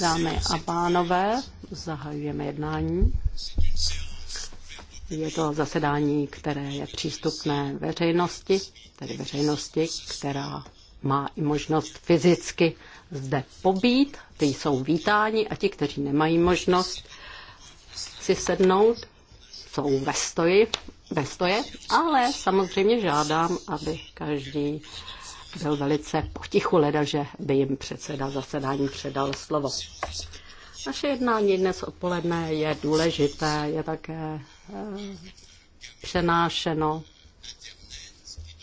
Dámy a pánové, zahajujeme jednání. Je to zasedání, které je přístupné veřejnosti, tedy veřejnosti, která má i možnost fyzicky zde pobít. Ty jsou vítáni a ti, kteří nemají možnost si sednout, jsou ve stoji, ve stoje, ale samozřejmě žádám, aby každý byl velice potichu leda, že by jim předseda zasedání předal slovo. Naše jednání dnes odpoledne je důležité, je také eh, přenášeno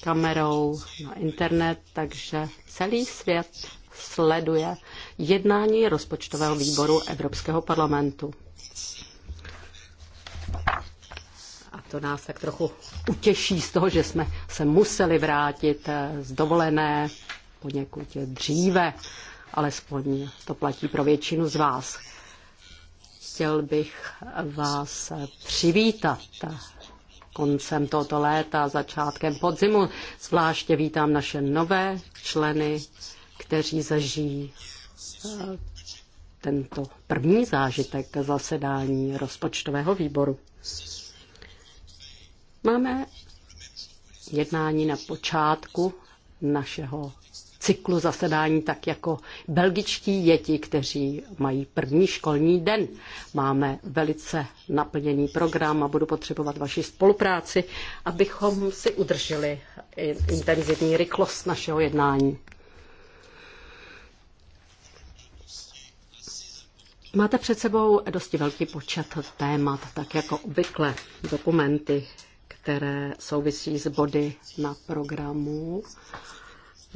kamerou na internet, takže celý svět sleduje jednání rozpočtového výboru Evropského parlamentu. To nás tak trochu utěší z toho, že jsme se museli vrátit eh, z dovolené poněkud dříve, alespoň to platí pro většinu z vás. Chtěl bych vás přivítat koncem tohoto léta, začátkem podzimu. Zvláště vítám naše nové členy, kteří zažijí eh, tento první zážitek zasedání rozpočtového výboru. Máme jednání na počátku našeho cyklu zasedání, tak jako belgičtí děti, kteří mají první školní den. Máme velice naplněný program a budu potřebovat vaši spolupráci, abychom si udrželi intenzivní rychlost našeho jednání. Máte před sebou dosti velký počet témat, tak jako obvykle dokumenty které souvisí s body na programu.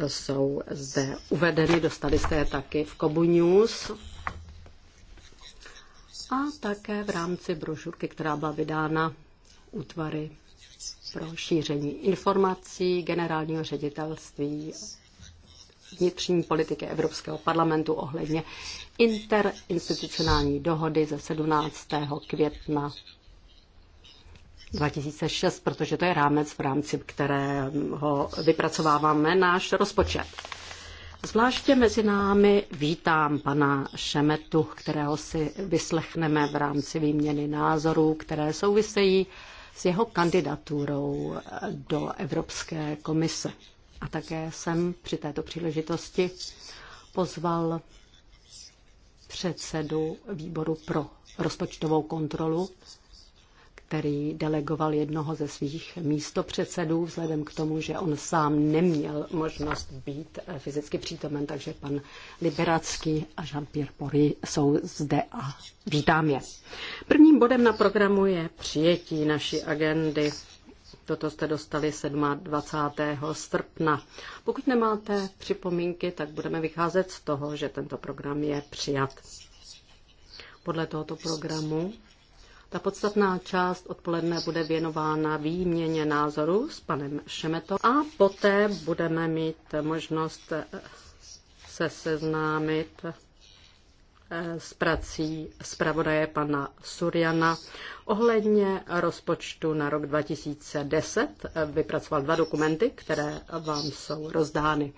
Jsou zde uvedeny, dostali jste je taky v Kobu News a také v rámci brožurky, která byla vydána útvary pro šíření informací generálního ředitelství vnitřní politiky Evropského parlamentu ohledně interinstitucionální dohody ze 17. května 2006, protože to je rámec, v rámci kterého vypracováváme náš rozpočet. Zvláště mezi námi vítám pana Šemetu, kterého si vyslechneme v rámci výměny názorů, které souvisejí s jeho kandidaturou do Evropské komise. A také jsem při této příležitosti pozval předsedu výboru pro rozpočtovou kontrolu který delegoval jednoho ze svých místopředsedů, vzhledem k tomu, že on sám neměl možnost být eh, fyzicky přítomen, takže pan Liberacký a Jean-Pierre Pory jsou zde a vítám je. Prvním bodem na programu je přijetí naší agendy. Toto jste dostali 27. srpna. Pokud nemáte připomínky, tak budeme vycházet z toho, že tento program je přijat. Podle tohoto programu ta podstatná část odpoledne bude věnována výměně názoru s panem Šemetou a poté budeme mít možnost se seznámit Eh, s prací zpravodaje pana Suriana ohledně rozpočtu na rok 2010. Eh, vypracoval dva dokumenty, které vám jsou rozdány.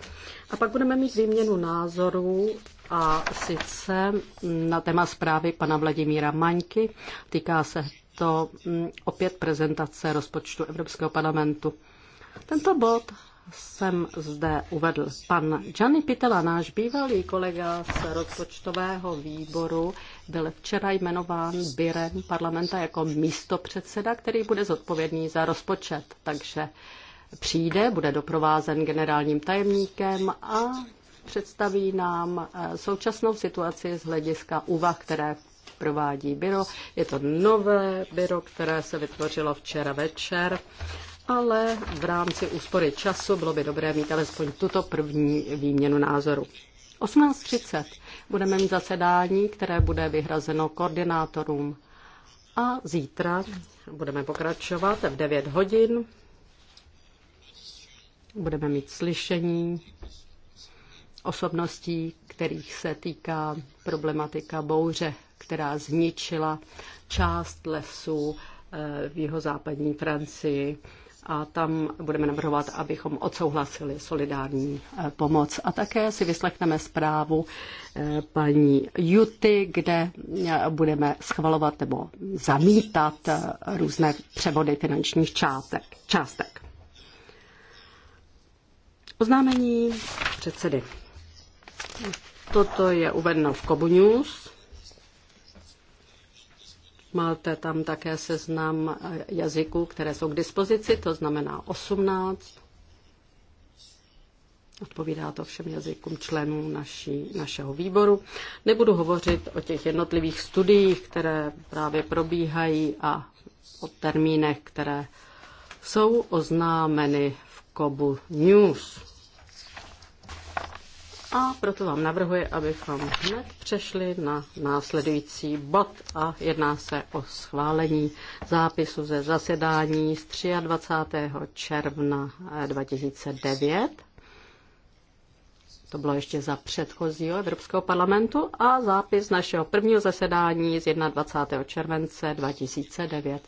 A pak budeme mít výměnu názorů a sice na téma zprávy pana Vladimíra Maňky. Týká se to mm, opět prezentace rozpočtu Evropského parlamentu. Tento bod jsem zde uvedl. Pan Gianni Pitela, náš bývalý kolega z rozpočtového výboru, byl včera jmenován Birem parlamenta jako místopředseda, který bude zodpovědný za rozpočet. Takže přijde, bude doprovázen generálním tajemníkem a představí nám eh, současnou situaci z hlediska úvah, které provádí byro. Je to nové byro, které se vytvořilo včera večer ale v rámci úspory času bylo by dobré mít alespoň tuto první výměnu názoru. 18.30 budeme mít zasedání, které bude vyhrazeno koordinátorům. A zítra budeme pokračovat v 9 hodin. Budeme mít slyšení osobností, kterých se týká problematika bouře, která zničila část lesů eh, v jihozápadní Francii a tam budeme navrhovat, abychom odsouhlasili solidární eh, pomoc. A také si vyslechneme zprávu eh, paní Juty, kde eh, budeme schvalovat nebo zamítat různé převody finančních částek. částek. Oznámení předsedy. Toto je uvedeno v Kobu News. Máte tam také seznam jazyků, které jsou k dispozici, to znamená 18. Odpovídá to všem jazykům členů naší, našeho výboru. Nebudu hovořit o těch jednotlivých studiích, které právě probíhají a o termínech, které jsou oznámeny v Kobu News. A proto vám navrhuji, abychom hned přešli na následující bod a jedná se o schválení zápisu ze zasedání z 23. června 2009. Eh, to bylo ještě za předchozího Evropského parlamentu a zápis našeho prvního zasedání z 21. července 2009.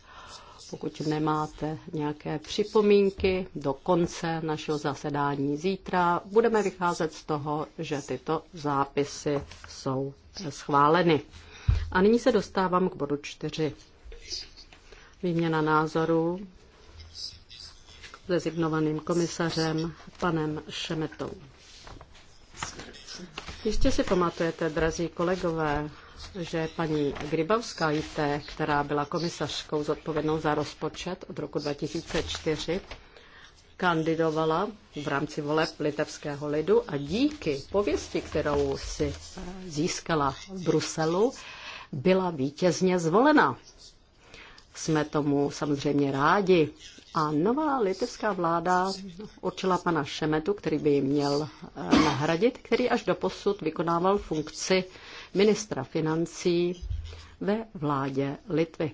Pokud nemáte nějaké připomínky do konce našeho zasedání zítra, budeme vycházet z toho, že tyto zápisy jsou schváleny. A nyní se dostávám k bodu čtyři. Výměna názorů s rezignovaným komisařem panem Šemetou. Jistě si pamatujete, drazí kolegové, že paní Grybavská IT, která byla komisařkou zodpovědnou za rozpočet od roku 2004, kandidovala v rámci voleb litevského lidu a díky pověsti, kterou si eh, získala v Bruselu, byla vítězně zvolena. Jsme tomu samozřejmě rádi. A nová litevská vláda určila pana Šemetu, který by ji měl eh, nahradit, který až do posud vykonával funkci ministra financí ve vládě Litvy.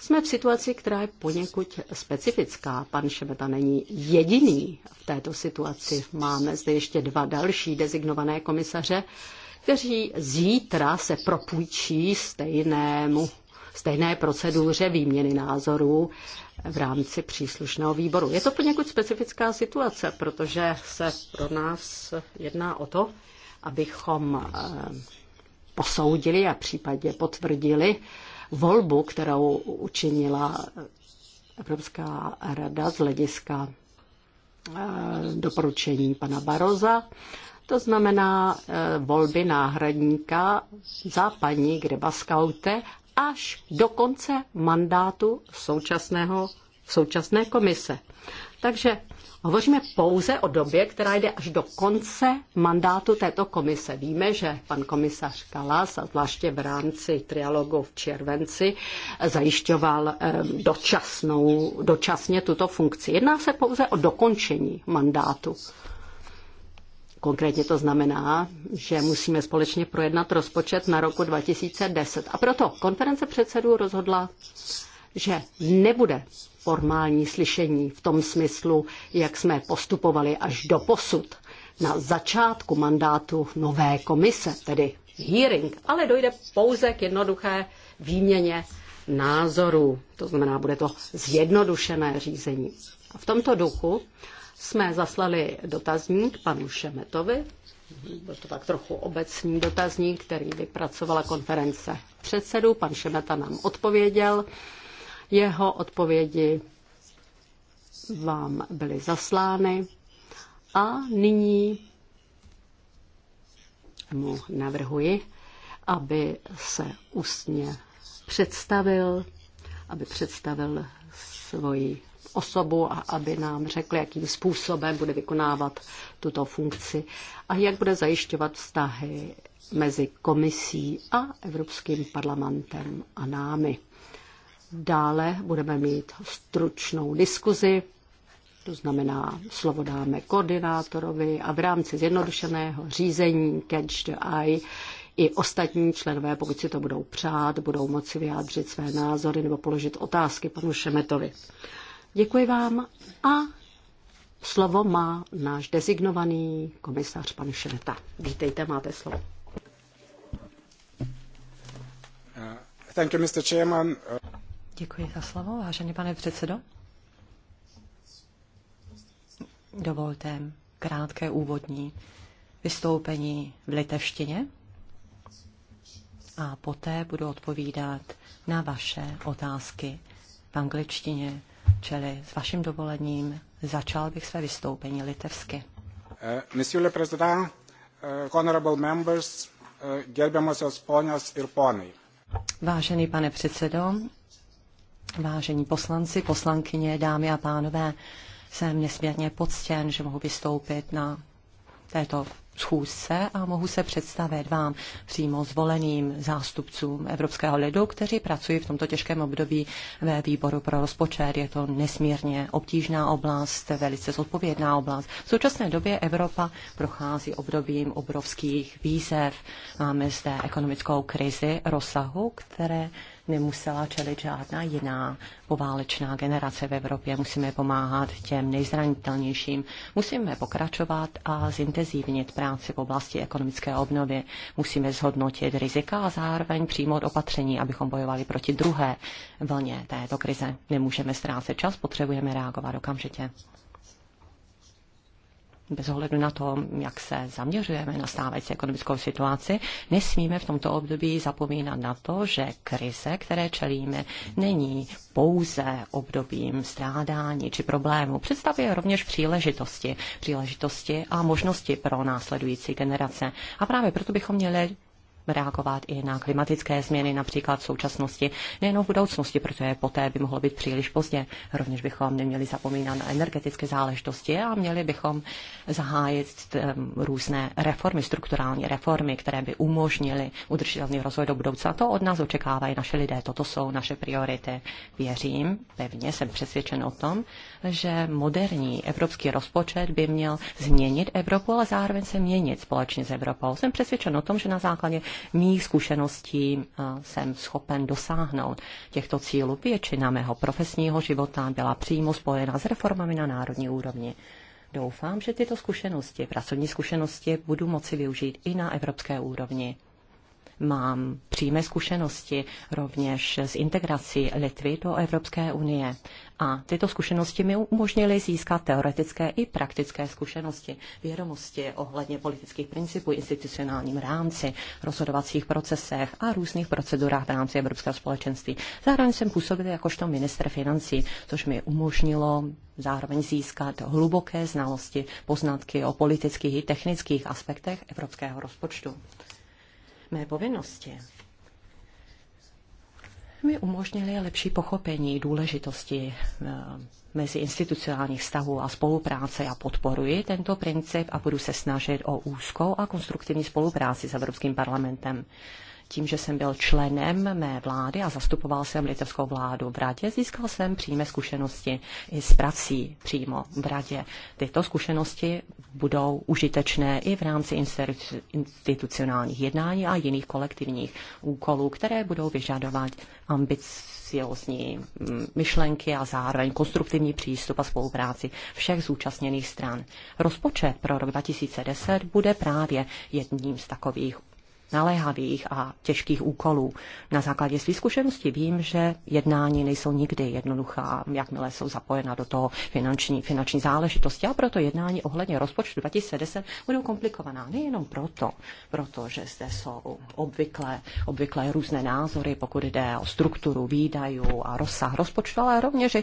Jsme v situaci, která je poněkud specifická. Pan Šemeta není jediný v této situaci. Máme zde ještě dva další dezignované komisaře, kteří zítra se propůjčí stejnému stejné proceduře výměny názorů v rámci příslušného výboru. Je to poněkud specifická situace, protože se pro nás jedná o to, abychom eh, posoudili a případně potvrdili volbu, kterou učinila Evropská rada z hlediska eh, doporučení pana Baroza. To znamená eh, volby náhradníka za paní Grebaskaute až do konce mandátu současného, současné komise. Takže Hovoříme pouze o době, která jde až do konce mandátu této komise. Víme, že pan komisař Kalas, a zvláště v rámci trialogu v červenci, zajišťoval eh, dočasnou, dočasně tuto funkci. Jedná se pouze o dokončení mandátu. Konkrétně to znamená, že musíme společně projednat rozpočet na roku 2010. A proto konference předsedů rozhodla, že nebude formální slyšení v tom smyslu, jak jsme postupovali až do posud na začátku mandátu nové komise, tedy hearing, ale dojde pouze k jednoduché výměně názorů. To znamená, bude to zjednodušené řízení. A v tomto duchu jsme zaslali dotazník panu Šemetovi, byl to tak trochu obecný dotazník, který vypracovala konference předsedů. Pan Šemeta nám odpověděl. Jeho odpovědi vám byly zaslány a nyní mu navrhuji, aby se ústně představil, aby představil svoji osobu a aby nám řekl, jakým způsobem bude vykonávat tuto funkci a jak bude zajišťovat vztahy mezi komisí a Evropským parlamentem a námi. Dále budeme mít stručnou diskuzi, to znamená, slovo dáme koordinátorovi a v rámci zjednodušeného řízení Catch the Eye i ostatní členové, pokud si to budou přát, budou moci vyjádřit své názory nebo položit otázky panu Šemetovi. Děkuji vám a slovo má náš designovaný komisař pan Šemeta. Vítejte, máte slovo. Uh, thank you, Mr. Chairman. Uh, Děkuji za slovo, vážený pane předsedo. Dovolte krátké úvodní vystoupení v litevštině a poté budu odpovídat na vaše otázky v angličtině, čili s vaším dovolením začal bych své vystoupení litevsky. Eh, monsieur le Président, eh, honorable members, eh, gerbiamosios ponios ir ponai. Vážený pane předsedo, Vážení poslanci, poslankyně, dámy a pánové, jsem nesmírně poctěn, že mohu vystoupit na této schůzce a mohu se představit vám přímo zvoleným zástupcům Evropského lidu, kteří pracují v tomto těžkém období ve výboru pro rozpočet. Je to nesmírně obtížná oblast, velice zodpovědná oblast. V současné době Evropa prochází obdobím obrovských výzev. Máme zde ekonomickou krizi rozsahu, které nemusela čelit žádná jiná poválečná generace v Evropě. Musíme pomáhat těm nejzranitelnějším. Musíme pokračovat a zintenzívnit práci v oblasti ekonomické obnovy. Musíme zhodnotit rizika a zároveň přijmout opatření, abychom bojovali proti druhé vlně této krize. Nemůžeme ztrácet čas, potřebujeme reagovat okamžitě bez ohledu na to, jak se zaměřujeme na stávající ekonomickou situaci, nesmíme v tomto období zapomínat na to, že krize, které čelíme, není pouze obdobím strádání či problémů. Představuje rovněž příležitosti, příležitosti a možnosti pro následující generace. A právě proto bychom měli reagovat i na klimatické změny, například v současnosti, nejenom v budoucnosti, protože poté by mohlo být příliš pozdě. Rovněž bychom neměli zapomínat na energetické záležitosti a měli bychom zahájit ehm, různé reformy, strukturální reformy, které by umožnily udržitelný rozvoj do budoucna. To od nás očekávají naše lidé, toto jsou naše priority. Věřím, pevně jsem přesvědčen o tom, že moderní evropský rozpočet by měl změnit Evropu, ale zároveň se měnit společně s Evropou. Jsem přesvědčen o tom, že na základě mých zkušeností eh, jsem schopen dosáhnout těchto cílů. Většina mého profesního života byla přímo spojena s reformami na národní úrovni. Doufám, že tyto zkušenosti, pracovní zkušenosti, budu moci využít i na evropské úrovni. Mám přímé zkušenosti rovněž s integrací Litvy do Evropské unie. A tyto zkušenosti mi umožnily získat teoretické i praktické zkušenosti, vědomosti ohledně politických principů, institucionálním rámci, rozhodovacích procesech a různých procedurách v rámci Evropského společenství. Zároveň jsem působil jakožto minister financí, což mi umožnilo zároveň získat hluboké znalosti, poznatky o politických i technických aspektech evropského rozpočtu mé povinnosti mi umožnili lepší pochopení důležitosti eh, mezi institucionálních vztahů a spolupráce. Já podporuji tento princip a budu se snažit o úzkou a konstruktivní spolupráci s Evropským parlamentem tím, že jsem byl členem mé vlády a zastupoval jsem litevskou vládu v radě, získal jsem přímé zkušenosti i s prací přímo v radě. Tyto zkušenosti budou užitečné i v rámci institucionálních jednání a jiných kolektivních úkolů, které budou vyžadovat ambiciozní mm, myšlenky a zároveň konstruktivní přístup a spolupráci všech zúčastněných stran. Rozpočet pro rok 2010 bude právě jedním z takových naléhavých a těžkých úkolů. Na základě svých zkušeností vím, že jednání nejsou nikdy jednoduchá, jakmile jsou zapojena do toho finanční, finanční záležitosti a proto jednání ohledně rozpočtu 2010 budou komplikovaná. Nejenom proto, protože zde jsou obvykle, obvykle různé názory, pokud jde o strukturu výdajů a rozsah rozpočtu, ale rovněž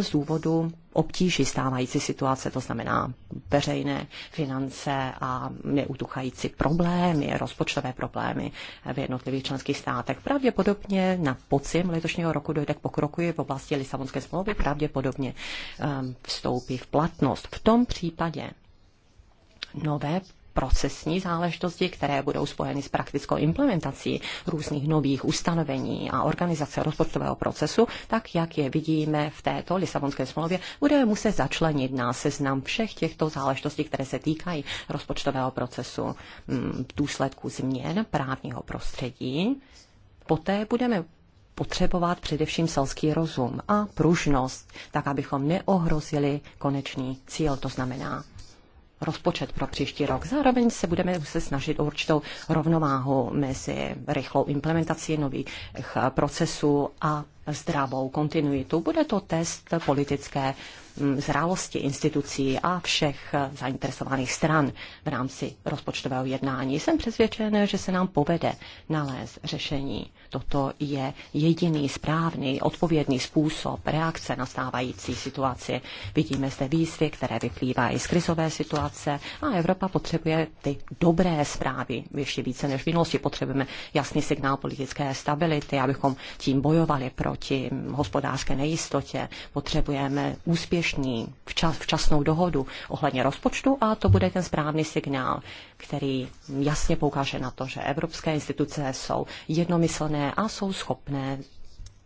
z důvodu obtíží stávající situace, to znamená veřejné finance a neutuchající problémy, rozpočtové problémy v jednotlivých členských státech. Pravděpodobně na podzim letošního roku dojde k pokroku v oblasti Lisabonské smlouvy, pravděpodobně eh, vstoupí v platnost. V tom případě nové procesní záležitosti, které budou spojeny s praktickou implementací různých nových ustanovení a organizace rozpočtového procesu, tak jak je vidíme v této Lisabonské smlouvě, budeme muset začlenit na seznam všech těchto záležitostí, které se týkají rozpočtového procesu mm, v důsledku změn právního prostředí. Poté budeme potřebovat především selský rozum a pružnost, tak abychom neohrozili konečný cíl, to znamená rozpočet pro příští rok. Zároveň se budeme se snažit o určitou rovnováhu mezi rychlou implementací nových procesů a zdravou kontinuitu. Bude to test politické Mm, zrálosti institucí a všech eh, zainteresovaných stran v rámci rozpočtového jednání. Jsem přesvědčen, že se nám povede nalézt řešení. Toto je jediný správný, odpovědný způsob reakce na stávající situaci. Vidíme zde výzvy, které vyplývají z krizové situace a Evropa potřebuje ty dobré zprávy ještě více než v minulosti. Potřebujeme jasný signál politické stability, abychom tím bojovali proti hospodářské nejistotě. Potřebujeme úspěšný úspěšní včas, včasnou dohodu ohledně rozpočtu a to bude ten správný signál, který jasně poukáže na to, že evropské instituce jsou jednomyslné a jsou schopné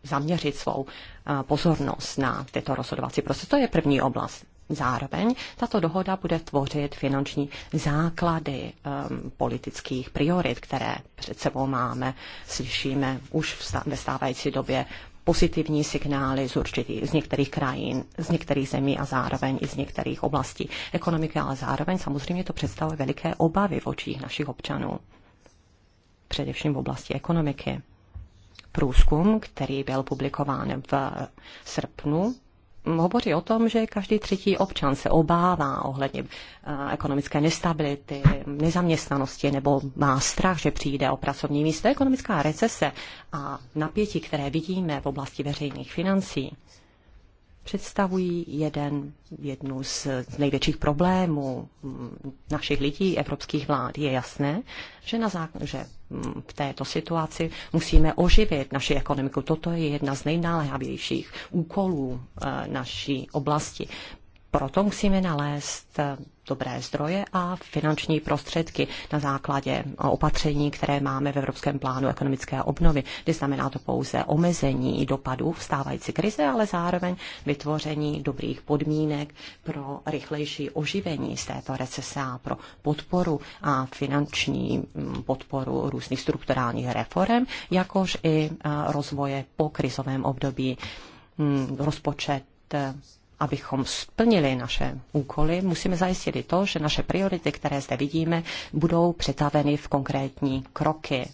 zaměřit svou eh, pozornost na tyto rozhodovací procesy. To je první oblast. Zároveň tato dohoda bude tvořit finanční základy um, politických priorit, které před sebou máme. Slyšíme už v stá- ve stávající době pozitivní signály z, určitých, z některých krajin, z některých zemí a zároveň i z některých oblastí ekonomiky, ale zároveň samozřejmě to představuje veliké obavy v očích našich občanů, především v oblasti ekonomiky. Průzkum, který byl publikován v srpnu hovoří o tom, že každý třetí občan se obává ohledně eh, ekonomické nestability, nezaměstnanosti nebo má strach, že přijde o pracovní místo. Ekonomická recese a napětí, které vidíme v oblasti veřejných financí, představují jeden, jednu z největších problémů mm, našich lidí, evropských vlád. Je jasné, že, na zákon, že mm, v této situaci musíme oživit naši ekonomiku. Toto je jedna z nejnáléhavějších úkolů eh, naší oblasti. Proto musíme nalézt eh, dobré zdroje a finanční prostředky na základě opatření, které máme v Evropském plánu ekonomické obnovy. znamená to pouze omezení dopadů vstávající krize, ale zároveň vytvoření dobrých podmínek pro rychlejší oživení z této recese a pro podporu a finanční mm, podporu různých strukturálních reform, jakož i eh, rozvoje po krizovém období hmm, rozpočet eh, abychom splnili naše úkoly, musíme zajistit i to, že naše priority, které zde vidíme, budou přetaveny v konkrétní kroky.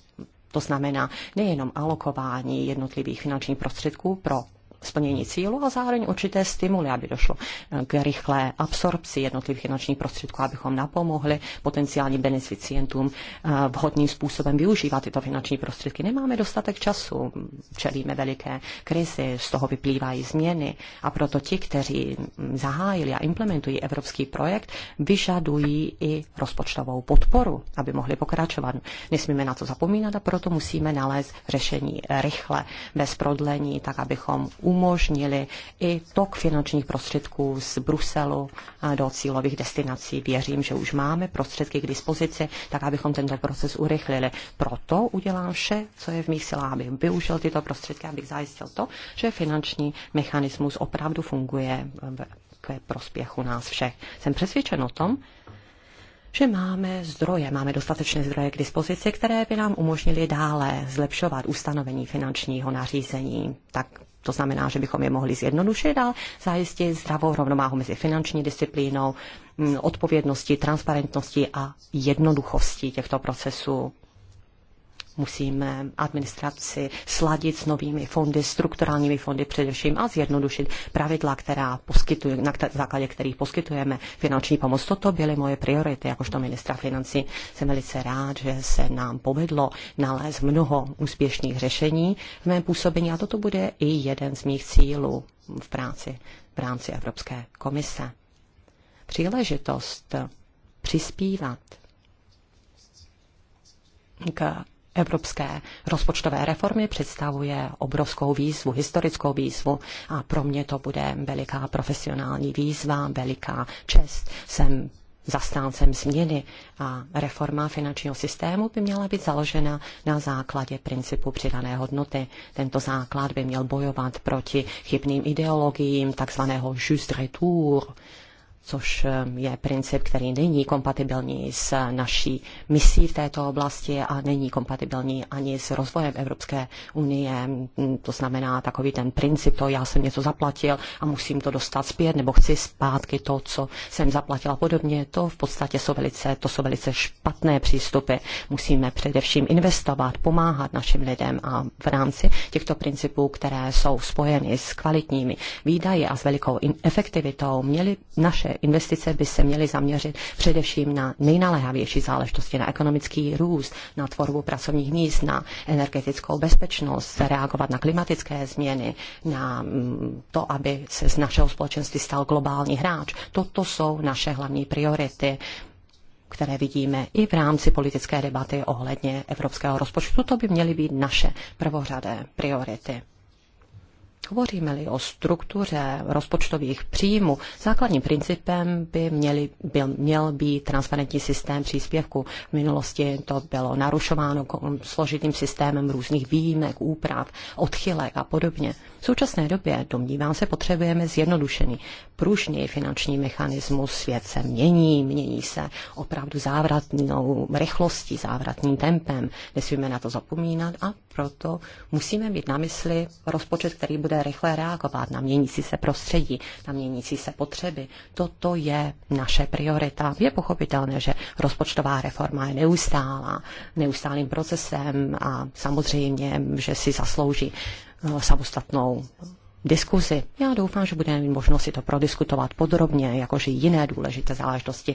To znamená nejenom alokování jednotlivých finančních prostředků pro splnění cílu a zároveň určité stimuly, aby došlo eh, k rychlé absorpci jednotlivých finančních prostředků, abychom napomohli potenciálním beneficientům eh, vhodným způsobem využívat tyto finanční prostředky. Nemáme dostatek času, čelíme veliké krizi, z toho vyplývají změny a proto ti, kteří mm, zahájili a implementují evropský projekt, vyžadují i rozpočtovou podporu, aby mohli pokračovat. Nesmíme na to zapomínat a proto musíme nalézt řešení eh, rychle, bez prodlení, tak abychom u umožnili i tok finančních prostředků z Bruselu do cílových destinací. Věřím, že už máme prostředky k dispozici, tak abychom tento proces urychlili. Proto udělám vše, co je v mých silách, abych využil tyto prostředky, abych zajistil to, že finanční mechanismus opravdu funguje ke prospěchu nás všech. Jsem přesvědčen o tom, že máme zdroje, máme dostatečné zdroje k dispozici, které by nám umožnili dále zlepšovat ustanovení finančního nařízení, tak to znamená, že bychom je mohli zjednodušit a zajistit zdravou rovnováhu mezi finanční disciplínou, mm, odpovědností, transparentností a jednoduchostí těchto procesů musíme administraci sladit s novými fondy, strukturálními fondy především a zjednodušit pravidla, která poskytuje, na základě kterých poskytujeme finanční pomoc. Toto byly moje priority. Jakožto ministra financí jsem velice rád, že se nám povedlo nalézt mnoho úspěšných řešení v mém působení a toto bude i jeden z mých cílů v práci v rámci Evropské komise. Příležitost přispívat k evropské rozpočtové reformy představuje obrovskou výzvu, historickou výzvu a pro mě to bude veliká profesionální výzva, veliká čest. Jsem zastáncem změny a reforma finančního systému by měla být založena na základě principu přidané hodnoty. Tento základ by měl bojovat proti chybným ideologiím takzvaného juste retour, což ehm, je princip, který není kompatibilní s naší misí v této oblasti a není kompatibilní ani s rozvojem Evropské unie. To znamená takový ten princip, to já jsem něco zaplatil a musím to dostat zpět, nebo chci zpátky to, co jsem zaplatila podobně. To v podstatě jsou velice, to jsou velice špatné přístupy. Musíme především investovat, pomáhat našim lidem a v rámci těchto principů, které jsou spojeny s kvalitními výdaji a s velikou efektivitou, měly naše investice by se měly zaměřit především na nejnaléhavější záležitosti, na ekonomický růst, na tvorbu pracovních míst, na energetickou bezpečnost, reagovat na klimatické změny, na mm, to, aby se z našeho společenství stal globální hráč. Toto jsou naše hlavní priority které vidíme i v rámci politické debaty ohledně evropského rozpočtu. To by měly být naše prvořadé priority. Hovoříme-li o struktuře rozpočtových příjmů, základním principem by měli, byl, měl být transparentní systém příspěvku. V minulosti to bylo narušováno složitým systémem různých výjimek, úprav, odchylek a podobně. V současné době, domnívám se, potřebujeme zjednodušený, pružný finanční mechanismus. Svět se mění, mění se opravdu závratnou rychlostí, závratným tempem. Nesmíme na to zapomínat a proto musíme mít na mysli rozpočet, který bude rychle reagovat na měnící se prostředí, na měnící se potřeby. Toto je naše priorita. Je pochopitelné, že rozpočtová reforma je neustálá, neustálým procesem a samozřejmě, že si zaslouží Eh, samostatnou diskuzi. Já doufám, že budeme mít možnost si to prodiskutovat podrobně, jakože jiné důležité záležitosti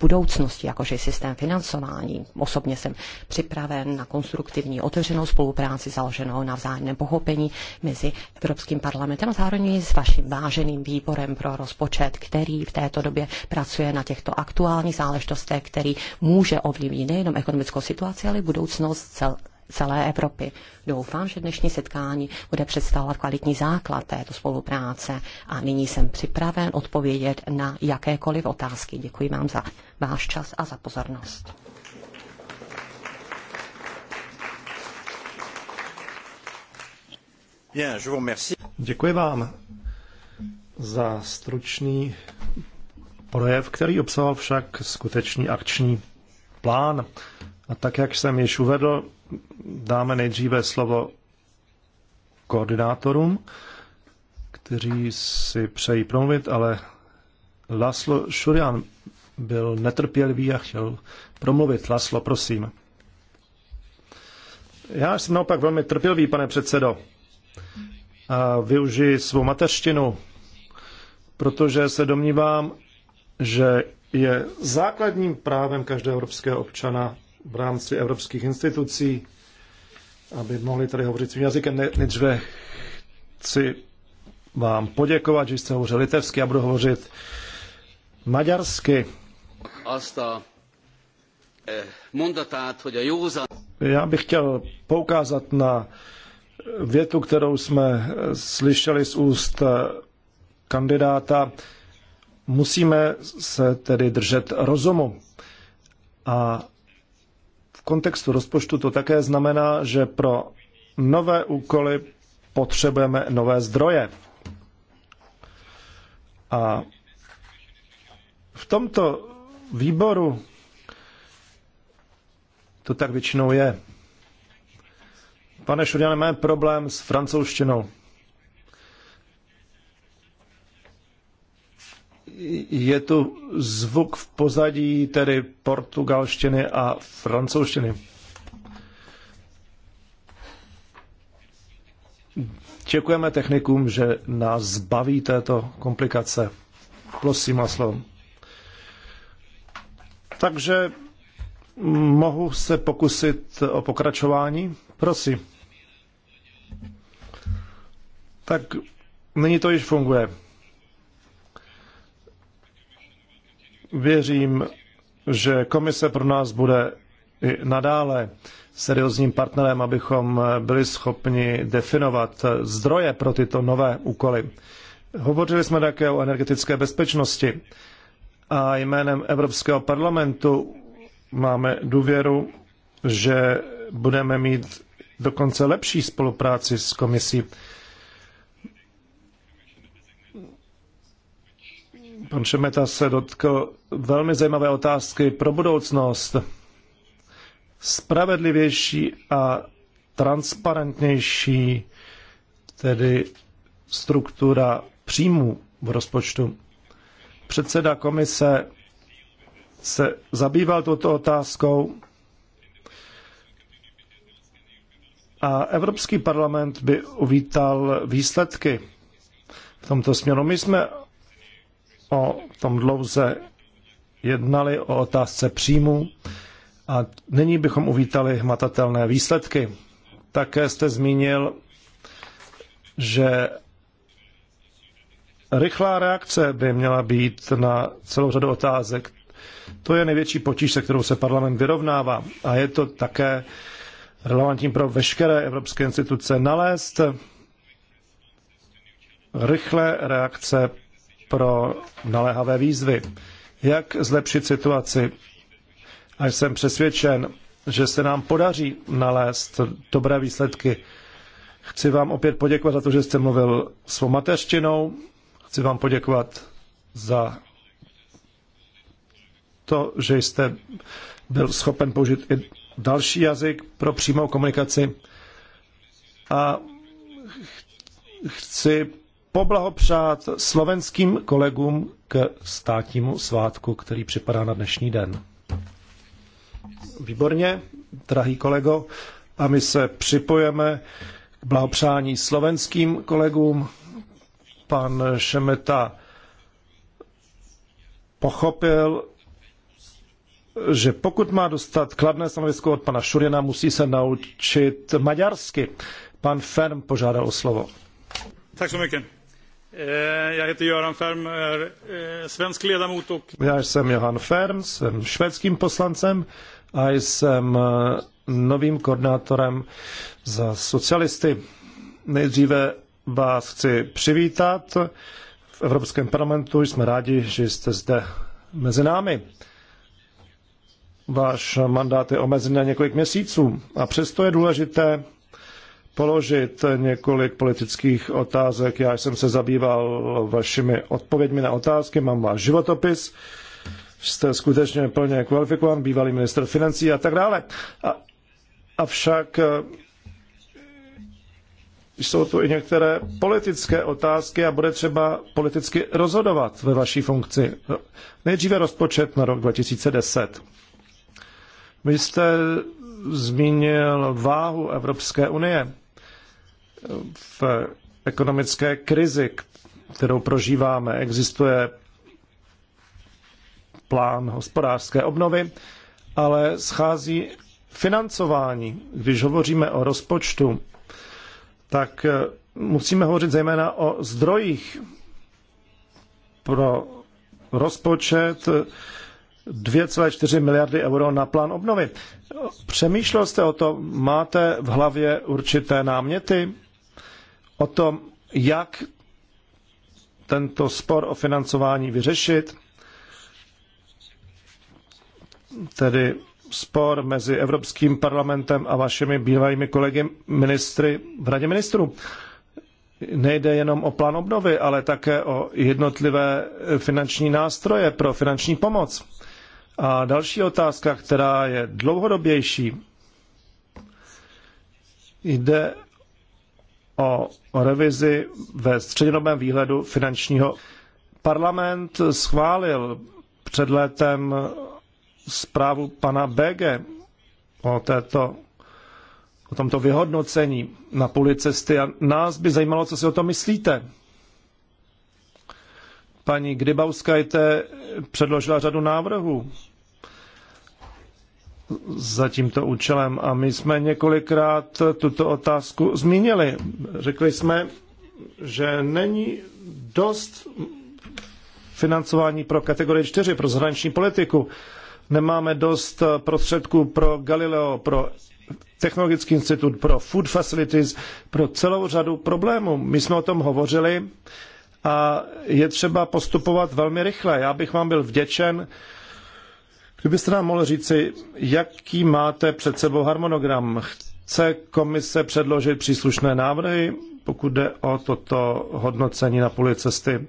budoucnosti, jakože systém financování. Osobně jsem připraven na konstruktivní otevřenou spolupráci založenou na vzájemném pochopení mezi Evropským parlamentem a zároveň s vaším váženým výborem pro rozpočet, který v této době pracuje na těchto aktuálních záležitostech, který může ovlivnit nejenom ekonomickou situaci, ale i budoucnost celé celé Evropy. Doufám, že dnešní setkání bude představovat kvalitní základ této spolupráce a nyní jsem připraven odpovědět na jakékoliv otázky. Děkuji vám za váš čas a za pozornost. Děkuji vám za stručný projev, který obsahoval však skutečný akční plán a tak, jak jsem již uvedl, dáme nejdříve slovo koordinátorům, kteří si přejí promluvit, ale Laslo Šurian byl netrpělivý a chtěl promluvit. Laslo, prosím. Já jsem naopak velmi trpělivý, pane předsedo. A využiji svou mateřštinu, protože se domnívám, že je základním právem každého evropského občana v rámci evropských institucí, aby mohli tady hovořit svým jazykem. Nejdříve chci vám poděkovat, že jste hovořil litevsky a budu hovořit maďarsky. Eh, Já bych chtěl poukázat na větu, kterou jsme slyšeli z úst eh, kandidáta. Musíme se tedy držet rozumu. A kontextu rozpočtu to také znamená, že pro nové úkoly potřebujeme nové zdroje. A v tomto výboru to tak většinou je. Pane Šuriane, máme problém s francouzštinou. je tu zvuk v pozadí tedy portugalštiny a francouzštiny. Děkujeme technikům, že nás zbaví této komplikace. Prosím, maslo. Takže mohu se pokusit o pokračování? Prosím. Tak nyní to již funguje. Věřím, že komise pro nás bude i nadále seriózním partnerem, abychom byli schopni definovat zdroje pro tyto nové úkoly. Hovořili jsme také o energetické bezpečnosti a jménem Evropského parlamentu máme důvěru, že budeme mít dokonce lepší spolupráci s komisí Pan Šemeta se dotkl velmi zajímavé otázky pro budoucnost. Spravedlivější a transparentnější, tedy struktura příjmů v rozpočtu. Předseda komise se zabýval touto otázkou a Evropský parlament by uvítal výsledky v tomto směru. My jsme o tom dlouze jednali, o otázce příjmu a nyní bychom uvítali hmatatelné výsledky. Také jste zmínil, že rychlá reakce by měla být na celou řadu otázek. To je největší potíž, se kterou se parlament vyrovnává a je to také relevantní pro veškeré evropské instituce nalézt rychlé reakce pro naléhavé výzvy. Jak zlepšit situaci? A jsem přesvědčen, že se nám podaří nalézt dobré výsledky. Chci vám opět poděkovat za to, že jste mluvil svou mateřštinou. Chci vám poděkovat za to, že jste byl schopen použít i další jazyk pro přímou komunikaci. A chci poblahopřát slovenským kolegům k státnímu svátku, který připadá na dnešní den. Výborně, drahý kolego, a my se připojeme k blahopřání slovenským kolegům. Pan Šemeta pochopil, že pokud má dostat kladné stanovisko od pana Šurina, musí se naučit maďarsky. Pan Ferm požádal o slovo. Tak so Eh, Já heter Göran Färm, är eh, svensk ledamot och... jsem Johan Färm, jsem švédským poslancem a jsem eh, novým koordinátorem za socialisty. Nejdříve vás chci přivítat v Evropském parlamentu. Jsme rádi, že jste zde mezi námi. Váš mandát je omezen na několik měsíců a přesto je důležité položit několik politických otázek. Já jsem se zabýval vašimi odpověďmi na otázky, mám váš životopis, jste skutečně plně kvalifikovan, bývalý minister financí a tak dále. A, avšak eh, jsou tu i některé politické otázky a bude třeba politicky rozhodovat ve vaší funkci. Nejdříve rozpočet na rok 2010. Vy jste zmínil váhu Evropské unie v ekonomické krizi, kterou prožíváme. Existuje plán hospodářské obnovy, ale schází financování. Když hovoříme o rozpočtu, tak eh, musíme hovořit zejména o zdrojích pro rozpočet 2,4 eh, miliardy euro na plán obnovy. Přemýšlel jste o to, máte v hlavě určité náměty? o tom, jak tento spor o financování vyřešit, tedy spor mezi Evropským parlamentem a vašimi bývalými kolegy ministry v Radě ministrů. Nejde jenom o plán obnovy, ale také o jednotlivé finanční nástroje pro finanční pomoc. A další otázka, která je dlouhodobější, jde o revizi ve střednědobém výhledu finančního. Parlament schválil před létem zprávu pana Bege o, této, o tomto vyhodnocení na půli cesty a nás by zajímalo, co si o tom myslíte. Paní Grybauskajte předložila řadu návrhů za tímto účelem. A my jsme několikrát tuto otázku zmínili. Řekli jsme, že není dost financování pro kategorii 4, pro zahraniční politiku. Nemáme dost prostředků pro Galileo, pro Technologický institut, pro Food Facilities, pro celou řadu problémů. My jsme o tom hovořili a je třeba postupovat velmi rychle. Já bych vám byl vděčen, Kdybyste nám mohl říci, jaký máte před sebou harmonogram? Chce komise předložit příslušné návrhy, pokud jde o toto hodnocení na půli cesty?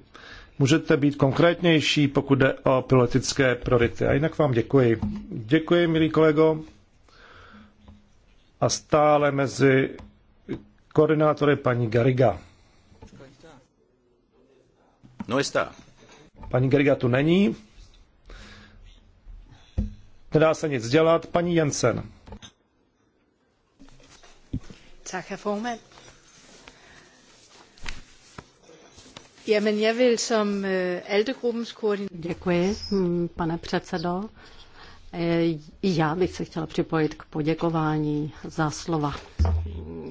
Můžete být konkrétnější, pokud jde o politické priority. A jinak vám děkuji. Děkuji, milý kolego. A stále mezi koordinátory paní Gariga. No está. Paní Gariga tu není. Nedá se nic dělat. Paní Jensen. Tak, øh, Děkuji, hm, pane předsedo. I eh, já bych se chtěla připojit k poděkování za slova,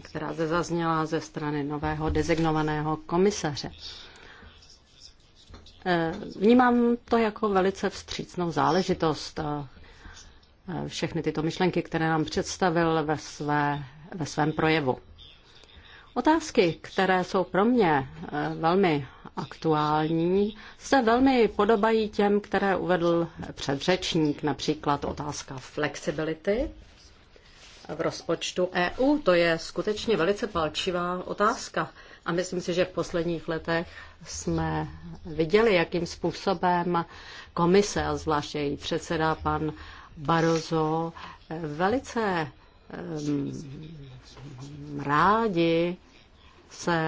která se zazněla ze strany nového dezignovaného komisaře. Eh, vnímám to jako velice vstřícnou záležitost. Eh, všechny tyto myšlenky, které nám představil ve, své, ve svém projevu. Otázky, které jsou pro mě eh, velmi aktuální, se velmi podobají těm, které uvedl předřečník, například otázka flexibility v rozpočtu EU. To je skutečně velice palčivá otázka. A myslím si, že v posledních letech jsme viděli, jakým způsobem komise a zvláště její předseda, pan Barozo velice um, rádi se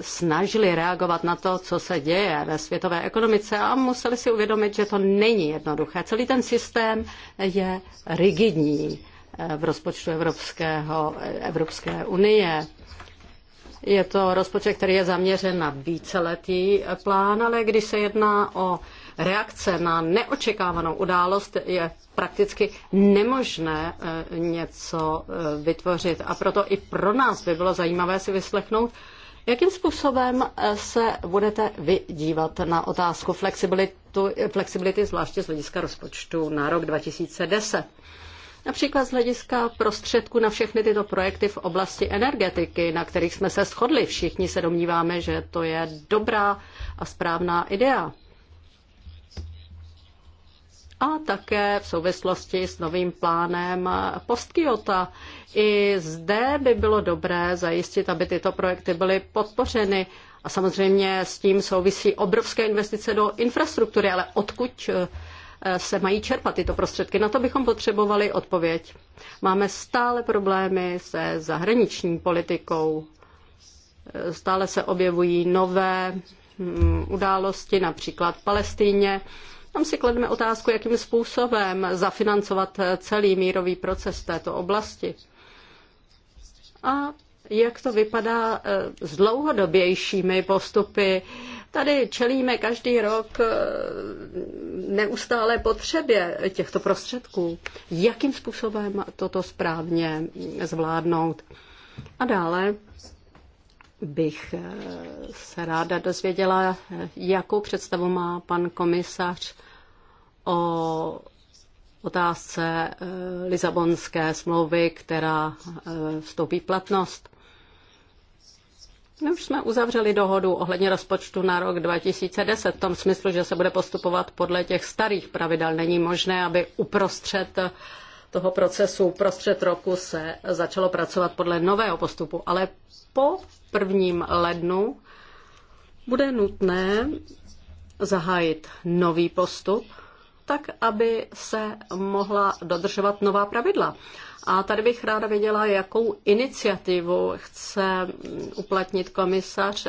snažili reagovat na to, co se děje ve světové ekonomice a museli si uvědomit, že to není jednoduché. Celý ten systém je rigidní v rozpočtu Evropského, Evropské unie. Je to rozpočet, který je zaměřen na víceletý plán, ale když se jedná o reakce na neočekávanou událost je prakticky nemožné eh, něco eh, vytvořit. A proto i pro nás by bylo zajímavé si vyslechnout, jakým způsobem eh, se budete vydívat na otázku flexibility, zvláště z hlediska rozpočtu na rok 2010. Například z hlediska prostředků na všechny tyto projekty v oblasti energetiky, na kterých jsme se shodli. Všichni se domníváme, že to je dobrá a správná idea a také v souvislosti s novým plánem Postkyota. I zde by bylo dobré zajistit, aby tyto projekty byly podpořeny. A samozřejmě s tím souvisí obrovské investice do infrastruktury, ale odkud eh, se mají čerpat tyto prostředky? Na to bychom potřebovali odpověď. Máme stále problémy se zahraniční politikou. Eh, stále se objevují nové hm, události, například v Palestíně. Tam si klademe otázku, jakým způsobem zafinancovat celý mírový proces v této oblasti. A jak to vypadá eh, s dlouhodobějšími postupy. Tady čelíme každý rok eh, neustále potřebě těchto prostředků. Jakým způsobem toto správně zvládnout? A dále bych eh, se ráda dozvěděla, jakou představu má pan komisař o otázce eh, Lisabonské smlouvy, která eh, vstoupí v platnost. My už jsme uzavřeli dohodu ohledně rozpočtu na rok 2010 v tom smyslu, že se bude postupovat podle těch starých pravidel. Není možné, aby uprostřed toho procesu, uprostřed roku se začalo pracovat podle nového postupu. Ale po prvním lednu bude nutné zahájit nový postup tak aby se mohla dodržovat nová pravidla. A tady bych ráda věděla, jakou iniciativu chce uplatnit komisař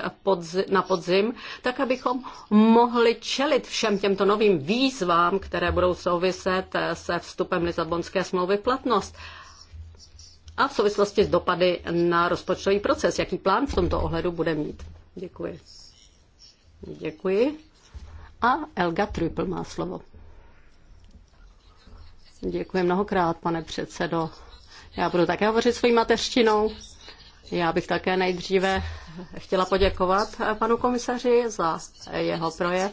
na podzim, tak abychom mohli čelit všem těmto novým výzvám, které budou souviset se vstupem Lisabonské smlouvy v platnost. A v souvislosti s dopady na rozpočtový proces. Jaký plán v tomto ohledu bude mít? Děkuji. Děkuji. A Elga Trüppel má slovo. Děkuji mnohokrát, pane předsedo. Já budu také hovořit svojí mateřštinou. Já bych také nejdříve chtěla poděkovat panu komisaři za jeho projev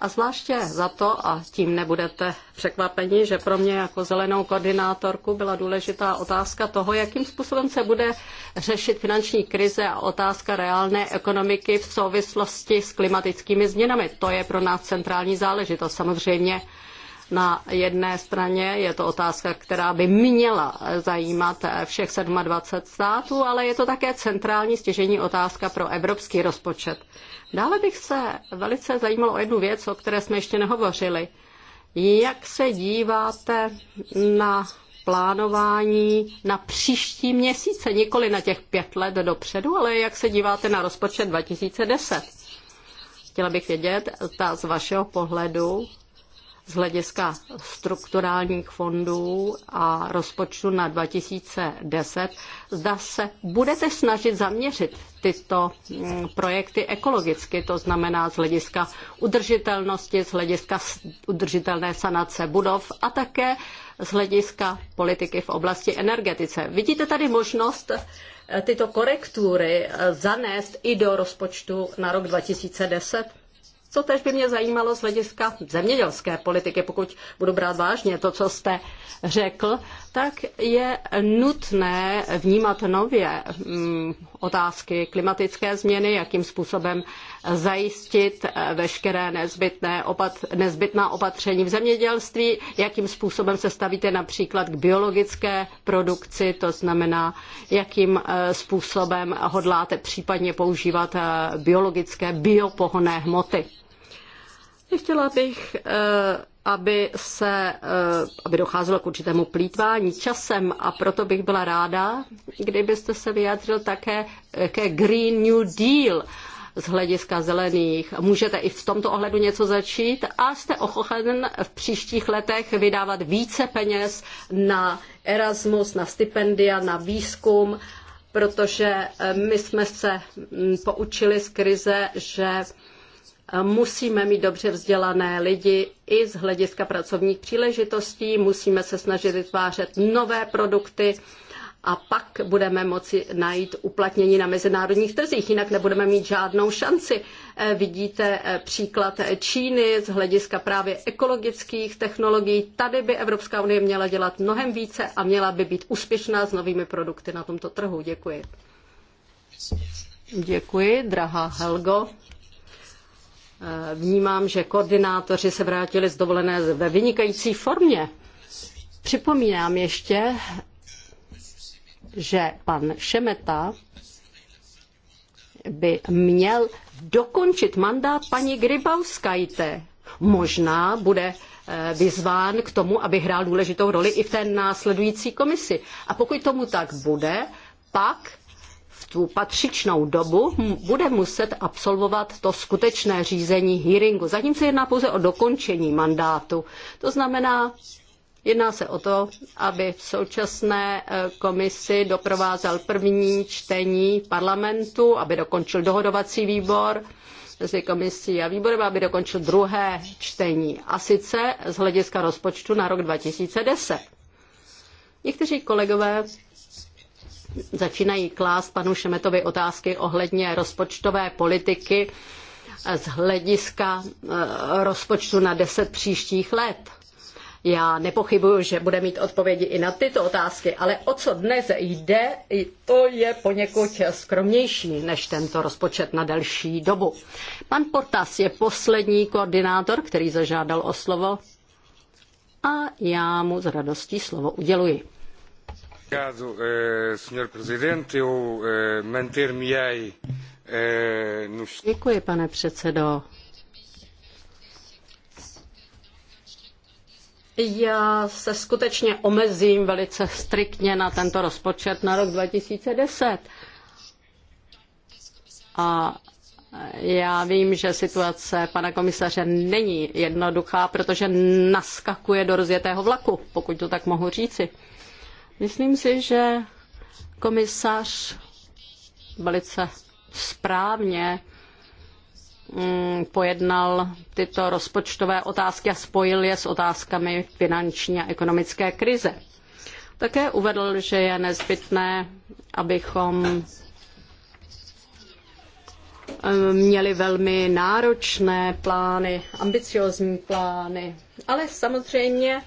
a zvláště za to, a tím nebudete překvapeni, že pro mě jako zelenou koordinátorku byla důležitá otázka toho, jakým způsobem se bude řešit finanční krize a otázka reálné ekonomiky v souvislosti s klimatickými změnami. To je pro nás centrální záležitost. Samozřejmě na jedné straně je to otázka, která by měla zajímat všech 27 států, ale je to také centrální stěžení otázka pro evropský rozpočet. Dále bych se velice zajímalo o jednu věc, o které jsme ještě nehovořili. Jak se díváte na plánování na příští měsíce, nikoli na těch pět let dopředu, ale jak se díváte na rozpočet 2010? Chtěla bych vědět, ta z vašeho pohledu z hlediska strukturálních fondů a rozpočtu na 2010, zda se budete snažit zaměřit tyto mm, projekty ekologicky, to znamená z hlediska udržitelnosti, z hlediska udržitelné sanace budov a také z hlediska politiky v oblasti energetice. Vidíte tady možnost eh, tyto korektury eh, zanést i do rozpočtu na rok 2010? Co tež by mě zajímalo z hlediska zemědělské politiky, pokud budu brát vážně to, co jste řekl, tak je nutné vnímat nově mm, otázky klimatické změny, jakým způsobem zajistit eh, veškeré nezbytné opat, nezbytná opatření v zemědělství, jakým způsobem se stavíte například k biologické produkci, to znamená, jakým eh, způsobem hodláte případně používat eh, biologické biopohonné hmoty. Chtěla bych aby, se, eh, aby docházelo k určitému plítvání časem a proto bych byla ráda, kdybyste se vyjádřil také eh, ke Green New Deal z hlediska zelených. Můžete i v tomto ohledu něco začít a jste ochoten v příštích letech vydávat více peněz na Erasmus, na stipendia, na výzkum, protože eh, my jsme se mm, poučili z krize, že musíme mít dobře vzdělané lidi i z hlediska pracovních příležitostí, musíme se snažit vytvářet nové produkty a pak budeme moci najít uplatnění na mezinárodních trzích, jinak nebudeme mít žádnou šanci. Eh, vidíte eh, příklad Číny z hlediska právě ekologických technologií. Tady by Evropská unie měla dělat mnohem více a měla by být úspěšná s novými produkty na tomto trhu. Děkuji. Děkuji, drahá Helgo. Eh, vnímám, že koordinátoři se vrátili z dovolené ve vynikající formě. Připomínám ještě, že pan Šemeta by měl dokončit mandát paní Grybauskajte. Možná bude eh, vyzván k tomu, aby hrál důležitou roli i v té následující komisi. A pokud tomu tak bude, pak soudců patřičnou dobu bude muset absolvovat to skutečné řízení hearingu. Zatím se jedná pouze o dokončení mandátu. To znamená, jedná se o to, aby v současné eh, komisi doprovázel první čtení parlamentu, aby dokončil dohodovací výbor mezi komisí a výborem, aby dokončil druhé čtení. A sice z hlediska rozpočtu na rok 2010. Někteří kolegové začínají klást panu Šemetovi otázky ohledně rozpočtové politiky z hlediska e, rozpočtu na deset příštích let. Já nepochybuju, že bude mít odpovědi i na tyto otázky, ale o co dnes jde, to je poněkud skromnější než tento rozpočet na delší dobu. Pan Portas je poslední koordinátor, který zažádal o slovo a já mu s radostí slovo uděluji. Eh, senhor presidente. Eu eh, manter-me-ei eh, nos... Děkuji, pane předsedo. Já se skutečně omezím velice striktně na tento rozpočet na rok 2010. A já vím, že situace pana komisaře není jednoduchá, protože naskakuje do rozjetého vlaku, pokud to tak mohu říci. Myslím si, že komisař velice správně mm, pojednal tyto rozpočtové otázky a spojil je s otázkami finanční a ekonomické krize. Také uvedl, že je nezbytné, abychom mm, měli velmi náročné plány, ambiciozní plány, ale samozřejmě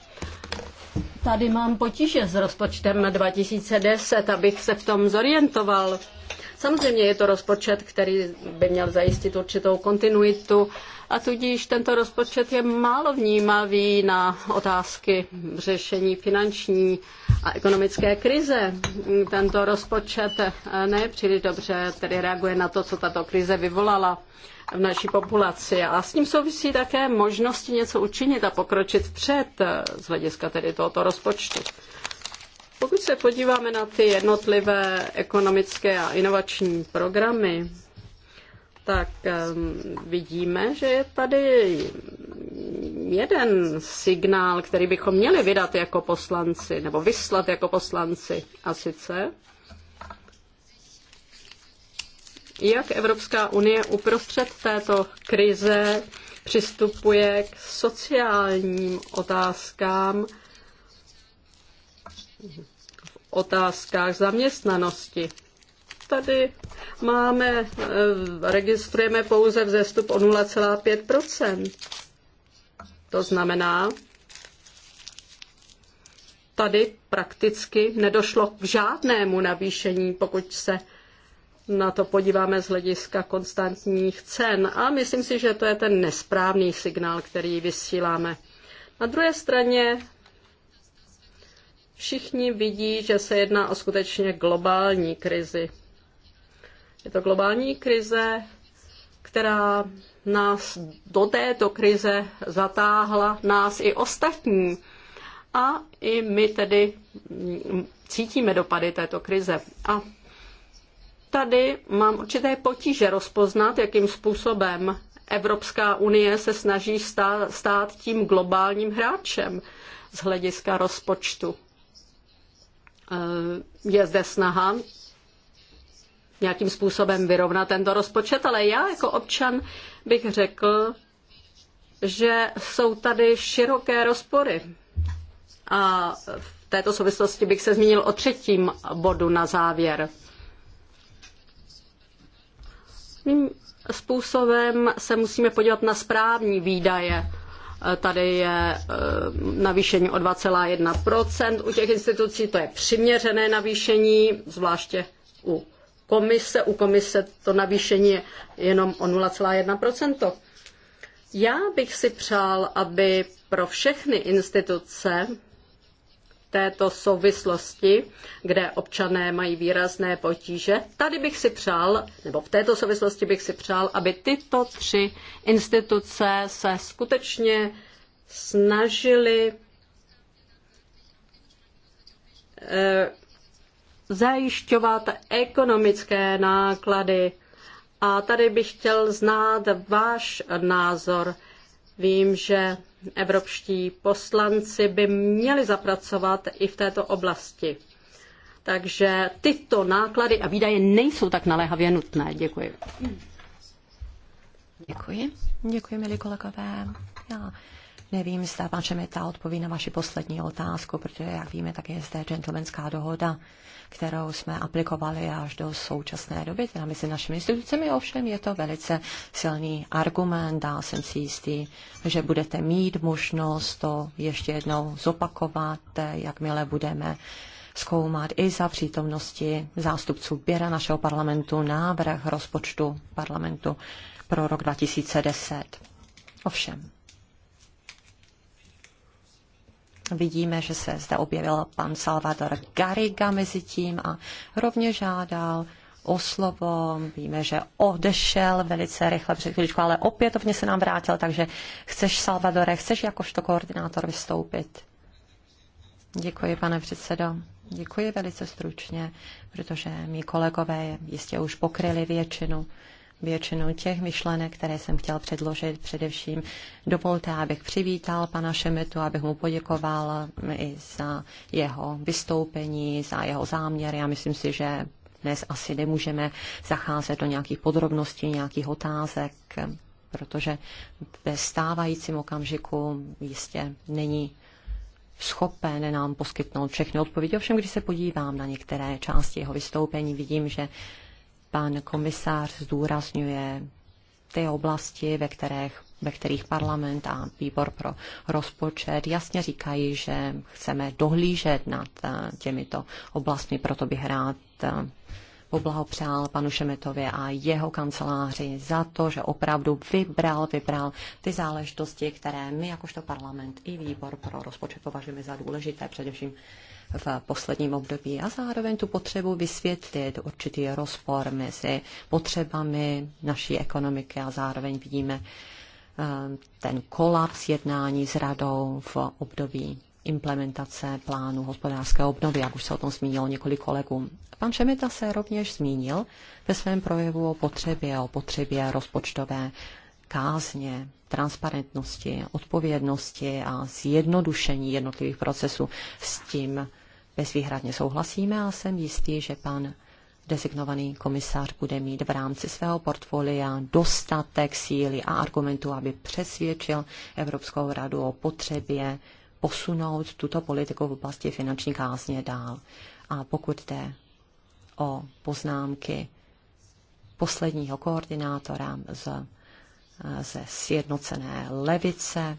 Tady mám potíže s rozpočtem 2010, abych se v tom zorientoval. Samozřejmě je to rozpočet, který by měl zajistit určitou kontinuitu a tudíž tento rozpočet je málo vnímavý na otázky řešení finanční a ekonomické krize. Tento rozpočet ne příliš dobře tedy reaguje na to, co tato krize vyvolala v naší populaci. A s tím souvisí také možnosti něco učinit a pokročit před eh, z hlediska tedy tohoto rozpočtu. Pokud se podíváme na ty jednotlivé ekonomické a inovační programy, tak ehm, vidíme, že je tady jeden signál, který bychom měli vydat jako poslanci, nebo vyslat jako poslanci, a sice, jak Evropská unie uprostřed této krize přistupuje k sociálním otázkám v otázkách zaměstnanosti. Tady máme, eh, registrujeme pouze vzestup o 0,5 To znamená, tady prakticky nedošlo k žádnému navýšení, pokud se na to podíváme z hlediska konstantních cen. A myslím si, že to je ten nesprávný signál, který vysíláme. Na druhé straně všichni vidí, že se jedná o skutečně globální krizi. Je to globální krize, která nás do této krize zatáhla, nás i ostatní. A i my tedy cítíme dopady této krize. A Tady mám určité potíže rozpoznat, jakým způsobem Evropská unie se snaží stát, stát tím globálním hráčem z hlediska rozpočtu. Eh, je zde snaha nějakým způsobem vyrovnat tento rozpočet, ale já jako občan bych řekl, že jsou tady široké rozpory. A v této souvislosti bych se zmínil o třetím bodu na závěr. Svým způsobem se musíme podívat na správní výdaje. E, tady je e, navýšení o 2,1 U těch institucí to je přiměřené navýšení, zvláště u komise. U komise to navýšení je jenom o 0,1 Já bych si přál, aby pro všechny instituce této souvislosti, kde občané mají výrazné potíže. Tady bych si přál, nebo v této souvislosti bych si přál, aby tyto tři instituce se skutečně snažily eh, zajišťovat ekonomické náklady. A tady bych chtěl znát váš názor. Vím, že evropští poslanci by měli zapracovat i v této oblasti. Takže tyto náklady a výdaje nejsou tak naléhavě nutné. Děkuji. Děkuji. Děkuji, milí kolegové. Já nevím, zda pan Šemeta odpoví na vaši poslední otázku, protože, jak víme, tak je zde gentlemanská dohoda kterou jsme aplikovali až do současné doby, teda mezi našimi institucemi. Ovšem je to velice silný argument a jsem si jistý, že budete mít možnost to ještě jednou zopakovat, jakmile budeme zkoumat i za přítomnosti zástupců Běra našeho parlamentu návrh rozpočtu parlamentu pro rok 2010. Ovšem, Vidíme, že se zde objevil pan Salvador Garriga mezi tím a rovně žádal o slovo. Víme, že odešel velice rychle před chvíličku, ale opětovně se nám vrátil, takže chceš, Salvadore, chceš jakožto koordinátor vystoupit? Děkuji, pane předsedo. Děkuji velice stručně, protože mý kolegové jistě už pokryli většinu většinu těch myšlenek, které jsem chtěl předložit. Především dovolte, abych přivítal pana Šemetu, abych mu poděkoval i za jeho vystoupení, za jeho záměry. Já myslím si, že dnes asi nemůžeme zacházet do nějakých podrobností, nějakých otázek, protože ve stávajícím okamžiku jistě není schopen nám poskytnout všechny odpovědi. Ovšem, když se podívám na některé části jeho vystoupení, vidím, že Pan komisář zdůrazňuje ty oblasti, ve kterých ve kterých parlament a výbor pro rozpočet jasně říkají, že chceme dohlížet nad eh, těmito oblastmi, proto bych rád eh, poblahopřál panu Šemetovi a jeho kanceláři za to, že opravdu vybral, vybral ty záležitosti, které my jakožto parlament i výbor pro rozpočet považujeme za důležité, především v posledním období a zároveň tu potřebu vysvětlit určitý rozpor mezi potřebami naší ekonomiky a zároveň vidíme eh, ten kolaps jednání s radou v období implementace plánu hospodářské obnovy, jak už se o tom zmínilo několik kolegů. Pan Šemita se rovněž zmínil ve svém projevu o potřebě, o potřebě rozpočtové kázně, transparentnosti, odpovědnosti a zjednodušení jednotlivých procesů. S tím bezvýhradně souhlasíme a jsem jistý, že pan designovaný komisař bude mít v rámci svého portfolia dostatek síly a argumentů, aby přesvědčil Evropskou radu o potřebě posunout tuto politiku v oblasti finanční kázně dál. A pokud jde o poznámky posledního koordinátora z, ze sjednocené levice,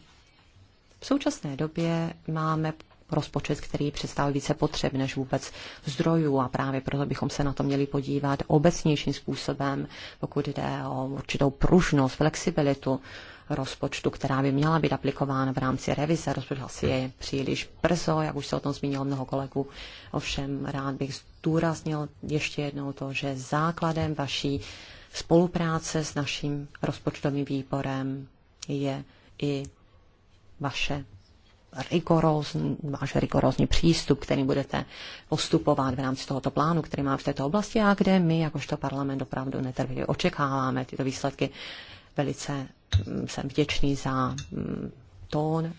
v současné době máme rozpočet, který představil více potřeb než vůbec zdrojů a právě proto bychom se na to měli podívat obecnějším způsobem, pokud jde o určitou pružnost, flexibilitu rozpočtu, která by měla být aplikována v rámci revize. Rozpočet asi je příliš brzo, jak už se o tom zmínilo mnoho kolegů. Ovšem rád bych zdůraznil ještě jednou to, že základem vaší spolupráce s naším rozpočtovým výborem je i vaše rigorózní, váš rigorózní přístup, který budete postupovat v rámci tohoto plánu, který má v této oblasti a kde my, jakožto parlament, opravdu netrpělivě očekáváme tyto výsledky. Velice mm, jsem vděčný za mm, tón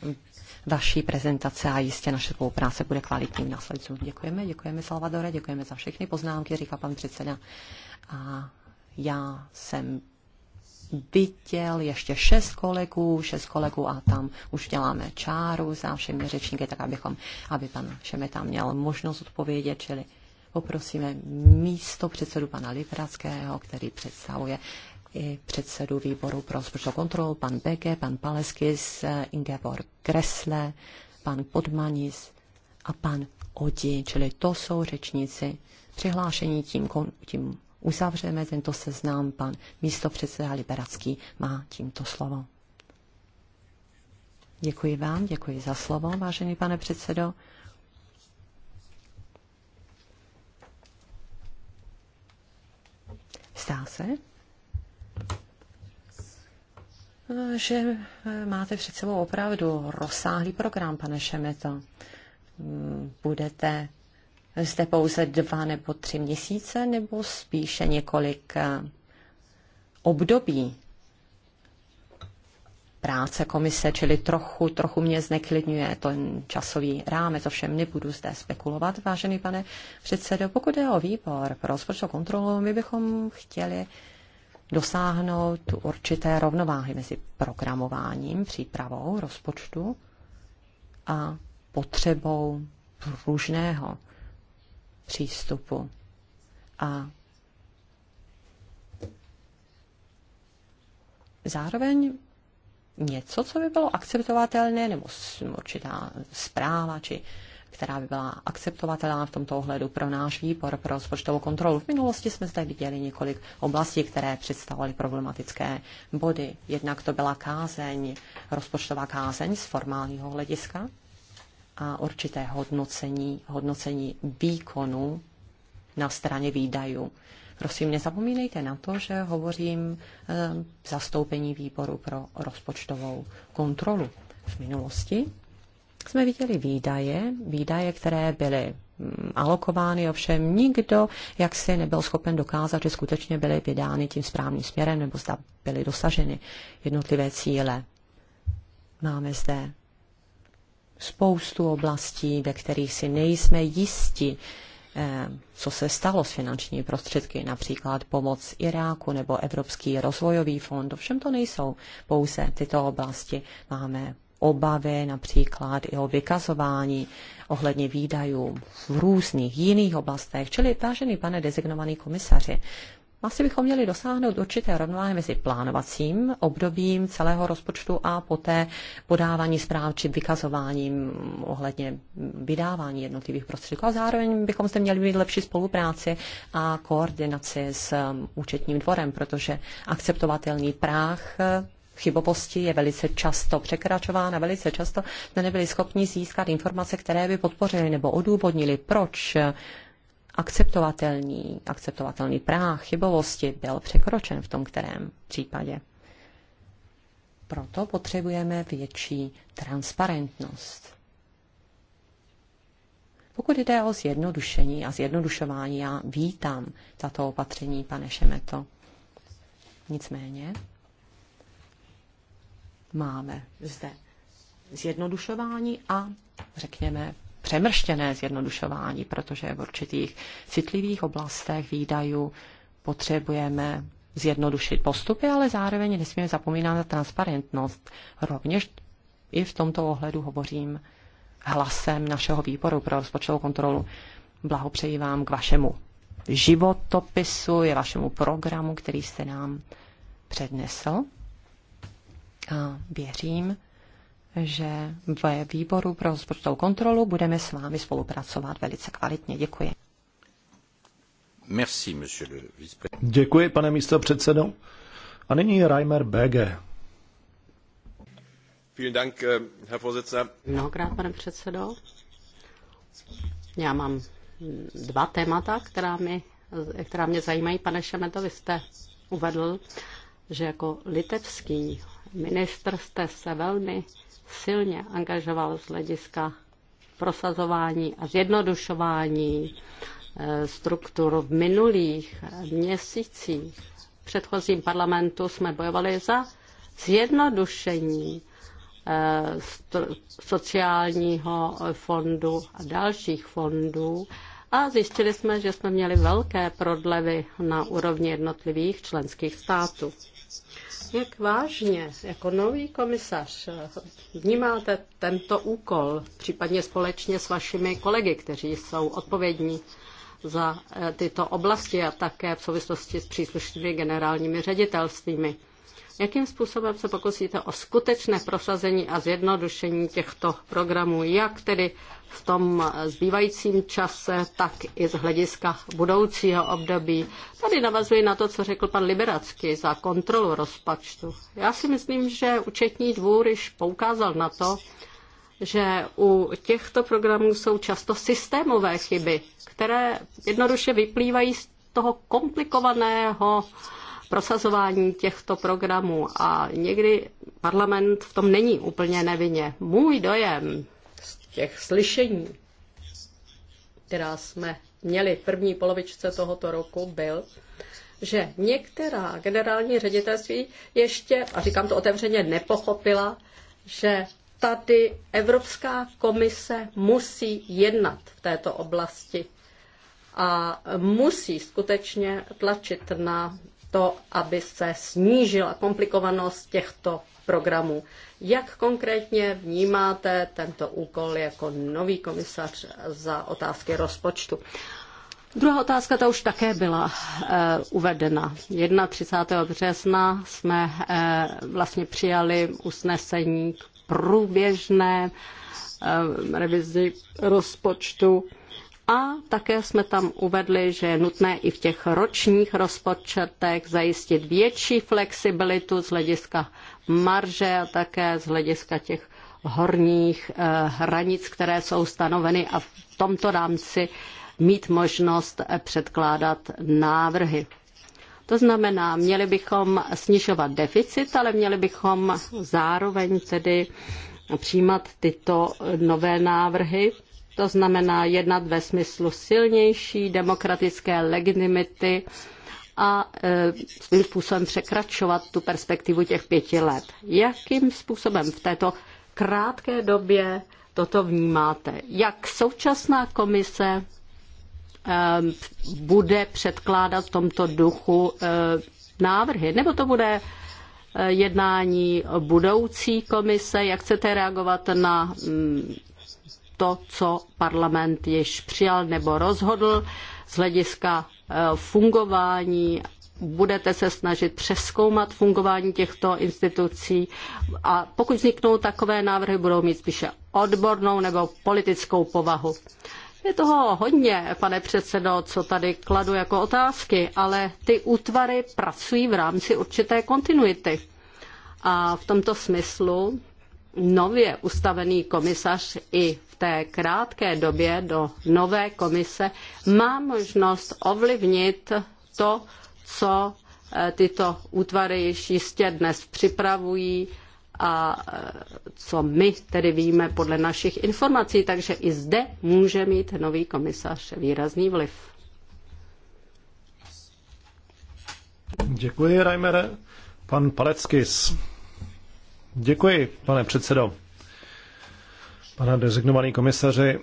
vaší prezentace a jistě naše spolupráce bude kvalitní v Děkujeme, děkujeme Salvadore, děkujeme za všechny poznámky, říká pan předseda. A já jsem viděl ještě šest kolegů, šest kolegů a tam už děláme čáru za všemi řečníky, tak abychom, aby pan Šemeta měl možnost odpovědět, čili poprosíme místo předsedu pana Libradského, který představuje i předsedu výboru pro rozpočtovou kontrolu, pan Bege, pan Paleskis, Ingeborg Kresle, pan Podmanis a pan Odi, čili to jsou řečníci přihlášení tím, tím uzavřeme tento seznam. Pan místo předseda Liberacký má tímto slovo. Děkuji vám, děkuji za slovo, vážený pane předsedo. Zdá se, že máte před sebou opravdu rozsáhlý program, pane Šemeto. Budete zde pouze dva nebo tři měsíce, nebo spíše několik eh, období práce komise, čili trochu, trochu mě zneklidňuje ten časový rámec, ovšem nebudu zde spekulovat, vážený pane předsedo. Pokud je o výbor pro rozpočtovou kontrolu, my bychom chtěli dosáhnout určité rovnováhy mezi programováním, přípravou rozpočtu a potřebou pružného přístupu. A zároveň něco, co by bylo akceptovatelné, nebo určitá zpráva, či která by byla akceptovatelná v tomto ohledu pro náš výbor pro rozpočtovou kontrolu. V minulosti jsme zde viděli několik oblastí, které představovaly problematické body. Jednak to byla kázeň, rozpočtová kázeň z formálního hlediska, a určité hodnocení, hodnocení výkonu na straně výdajů. Prosím, nezapomínejte na to, že hovořím v eh, zastoupení výboru pro rozpočtovou kontrolu. V minulosti jsme viděli výdaje, výdaje, které byly mm, alokovány, ovšem nikdo jak si nebyl schopen dokázat, že skutečně byly vydány tím správným směrem nebo zda byly dosaženy jednotlivé cíle. Máme zde spoustu oblastí, ve kterých si nejsme jisti, eh, co se stalo s finanční prostředky, například pomoc Iráku nebo Evropský rozvojový fond. Ovšem to nejsou pouze tyto oblasti. Máme obavy například i o vykazování ohledně výdajů v různých jiných oblastech. Čili, vážený pane designovaný komisaři, asi bychom měli dosáhnout určité rovnováhy mezi plánovacím obdobím celého rozpočtu a poté podávání zpráv či vykazováním ohledně vydávání jednotlivých prostředků. A zároveň bychom zde měli mít lepší spolupráci a koordinaci s um, účetním dvorem, protože akceptovatelný práh eh, chybovosti je velice často překračována, velice často jsme nebyli schopni získat informace, které by podpořily nebo odůvodnili, proč eh, akceptovatelný, akceptovatelný práh chybovosti byl překročen v tom kterém případě. Proto potřebujeme větší transparentnost. Pokud jde o zjednodušení a zjednodušování, já vítám tato opatření, pane Šemeto. Nicméně máme zde zjednodušování a, řekněme, přemrštěné zjednodušování, protože v určitých citlivých oblastech výdajů potřebujeme zjednodušit postupy, ale zároveň nesmíme zapomínat na transparentnost. Rovněž i v tomto ohledu hovořím hlasem našeho výboru pro rozpočtovou kontrolu. Blahopřeji vám k vašemu životopisu, je vašemu programu, který jste nám přednesl. A věřím, že ve výboru pro rozpočtovou kontrolu budeme s vámi spolupracovat velice kvalitně. Děkuji. Merci, monsieur le Děkuji, pane místo předsedo. A nyní Reimer BG. Eh, Mnohokrát, pane předsedo. Já mám dva témata, která mě, která mě zajímají. Pane Šemeto, vy jste uvedl, že jako litevský ministr jste se velmi silně angažoval z hlediska prosazování a zjednodušování eh, struktur v minulých měsících. V předchozím parlamentu jsme bojovali za zjednodušení eh, sociálního fondu a dalších fondů a zjistili jsme, že jsme měli velké prodlevy na úrovni jednotlivých členských států jak vážně jako nový komisař eh, vnímáte tento úkol, případně společně s vašimi kolegy, kteří jsou odpovědní za eh, tyto oblasti a také v souvislosti s příslušnými generálními ředitelstvími. Jakým způsobem se pokusíte o skutečné prosazení a zjednodušení těchto programů, jak tedy v tom zbývajícím čase, tak i z hlediska budoucího období. Tady navazuji na to, co řekl pan Liberacký za kontrolu rozpočtu. Já si myslím, že účetní dvůr již poukázal na to, že u těchto programů jsou často systémové chyby, které jednoduše vyplývají z toho komplikovaného prosazování těchto programů a někdy parlament v tom není úplně nevinně. Můj dojem z těch slyšení, která jsme měli v první polovičce tohoto roku, byl, že některá generální ředitelství ještě, a říkám to otevřeně, nepochopila, že tady Evropská komise musí jednat v této oblasti a musí skutečně tlačit na to, aby se snížila komplikovanost těchto programů. Jak konkrétně vnímáte tento úkol jako nový komisař za otázky rozpočtu? Druhá otázka, ta už také byla e, uvedena. 31. března jsme e, vlastně přijali usnesení k průběžné e, revizi rozpočtu a také jsme tam uvedli, že je nutné i v těch ročních rozpočtech zajistit větší flexibilitu z hlediska marže a také z hlediska těch horních eh, hranic, které jsou stanoveny a v tomto rámci mít možnost eh, předkládat návrhy. To znamená, měli bychom snižovat deficit, ale měli bychom zároveň tedy přijímat tyto nové návrhy to znamená jednat ve smyslu silnější demokratické legitimity a e, svým způsobem překračovat tu perspektivu těch pěti let. Jakým způsobem v této krátké době toto vnímáte? Jak současná komise e, bude předkládat v tomto duchu e, návrhy? Nebo to bude jednání budoucí komise? Jak chcete reagovat na mm, to, co parlament již přijal nebo rozhodl z hlediska eh, fungování budete se snažit přeskoumat fungování těchto institucí a pokud vzniknou takové návrhy, budou mít spíše odbornou nebo politickou povahu. Je toho hodně, pane předsedo, co tady kladu jako otázky, ale ty útvary pracují v rámci určité kontinuity. A v tomto smyslu nově ustavený komisař i té krátké době do nové komise má možnost ovlivnit to, co eh, tyto útvary již jistě dnes připravují a eh, co my tedy víme podle našich informací, takže i zde může mít nový komisař výrazný vliv. Děkuji, Reimere. Pan Paleckis. Děkuji, pane předsedo. Pane designovaný komisaři,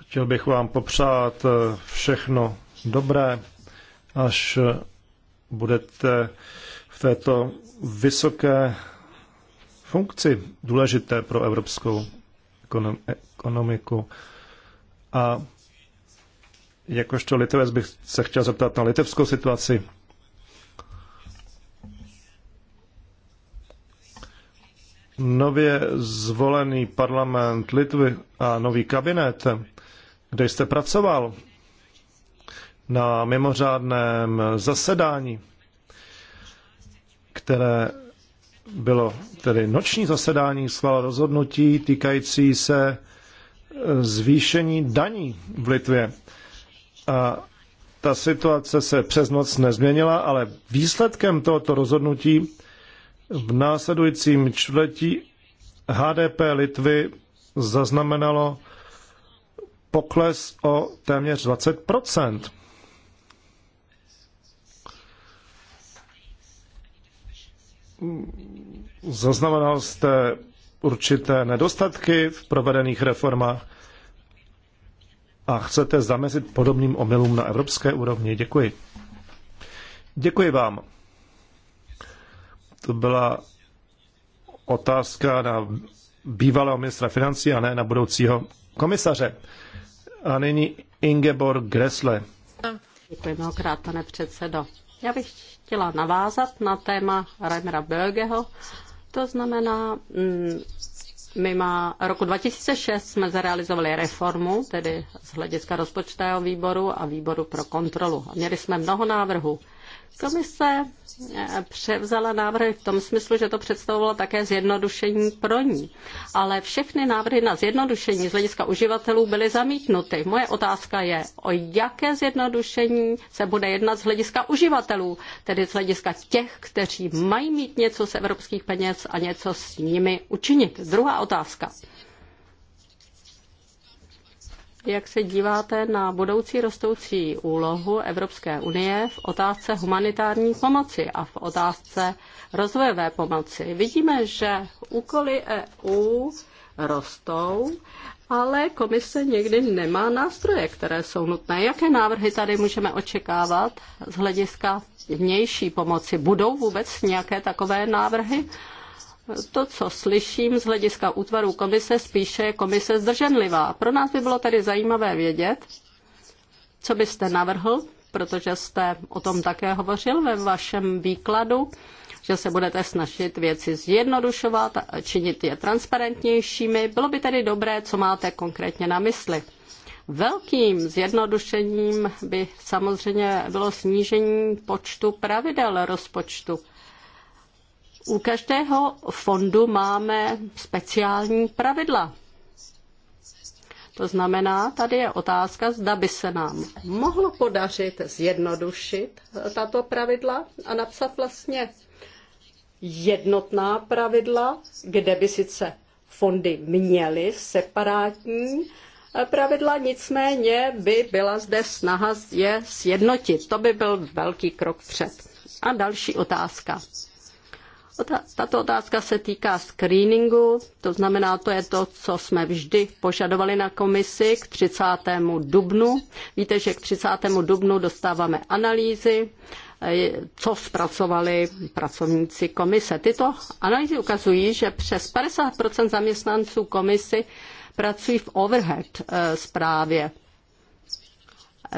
chtěl bych vám popřát eh, všechno dobré, až eh, budete v této vysoké funkci důležité pro evropskou ekonomiku. A jakožto litevec bych se chtěl zeptat na litevskou situaci. nově zvolený parlament Litvy a nový kabinet, kde jste pracoval na mimořádném zasedání, které bylo tedy noční zasedání, schvál rozhodnutí týkající se zvýšení daní v Litvě. A ta situace se přes noc nezměnila, ale výsledkem tohoto rozhodnutí v následujícím čtvrtletí HDP Litvy zaznamenalo pokles o téměř 20 Zaznamenal jste určité nedostatky v provedených reformách a chcete zamezit podobným omylům na evropské úrovni. Děkuji. Děkuji vám to byla otázka na bývalého ministra financí a ne na budoucího komisaře. A nyní Ingeborg Gressle. Děkuji mnohokrát, pane předsedo. Já bych chtěla navázat na téma Reimera Bögeho, to znamená, mm, my má, roku 2006 jsme zrealizovali reformu, tedy z hlediska rozpočtového výboru a výboru pro kontrolu. Měli jsme mnoho návrhů. Komise eh, převzala návrhy v tom smyslu, že to představovalo také zjednodušení pro ní. Ale všechny návrhy na zjednodušení z hlediska uživatelů byly zamítnuty. Moje otázka je, o jaké zjednodušení se bude jednat z hlediska uživatelů, tedy z hlediska těch, kteří mají mít něco z evropských peněz a něco s nimi učinit. Druhá otázka jak se díváte na budoucí rostoucí úlohu Evropské unie v otázce humanitární pomoci a v otázce rozvojové pomoci. Vidíme, že úkoly EU rostou, ale komise někdy nemá nástroje, které jsou nutné. Jaké návrhy tady můžeme očekávat z hlediska vnější pomoci? Budou vůbec nějaké takové návrhy? to, co slyším z hlediska útvarů komise, spíše je komise zdrženlivá. Pro nás by bylo tedy zajímavé vědět, co byste navrhl, protože jste o tom také hovořil ve vašem výkladu, že se budete snažit věci zjednodušovat, činit je transparentnějšími. Bylo by tedy dobré, co máte konkrétně na mysli. Velkým zjednodušením by samozřejmě bylo snížení počtu pravidel rozpočtu. U každého fondu máme speciální pravidla. To znamená, tady je otázka, zda by se nám mohlo podařit zjednodušit tato pravidla a napsat vlastně jednotná pravidla, kde by sice fondy měly separátní pravidla, nicméně by byla zde snaha je sjednotit. To by byl velký krok před. A další otázka. Tato otázka se týká screeningu, to znamená, to je to, co jsme vždy požadovali na komisi k 30. dubnu. Víte, že k 30. dubnu dostáváme analýzy, eh, co zpracovali pracovníci komise. Tyto analýzy ukazují, že přes 50 zaměstnanců komisy pracují v overhead zprávě. Eh,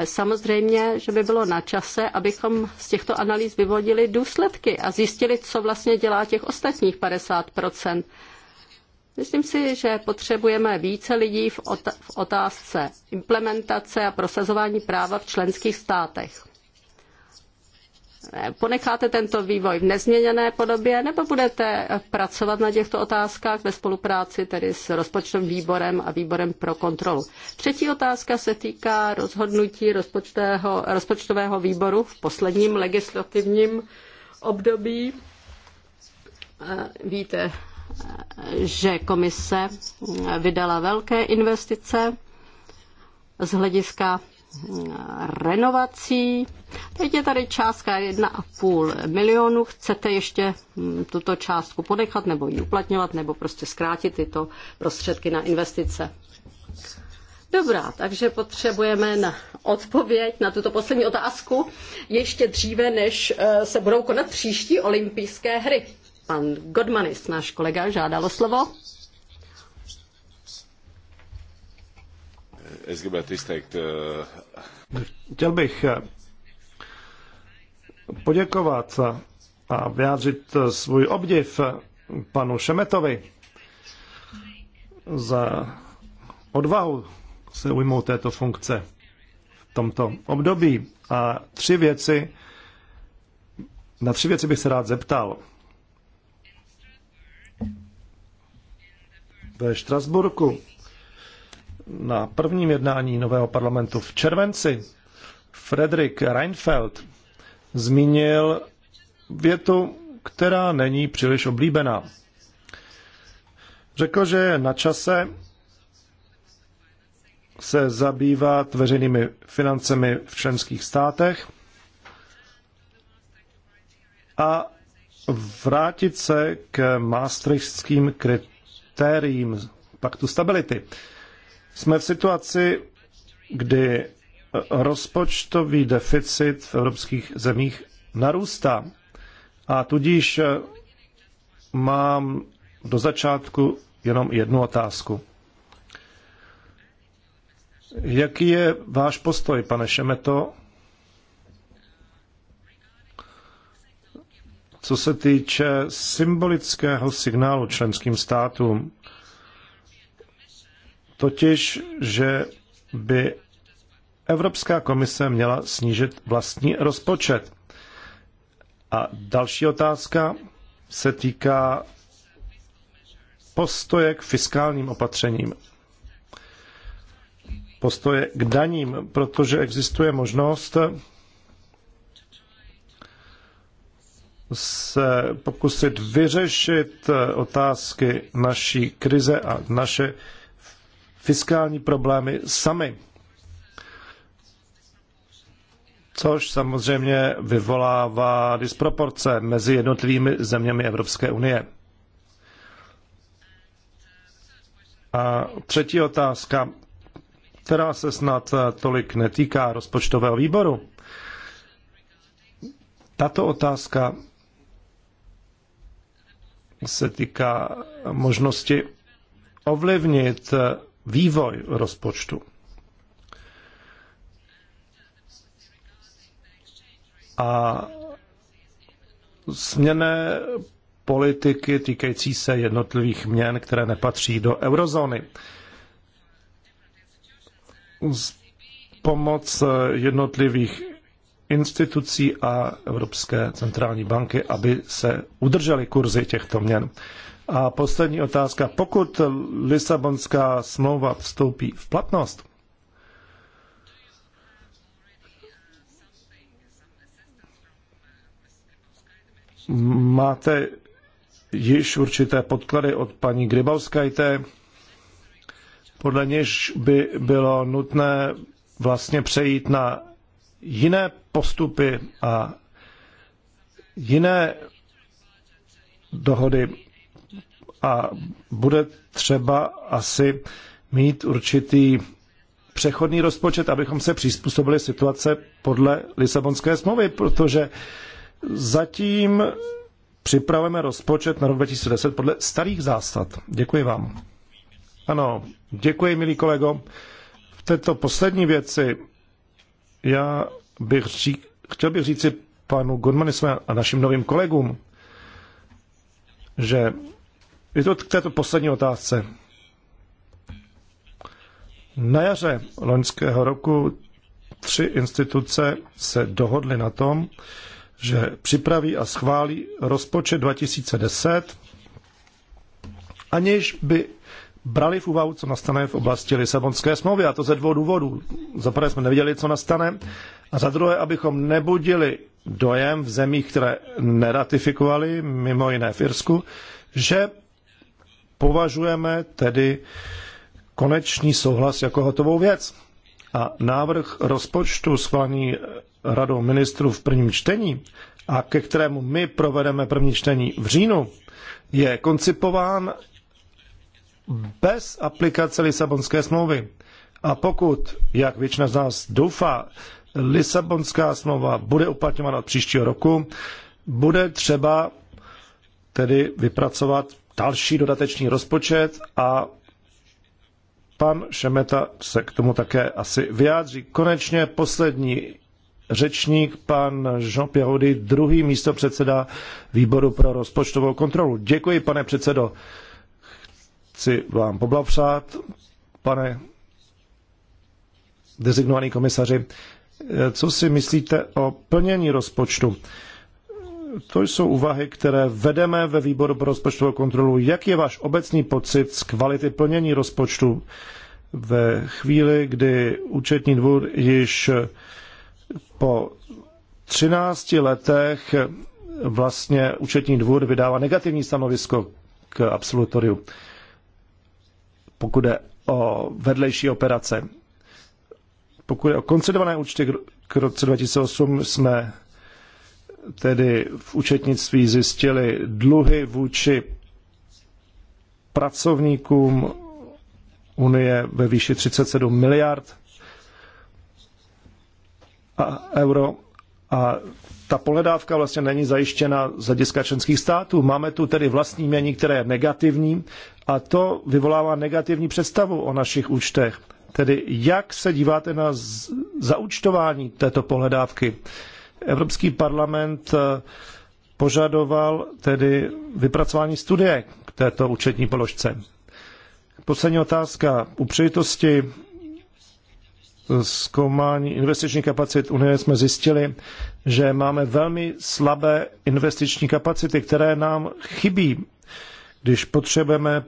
Samozřejmě, že by bylo na čase, abychom z těchto analýz vyvodili důsledky a zjistili, co vlastně dělá těch ostatních 50 Myslím si, že potřebujeme více lidí v otázce implementace a prosazování práva v členských státech ponecháte tento vývoj v nezměněné podobě nebo budete pracovat na těchto otázkách ve spolupráci tedy s rozpočtovým výborem a výborem pro kontrolu. Třetí otázka se týká rozhodnutí rozpočtového, rozpočtového výboru v posledním legislativním období. Eh, víte, eh, že komise vydala velké investice z hlediska renovací. Teď je tady částka 1,5 milionu. Chcete ještě hm, tuto částku ponechat nebo ji uplatňovat nebo prostě zkrátit tyto prostředky na investice? Dobrá, takže potřebujeme na odpověď na tuto poslední otázku ještě dříve, než eh, se budou konat příští olympijské hry. Pan Godmanis, náš kolega, žádalo slovo. Eh, Chtěl bych eh, poděkovat eh, a vyjádřit svůj obdiv panu Šemetovi za odvahu se ujmout této funkce v tomto období. A tři věci, na tři věci bych se rád zeptal. Ve Štrasburku na prvním jednání nového parlamentu v červenci Frederick Reinfeldt zmínil větu, která není příliš oblíbená. Řekl, že je na čase se zabývat veřejnými financemi v členských státech a vrátit se k maastrichtským kritériím paktu stability. Jsme v situaci, kdy rozpočtový deficit v evropských zemích narůstá. A tudíž eh, mám do začátku jenom jednu otázku. Jaký je váš postoj, pane Šemeto, co se týče symbolického signálu členským státům totiž, že by Evropská komise měla snížit vlastní rozpočet. A další otázka se týká postoje k fiskálním opatřením. Postoje k daním, protože existuje možnost se pokusit vyřešit otázky naší krize a naše fiskální problémy sami. Což samozřejmě vyvolává disproporce mezi jednotlivými zeměmi Evropské unie. A třetí otázka, která se snad tolik netýká rozpočtového výboru. Tato otázka se týká možnosti ovlivnit vývoj rozpočtu. A směné politiky týkající se jednotlivých měn, které nepatří do eurozóny. Pomoc jednotlivých institucí a Evropské centrální banky, aby se udržely kurzy těchto měn. A poslední otázka. Pokud Lisabonská smlouva vstoupí v platnost, máte již určité podklady od paní Grybauskajte, podle něž by bylo nutné vlastně přejít na jiné postupy a jiné dohody a bude třeba asi mít určitý přechodný rozpočet, abychom se přizpůsobili situace podle Lisabonské smlouvy, protože zatím připravujeme rozpočet na rok 2010 podle starých zásad. Děkuji vám. Ano, děkuji, milý kolego. V této poslední věci já bych řík, chtěl bych říci panu Godmanismu a našim novým kolegům, že je to k této poslední otázce. Na jaře loňského roku tři instituce se dohodly na tom, že připraví a schválí rozpočet 2010, aniž by brali v úvahu, co nastane v oblasti Lisabonské smlouvy, a to ze dvou důvodů. Za prvé jsme nevěděli, co nastane, a za druhé, abychom nebudili dojem v zemích, které neratifikovali, mimo jiné v Irsku, že považujeme tedy konečný souhlas jako hotovou věc. A návrh rozpočtu schválený radou ministrů v prvním čtení a ke kterému my provedeme první čtení v říjnu, je koncipován bez aplikace Lisabonské smlouvy. A pokud, jak většina z nás doufá, Lisabonská smlouva bude uplatňována od příštího roku, bude třeba tedy vypracovat další dodatečný rozpočet a pan Šemeta se k tomu také asi vyjádří. Konečně poslední řečník, pan Jean-Pierre druhý místo předseda výboru pro rozpočtovou kontrolu. Děkuji, pane předsedo. Chci vám poblapřát, pane designovaný komisaři. Co si myslíte o plnění rozpočtu? to jsou úvahy, které vedeme ve výboru pro rozpočtovou kontrolu. Jak je váš obecný pocit z kvality plnění rozpočtu ve chvíli, kdy účetní dvůr již po 13 letech vlastně účetní dvůr vydává negativní stanovisko k absolutoriu, pokud jde o vedlejší operace. Pokud je o koncidované účty k roce 2008, jsme tedy v účetnictví zjistili dluhy vůči pracovníkům Unie ve výši 37 miliard a euro. A ta pohledávka vlastně není zajištěna z hlediska členských států. Máme tu tedy vlastní mění, které je negativní a to vyvolává negativní představu o našich účtech. Tedy jak se díváte na zaučtování této pohledávky? Evropský parlament eh, požadoval tedy vypracování studie k této účetní položce. Poslední otázka. U přejitosti zkoumání investičních kapacit Unie jsme zjistili, že máme velmi slabé investiční kapacity, které nám chybí, když potřebujeme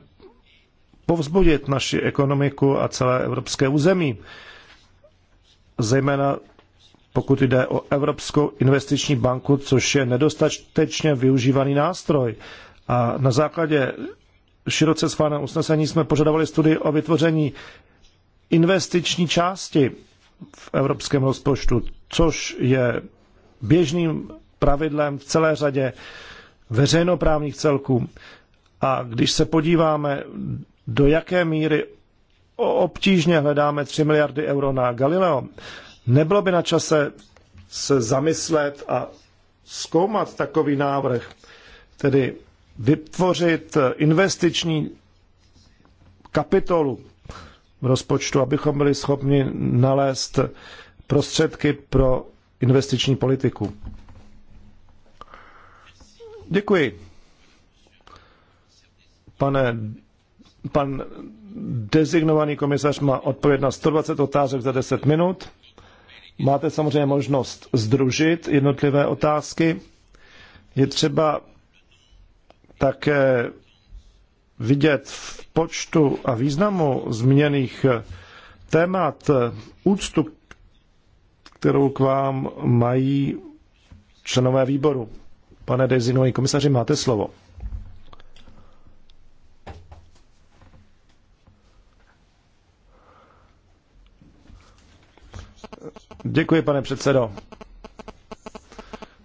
povzbudit naši ekonomiku a celé evropské území, zejména pokud jde o Evropskou investiční banku, což je nedostatečně využívaný nástroj. A na základě široce schváleného usnesení jsme požadovali studii o vytvoření investiční části v evropském rozpočtu, což je běžným pravidlem v celé řadě veřejnoprávních celků. A když se podíváme, do jaké míry obtížně hledáme 3 miliardy euro na Galileo, Nebylo by na čase se zamyslet a zkoumat takový návrh, tedy vytvořit investiční kapitolu v rozpočtu, abychom byli schopni nalézt prostředky pro investiční politiku. Děkuji. Pane, pan dezignovaný komisař má odpověd na 120 otázek za 10 minut. Máte samozřejmě možnost združit jednotlivé otázky. Je třeba také vidět v počtu a významu zmíněných témat úctu, kterou k vám mají členové výboru. Pane Dezinovi, komisaři, máte slovo. Děkuji, pane předsedo.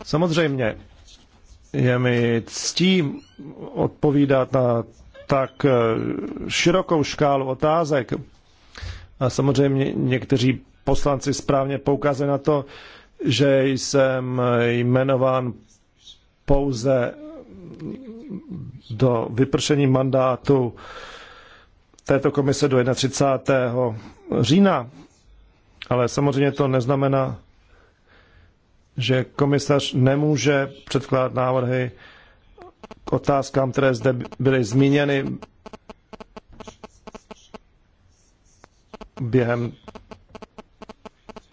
Samozřejmě je mi ctí odpovídat na tak širokou škálu otázek. A samozřejmě někteří poslanci správně poukazují na to, že jsem jmenován pouze do vypršení mandátu této komise do 31. října. Ale samozřejmě to neznamená, že komisař nemůže předkládat návrhy k otázkám, které zde byly zmíněny během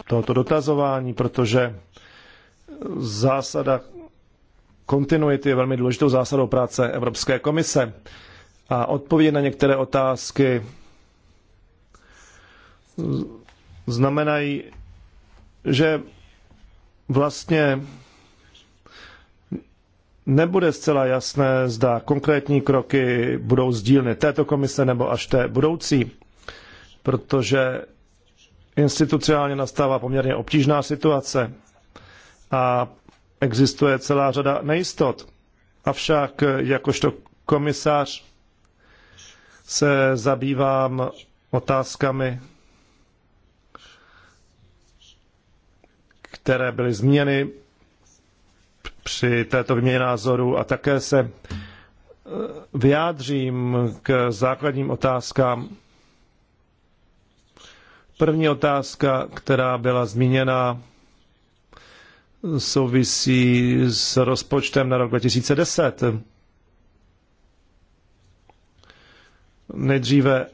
tohoto dotazování, protože zásada kontinuity je velmi důležitou zásadou práce Evropské komise. A odpovědi na některé otázky znamenají, že vlastně nebude zcela jasné, zda konkrétní kroky budou sdílny této komise nebo až té budoucí, protože institucionálně nastává poměrně obtížná situace a existuje celá řada nejistot. Avšak jakožto komisář se zabývám otázkami které byly změny při této výměně názoru a také se eh, vyjádřím k základním otázkám. První otázka, která byla zmíněna, souvisí s rozpočtem na rok 2010. Nejdříve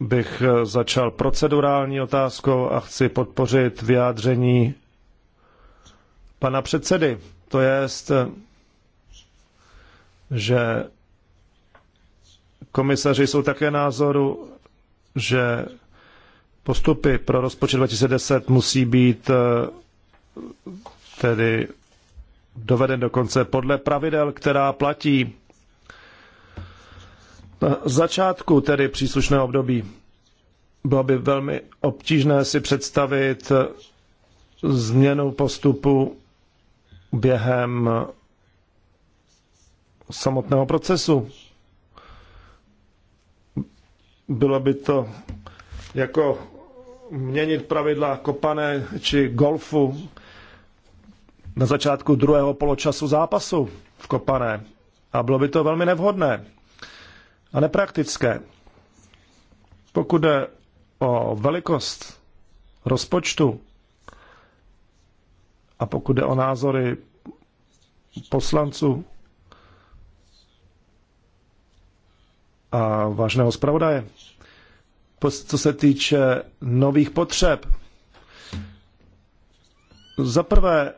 bych začal procedurální otázkou a chci podpořit vyjádření pana předsedy. To je, že komisaři jsou také názoru, že postupy pro rozpočet 2010 musí být eh, tedy doveden do konce podle pravidel, která platí na začátku tedy příslušného období. Bylo by velmi obtížné si představit eh, změnu postupu během samotného procesu. Bylo by to jako měnit pravidla kopané či golfu na začátku druhého poločasu zápasu v kopané. A bylo by to velmi nevhodné a nepraktické. Pokud jde o velikost rozpočtu, a pokud jde o názory poslanců a vážného zpravodaje, co se týče nových potřeb, za prvé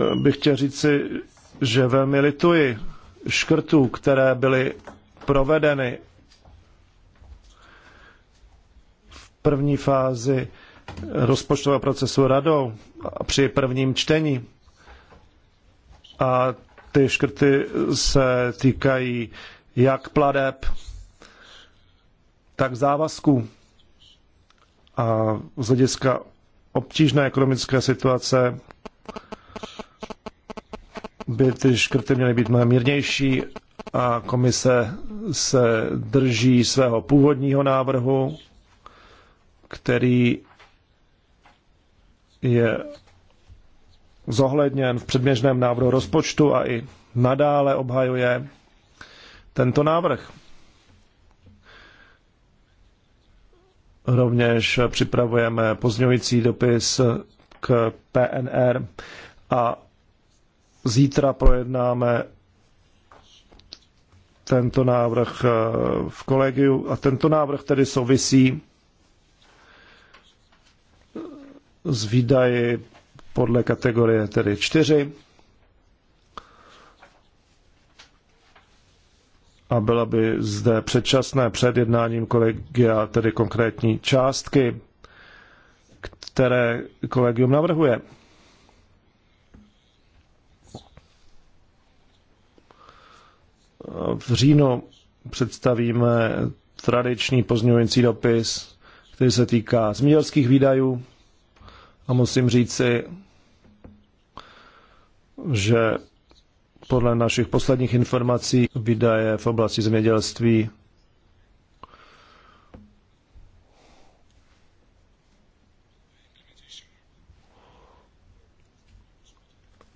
eh, bych chtěl říci, že velmi lituji škrtů, které byly provedeny v první fázi rozpočtového procesu radou při prvním čtení. A ty škrty se týkají jak pladeb, tak závazků. A z hlediska obtížné ekonomické situace by ty škrty měly být mnohem mírnější a komise se drží svého původního návrhu, který je zohledněn v předběžném návrhu rozpočtu a i nadále obhajuje tento návrh. Rovněž připravujeme pozdňující dopis k PNR a zítra projednáme tento návrh v kolegiu a tento návrh tedy souvisí z výdaji podle kategorie tedy 4 a byla by zde předčasné před jednáním kolegia, tedy konkrétní částky, které kolegium navrhuje. V říjnu představíme tradiční pozměňující dopis, který se týká zemědělských výdajů a musím říci, že podle našich posledních informací výdaje v oblasti zemědělství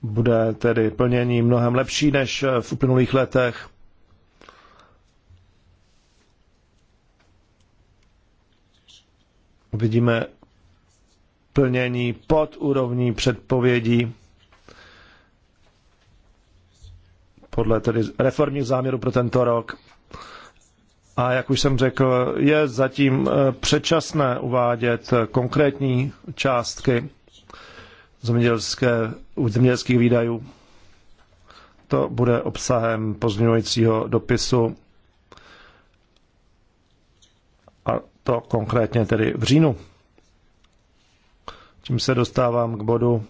bude tedy plnění mnohem lepší než v uplynulých letech. Vidíme, plnění pod úrovní předpovědí podle tedy reformních záměrů pro tento rok. A jak už jsem řekl, je zatím eh, předčasné uvádět konkrétní částky zemědělských výdajů. To bude obsahem pozměňujícího dopisu a to konkrétně tedy v říjnu. Tím se dostávám k bodu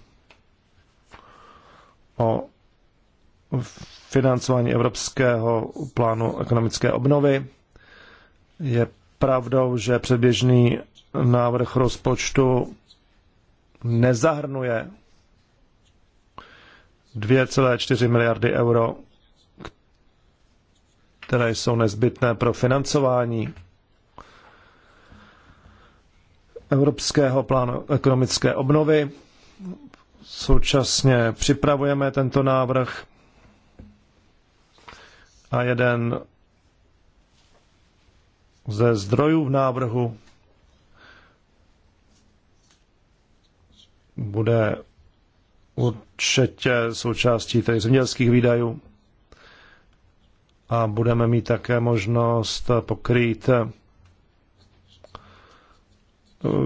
o financování Evropského plánu ekonomické obnovy. Je pravdou, že předběžný návrh rozpočtu nezahrnuje 2,4 miliardy euro, které jsou nezbytné pro financování Evropského plánu ekonomické obnovy. Současně připravujeme tento návrh a jeden ze zdrojů v návrhu bude určitě součástí tedy zemědělských výdajů a budeme mít také možnost pokrýt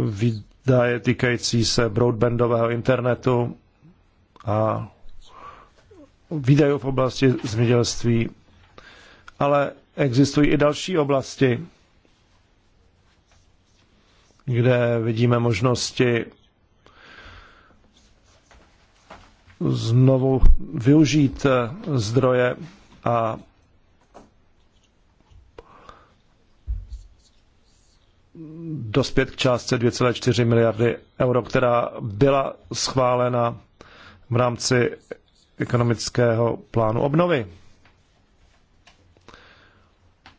výdaje týkající se broadbandového internetu a výdajů v oblasti zemědělství. Ale existují i další oblasti, kde vidíme možnosti znovu využít zdroje a dospět k částce 2,4 miliardy euro, která byla schválena v rámci ekonomického plánu obnovy.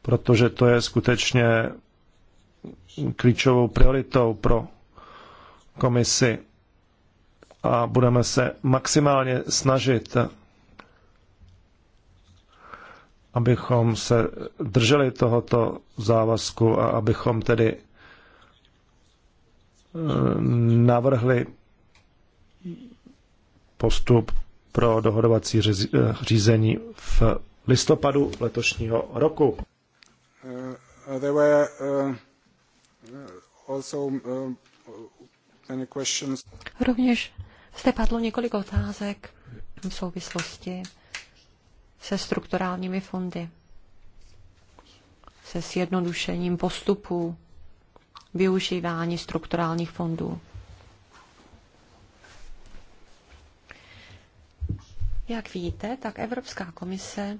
Protože to je skutečně klíčovou prioritou pro komisi a budeme se maximálně snažit, abychom se drželi tohoto závazku a abychom tedy navrhli postup pro dohodovací řízení v listopadu letošního roku. Uh, there were uh, also um, many questions. Rovněž zde padlo několik otázek v souvislosti se strukturálními fondy, se sjednodušením postupů využívání strukturálních fondů. Jak víte, tak Evropská komise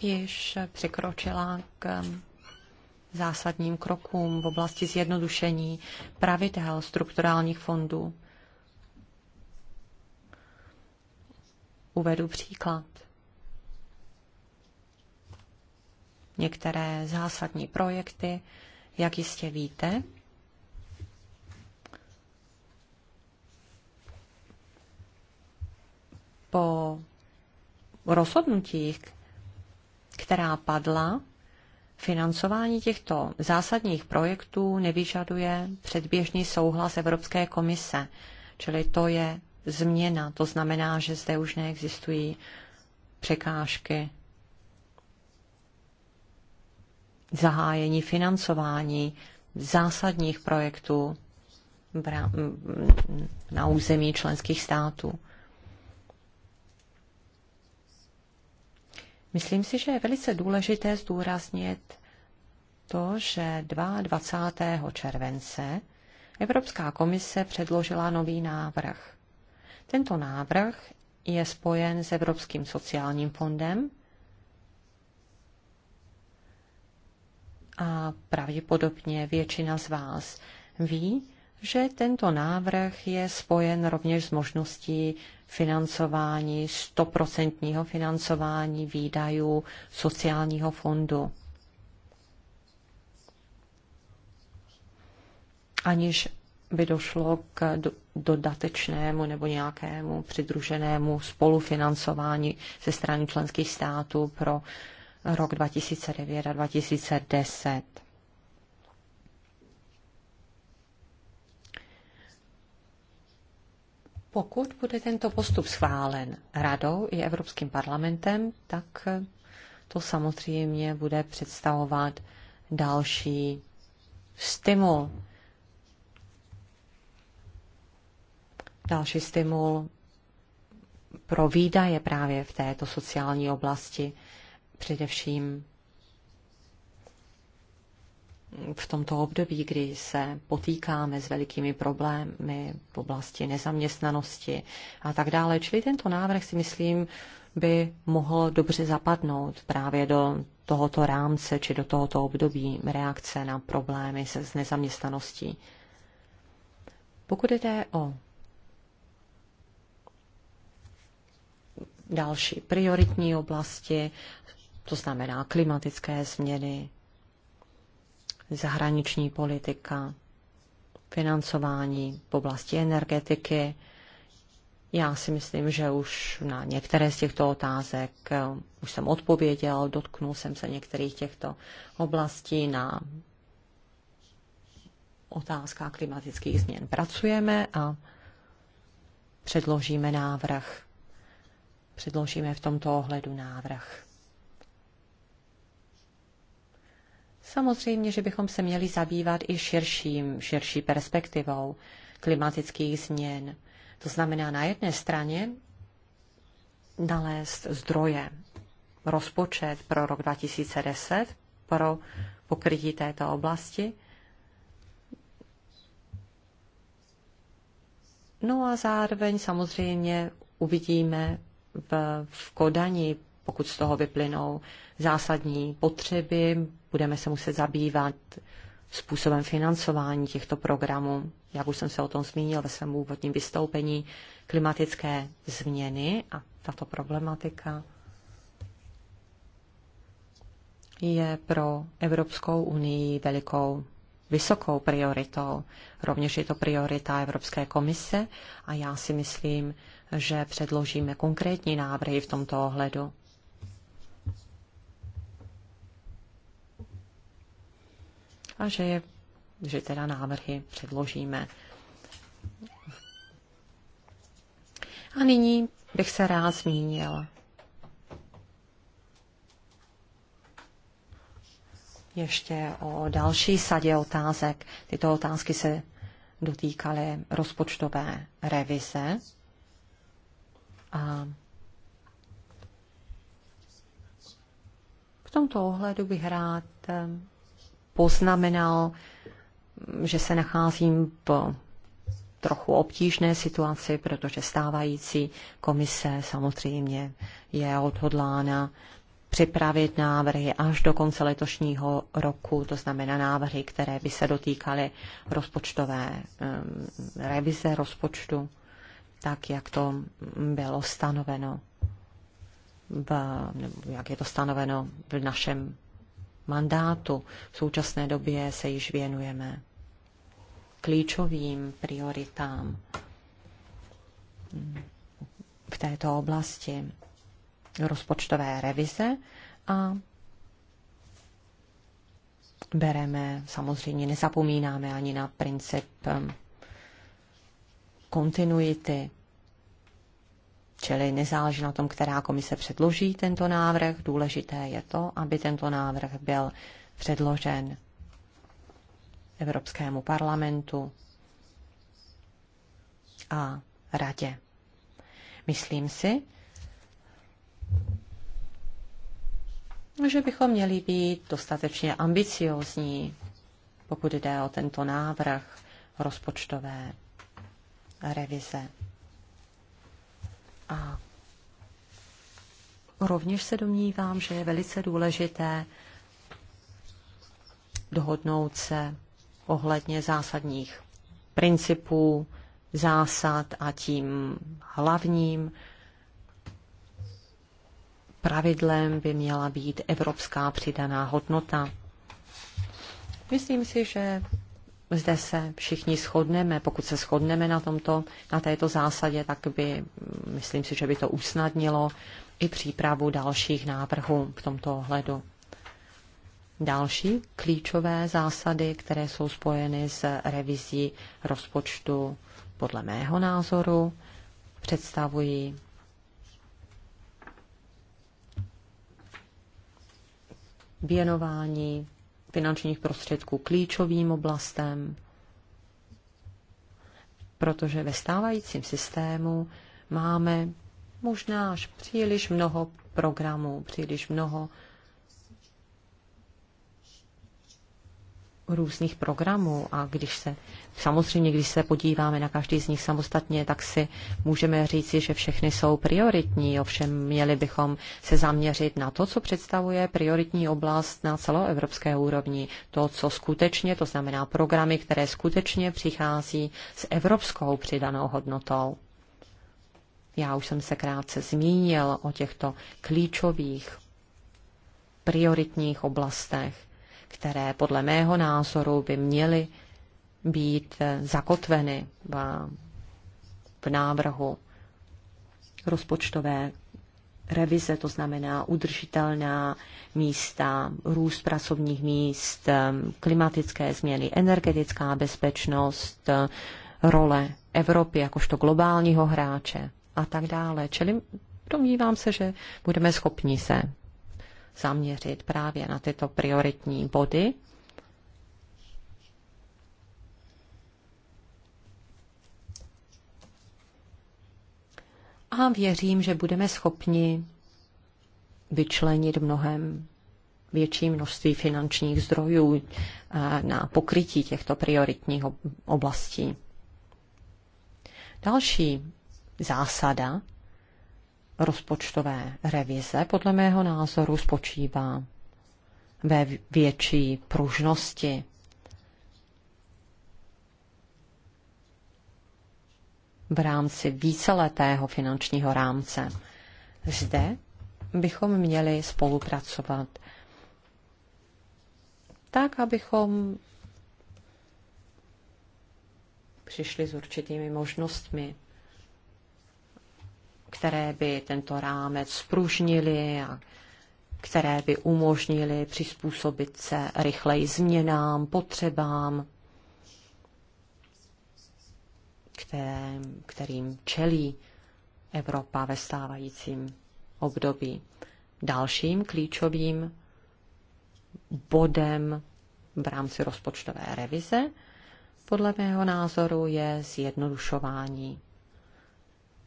již překročila k zásadním krokům v oblasti zjednodušení pravidel strukturálních fondů. Uvedu příklad. některé zásadní projekty, jak jistě víte. Po rozhodnutích, která padla, Financování těchto zásadních projektů nevyžaduje předběžný souhlas Evropské komise, čili to je změna. To znamená, že zde už neexistují překážky zahájení financování zásadních projektů na území členských států. Myslím si, že je velice důležité zdůraznit to, že 22. července Evropská komise předložila nový návrh. Tento návrh je spojen s Evropským sociálním fondem a pravděpodobně většina z vás ví, že tento návrh je spojen rovněž s možností financování, stoprocentního financování výdajů sociálního fondu. Aniž by došlo k dodatečnému nebo nějakému přidruženému spolufinancování ze strany členských států pro uh, rok 2009 a 2010. Pokud bude tento postup schválen radou i Evropským parlamentem, tak to samozřejmě bude představovat další stimul. Další stimul pro výdaje právě v této sociální oblasti především v tomto období, kdy se potýkáme s velikými problémy v oblasti nezaměstnanosti a tak dále. Čili tento návrh si myslím, by mohl dobře zapadnout právě do tohoto rámce či do tohoto období reakce na problémy se s nezaměstnaností. Pokud jde o další prioritní oblasti, to znamená klimatické změny, zahraniční politika, financování v oblasti energetiky. Já si myslím, že už na některé z těchto otázek eh, už jsem odpověděl, dotknul jsem se některých těchto oblastí na otázka klimatických změn. Pracujeme a předložíme návrh. Předložíme v tomto ohledu návrh. Samozřejmě, že bychom se měli zabývat i širším, širší perspektivou klimatických změn. To znamená na jedné straně nalézt zdroje, rozpočet pro rok 2010 pro pokrytí této oblasti. No a zároveň samozřejmě uvidíme v, v Kodani, pokud z toho vyplynou zásadní potřeby, budeme se muset zabývat způsobem financování těchto programů. Jak už jsem se o tom zmínil ve svém úvodním vystoupení, klimatické změny a tato problematika je pro Evropskou unii velikou vysokou prioritou. Rovněž je to priorita Evropské komise a já si myslím, že předložíme konkrétní návrhy v tomto ohledu. a že, je, že teda návrhy předložíme. A nyní bych se rád zmínil ještě o další sadě otázek. Tyto otázky se dotýkaly rozpočtové revize. A v tomto ohledu bych rád eh, poznamenal, že se nacházím v trochu obtížné situaci, protože stávající komise samozřejmě je odhodlána připravit návrhy až do konce letošního roku, to znamená návrhy, které by se dotýkaly rozpočtové revize rozpočtu, tak jak to bylo stanoveno, v, jak je to stanoveno v našem mandátu. V současné době se již věnujeme klíčovým prioritám v této oblasti rozpočtové revize a bereme, samozřejmě nezapomínáme ani na princip kontinuity Čili nezáleží na tom, která komise předloží tento návrh. Důležité je to, aby tento návrh byl předložen Evropskému parlamentu a radě. Myslím si, že bychom měli být dostatečně ambiciozní, pokud jde o tento návrh rozpočtové revize. A rovněž se domnívám, že je velice důležité dohodnout se ohledně zásadních principů, zásad a tím hlavním pravidlem by měla být evropská přidaná hodnota. Myslím si, že zde se všichni shodneme. Pokud se shodneme na, tomto, na této zásadě, tak by, myslím si, že by to usnadnilo i přípravu dalších návrhů v tomto ohledu. Další klíčové zásady, které jsou spojeny s revizí rozpočtu, podle mého názoru, představují věnování finančních prostředků klíčovým oblastem, protože ve stávajícím systému máme možná až příliš mnoho programů, příliš mnoho různých programů a když se, samozřejmě, když se podíváme na každý z nich samostatně, tak si můžeme říci, že všechny jsou prioritní, ovšem měli bychom se zaměřit na to, co představuje prioritní oblast na celoevropské úrovni, to, co skutečně, to znamená programy, které skutečně přichází s evropskou přidanou hodnotou. Já už jsem se krátce zmínil o těchto klíčových prioritních oblastech které podle mého názoru by měly být zakotveny v návrhu rozpočtové revize, to znamená udržitelná místa, růst pracovních míst, klimatické změny, energetická bezpečnost, role Evropy jakožto globálního hráče a tak dále. Čili domnívám se, že budeme schopni se zaměřit právě na tyto prioritní body. A věřím, že budeme schopni vyčlenit mnohem větší množství finančních zdrojů eh, na pokrytí těchto prioritních oblastí. Další zásada rozpočtové revize podle mého názoru spočívá ve větší pružnosti. v rámci víceletého finančního rámce. Zde bychom měli spolupracovat tak, abychom přišli s určitými možnostmi které by tento rámec spružnily a které by umožnily přizpůsobit se rychleji změnám, potřebám, kterým čelí Evropa ve stávajícím období. Dalším klíčovým bodem v rámci rozpočtové revize podle mého názoru je zjednodušování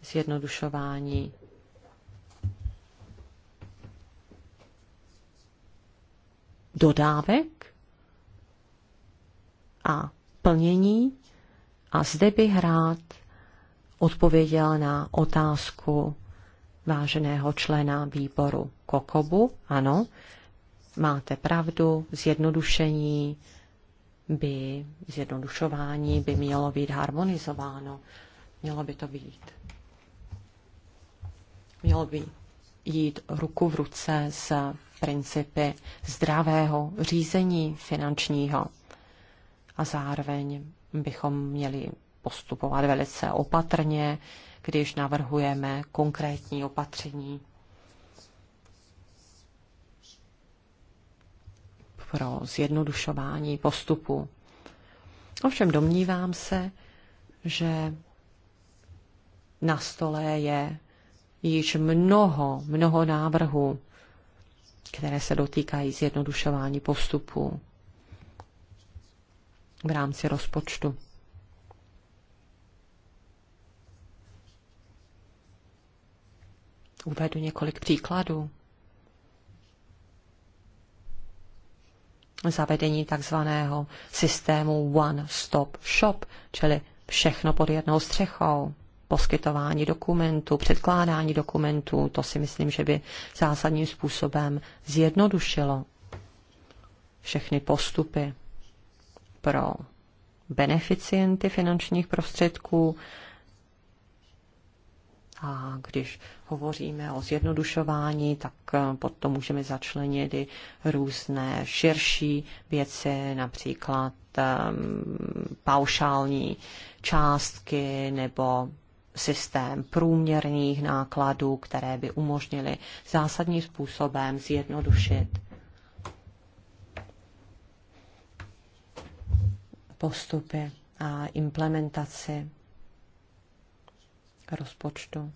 zjednodušování. dodávek a plnění. A zde bych rád odpověděl na otázku váženého člena výboru Kokobu. Ano, máte pravdu, zjednodušení by, zjednodušování by mělo být harmonizováno. Mělo by to být Mělo by jít ruku v ruce s principy zdravého řízení finančního. A zároveň bychom měli postupovat velice opatrně, když navrhujeme konkrétní opatření pro zjednodušování postupu. Ovšem domnívám se, že na stole je již mnoho, mnoho návrhů, které se dotýkají zjednodušování postupů v rámci rozpočtu. Uvedu několik příkladů. Zavedení takzvaného systému One Stop Shop, čili všechno pod jednou střechou poskytování dokumentů, předkládání dokumentů, to si myslím, že by zásadním způsobem zjednodušilo všechny postupy pro beneficienty finančních prostředků. A když hovoříme o zjednodušování, tak eh, pod to můžeme začlenit i různé širší věci, například ehm, paušální částky nebo systém průměrných nákladů, které by umožnily zásadním způsobem zjednodušit postupy a implementaci rozpočtu.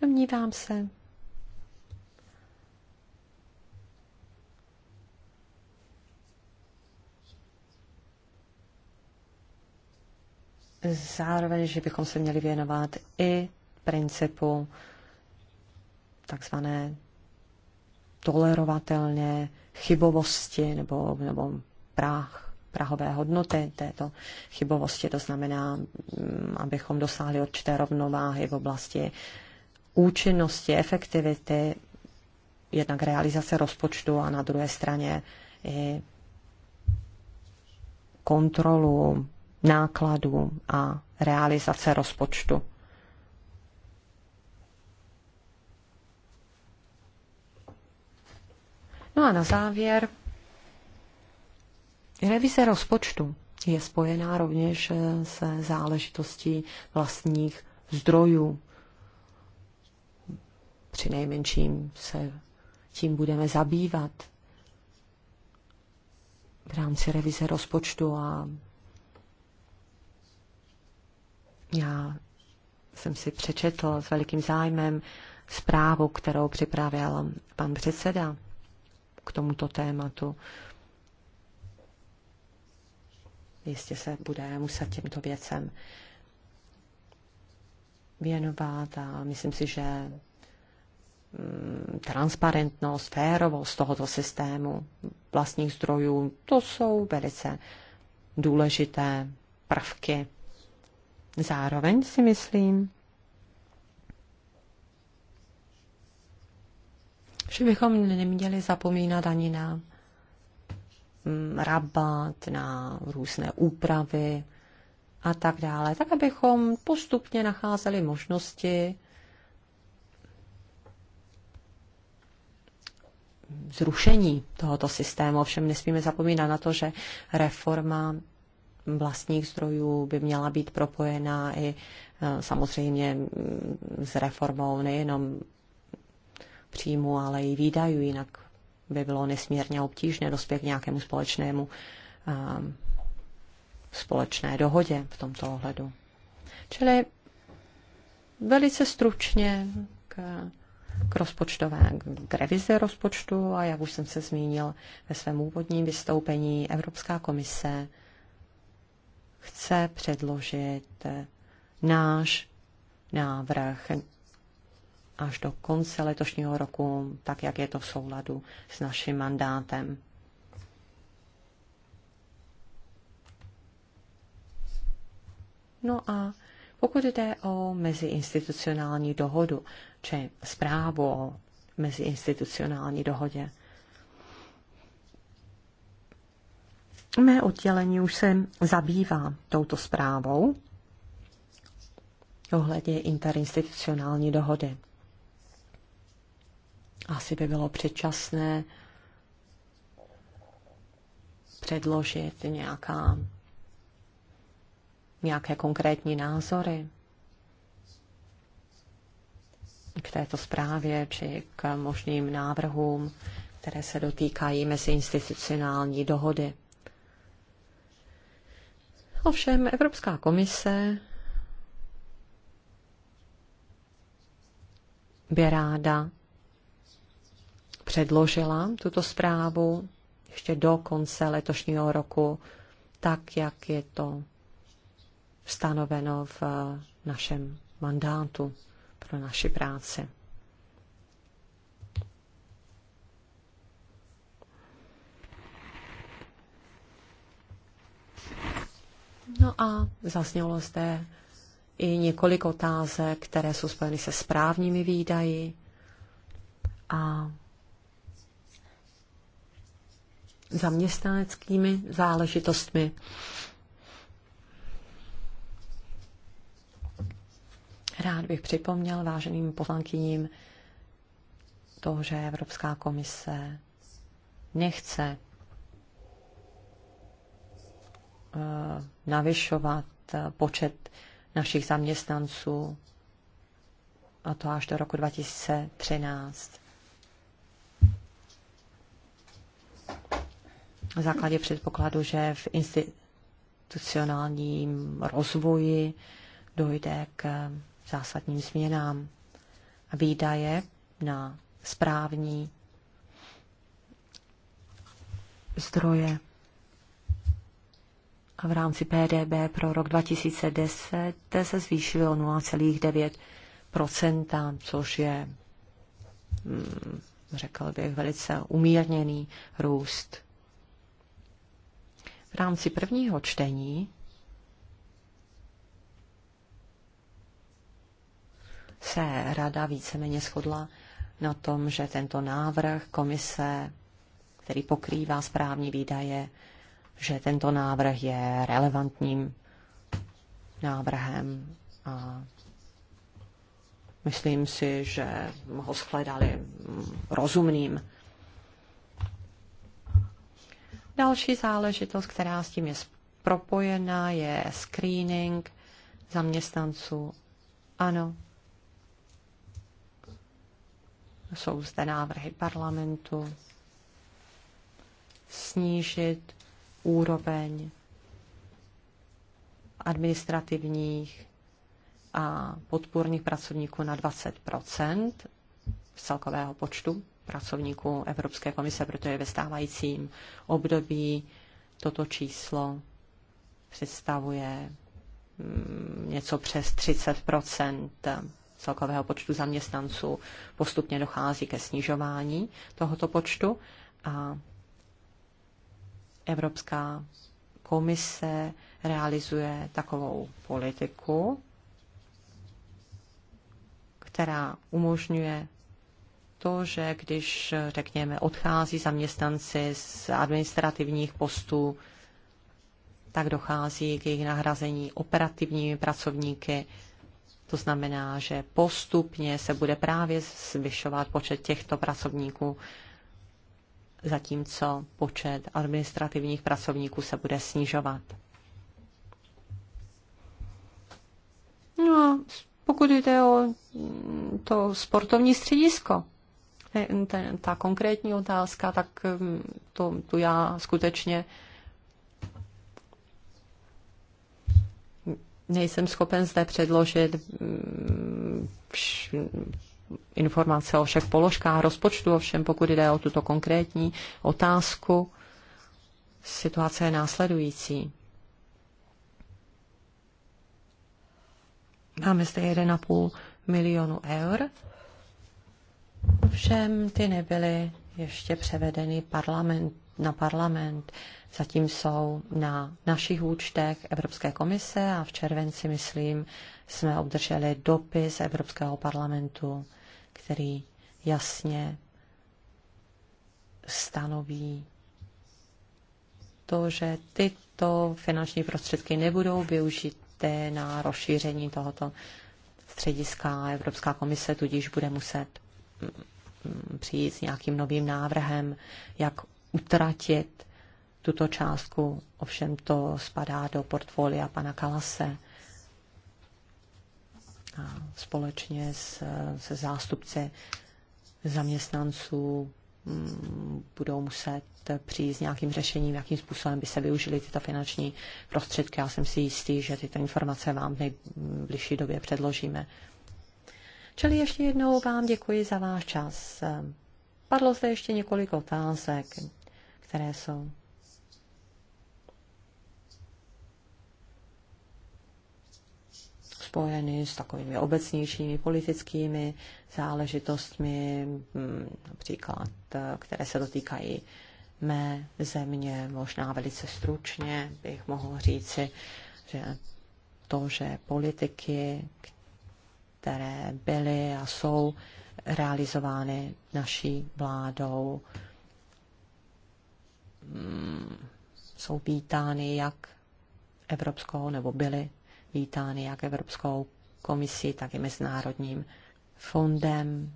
Domnívám se, zároveň, že bychom se měli věnovat i principu takzvané tolerovatelné chybovosti nebo, nebo práh, prahové hodnoty této chybovosti. To znamená, mm, abychom dosáhli určité rovnováhy v oblasti účinnosti, efektivity, jednak realizace rozpočtu a na druhé straně i kontrolu nákladů a realizace rozpočtu. No a na závěr, revize rozpočtu je spojená rovněž se záležitostí vlastních zdrojů. Při nejmenším se tím budeme zabývat v rámci revize rozpočtu a já jsem si přečetl s velikým zájmem zprávu, kterou připravil pan předseda k tomuto tématu. Jistě se bude muset těmto věcem věnovat a myslím si, že mm, transparentnost, férovost tohoto systému vlastních zdrojů, to jsou velice důležité prvky Zároveň si myslím, že bychom neměli zapomínat ani na mm, rabat, na různé úpravy a tak dále, tak abychom postupně nacházeli možnosti zrušení tohoto systému. Ovšem nesmíme zapomínat na to, že reforma vlastních zdrojů by měla být propojená i e, samozřejmě mm, s reformou nejenom příjmu, ale i výdajů, jinak by bylo nesmírně obtížné dospět k nějakému společnému e, společné dohodě v tomto ohledu. Čili velice stručně k, k rozpočtové, k revizi rozpočtu a jak už jsem se zmínil ve svém úvodním vystoupení, Evropská komise chce předložit náš návrh až do konce letošního roku, tak jak je to v souladu s naším mandátem. No a pokud jde o meziinstitucionální dohodu, či zprávu o meziinstitucionální dohodě, Mé oddělení už se zabývá touto zprávou ohledně interinstitucionální dohody. Asi by bylo předčasné předložit nějaká, nějaké konkrétní názory k této zprávě či k možným návrhům, které se dotýkají meziinstitucionální dohody. Ovšem Evropská komise by ráda předložila tuto zprávu ještě do konce letošního roku, tak jak je to stanoveno v našem mandátu pro naši práci. No a zaznělo zde i několik otázek, které jsou spojeny se správními výdaji a zaměstnaneckými záležitostmi. Rád bych připomněl váženým poslankyním to, že Evropská komise nechce Eh, navyšovat eh, počet našich zaměstnanců, a to až do roku 2013. Na základě předpokladu, že v institucionálním rozvoji dojde k eh, zásadním změnám. a Výdaje na správní zdroje a v rámci PDB pro rok 2010 se zvýšilo 0,9%, což je, mm, řekl bych, velice umírněný růst. V rámci prvního čtení se rada víceméně shodla na tom, že tento návrh komise, který pokrývá správní výdaje, že tento návrh je relevantním návrhem a myslím si, že ho shledali rozumným. Další záležitost, která s tím je propojená, je screening zaměstnanců. Ano. Jsou zde návrhy parlamentu snížit úroveň administrativních a podpůrných pracovníků na 20 z celkového počtu pracovníků Evropské komise, protože ve stávajícím období toto číslo představuje mm, něco přes 30 celkového počtu zaměstnanců. Postupně dochází ke snižování tohoto počtu a Evropská komise realizuje takovou politiku, která umožňuje to, že když, řekněme, odchází zaměstnanci z administrativních postů, tak dochází k jejich nahrazení operativními pracovníky. To znamená, že postupně se bude právě zvyšovat počet těchto pracovníků zatímco počet administrativních pracovníků se bude snižovat. No, pokud jde o to sportovní středisko, ta konkrétní otázka, tak mm, to, tu já skutečně nejsem schopen zde předložit mm, informace o všech položkách rozpočtu, ovšem pokud jde o tuto konkrétní otázku, situace je následující. Máme zde 1,5 milionu eur, ovšem ty nebyly ještě převedeny parlament, na parlament. Zatím jsou na našich účtech Evropské komise a v červenci, myslím, jsme obdrželi dopis Evropského parlamentu který jasně stanoví to, že tyto finanční prostředky nebudou využité na rozšíření tohoto střediska. Evropská komise tudíž bude muset mm, mm, přijít s nějakým novým návrhem, jak utratit tuto částku. Ovšem to spadá do portfolia pana Kalase společně s, se zástupci zaměstnanců mm, budou muset přijít s nějakým řešením, jakým způsobem by se využily tyto finanční prostředky. Já jsem si jistý, že tyto informace vám v nejbližší době předložíme. Čili ještě jednou vám děkuji za váš čas. Padlo zde ještě několik otázek, které jsou spojeny s takovými obecnějšími politickými záležitostmi, hm, například, které se dotýkají mé země, možná velice stručně bych mohl říci, že to, že politiky, které byly a jsou realizovány naší vládou, hm, jsou vítány jak evropskou, nebo byly vítány jak Evropskou komisí, tak i Mezinárodním fondem,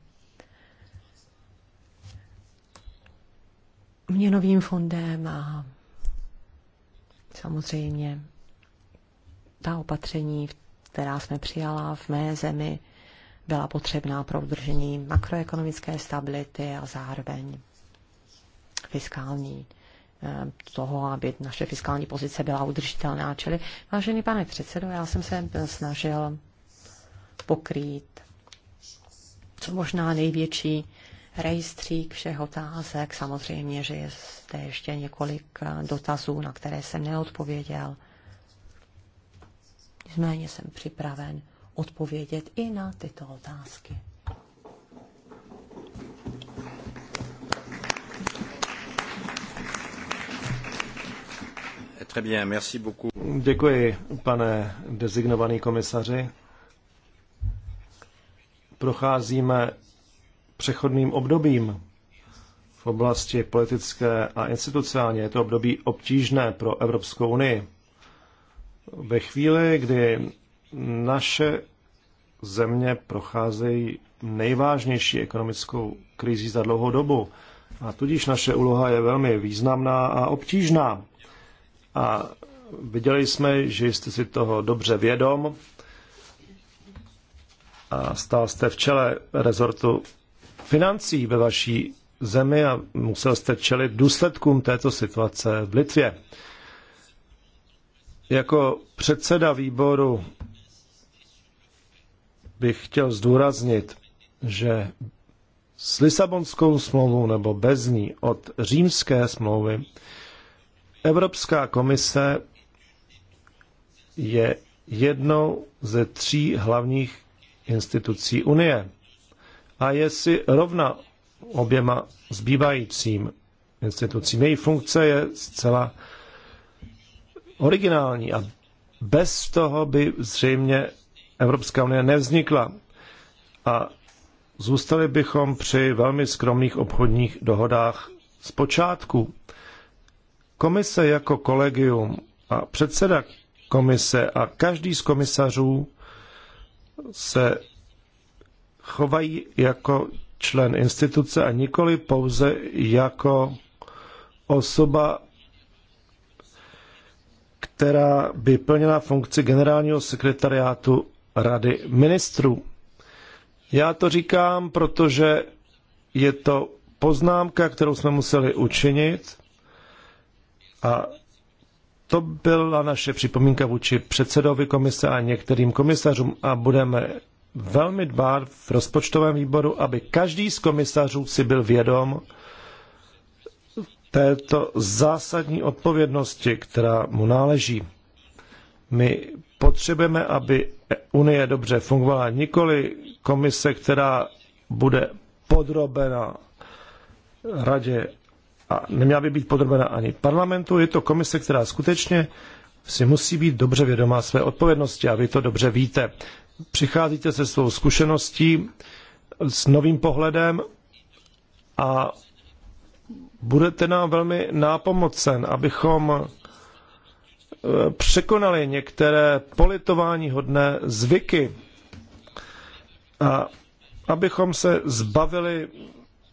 měnovým fondem a samozřejmě ta opatření, která jsme přijala v mé zemi, byla potřebná pro udržení makroekonomické stability a zároveň fiskální Eh, toho, aby naše fiskální pozice byla udržitelná. Čili, vážený pane předsedo, já jsem se snažil pokrýt co možná největší rejstřík všech otázek. Samozřejmě, že je zde ještě několik eh, dotazů, na které jsem neodpověděl. Nicméně jsem připraven odpovědět i na tyto otázky. Très bien, merci beaucoup. Děkuji, pane designovaný komisaři. Procházíme přechodným obdobím v oblasti politické a institucionální. Je to období obtížné pro Evropskou unii. Ve chvíli, kdy naše země procházejí nejvážnější ekonomickou krizí za dlouhou dobu, a tudíž naše úloha je velmi významná a obtížná a viděli jsme, že jste si toho dobře vědom a stál jste v čele rezortu financí ve vaší zemi a musel jste čelit důsledkům této situace v Litvě. Jako předseda výboru bych chtěl zdůraznit, že s Lisabonskou smlouvou nebo bez ní od římské smlouvy Evropská komise je jednou ze tří hlavních institucí Unie a je si rovna oběma zbývajícím institucím. Její funkce je zcela originální a bez toho by zřejmě Evropská unie nevznikla. A zůstali bychom při velmi skromných obchodních dohodách z počátku. Komise jako kolegium a předseda komise a každý z komisařů se chovají jako člen instituce a nikoli pouze jako osoba, která by plnila funkci generálního sekretariátu Rady ministrů. Já to říkám, protože je to poznámka, kterou jsme museli učinit a to byla naše připomínka vůči předsedovi komise a některým komisařům a budeme velmi dbát v rozpočtovém výboru, aby každý z komisařů si byl vědom této zásadní odpovědnosti, která mu náleží. My potřebujeme, aby Unie dobře fungovala, nikoli komise, která bude podrobena radě a neměla by být podrobena ani parlamentu. Je to komise, která skutečně si musí být dobře vědomá své odpovědnosti a vy to dobře víte. Přicházíte se svou zkušeností, s novým pohledem a budete nám velmi nápomocen, abychom eh, překonali některé politování hodné zvyky a abychom se zbavili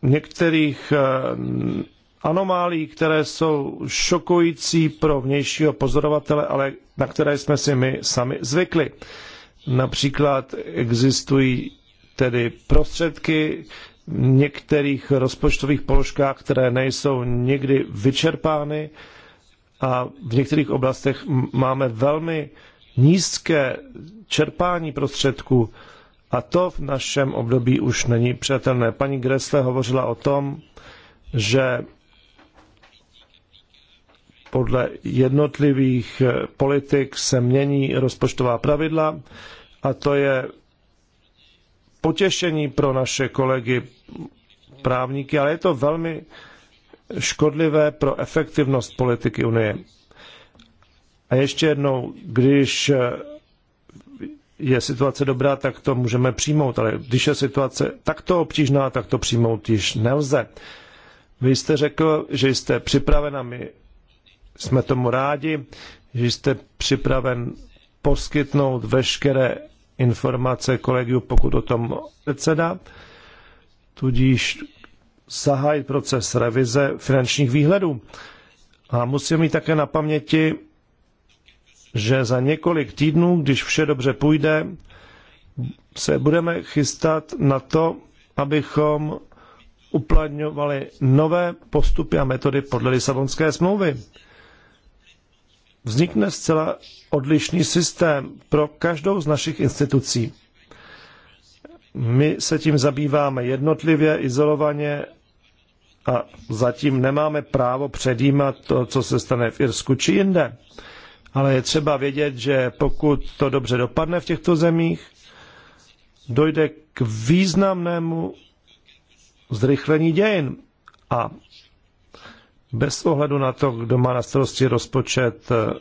některých eh, anomálií, které jsou šokující pro vnějšího pozorovatele, ale na které jsme si my sami zvykli. Například existují tedy prostředky v některých rozpočtových položkách, které nejsou někdy vyčerpány a v některých oblastech máme velmi nízké čerpání prostředků a to v našem období už není přijatelné. Paní Gressle hovořila o tom, že podle jednotlivých eh, politik se mění rozpočtová pravidla a to je potěšení pro naše kolegy právníky, ale je to velmi škodlivé pro efektivnost politiky Unie. A ještě jednou, když eh, je situace dobrá, tak to můžeme přijmout, ale když je situace takto obtížná, tak to přijmout již nelze. Vy jste řekl, že jste připravena mi jsme tomu rádi, že jste připraven poskytnout veškeré informace kolegiu, pokud o tom předseda, tudíž zahájit proces revize finančních výhledů. A musím mít také na paměti, že za několik týdnů, když vše dobře půjde, se budeme chystat na to, abychom uplatňovali nové postupy a metody podle Lisabonské smlouvy vznikne zcela odlišný systém pro každou z našich institucí. My se tím zabýváme jednotlivě, izolovaně a zatím nemáme právo předjímat to, co se stane v Irsku či jinde. Ale je třeba vědět, že pokud to dobře dopadne v těchto zemích, dojde k významnému zrychlení dějin. A bez ohledu na to, kdo má na starosti rozpočet eh,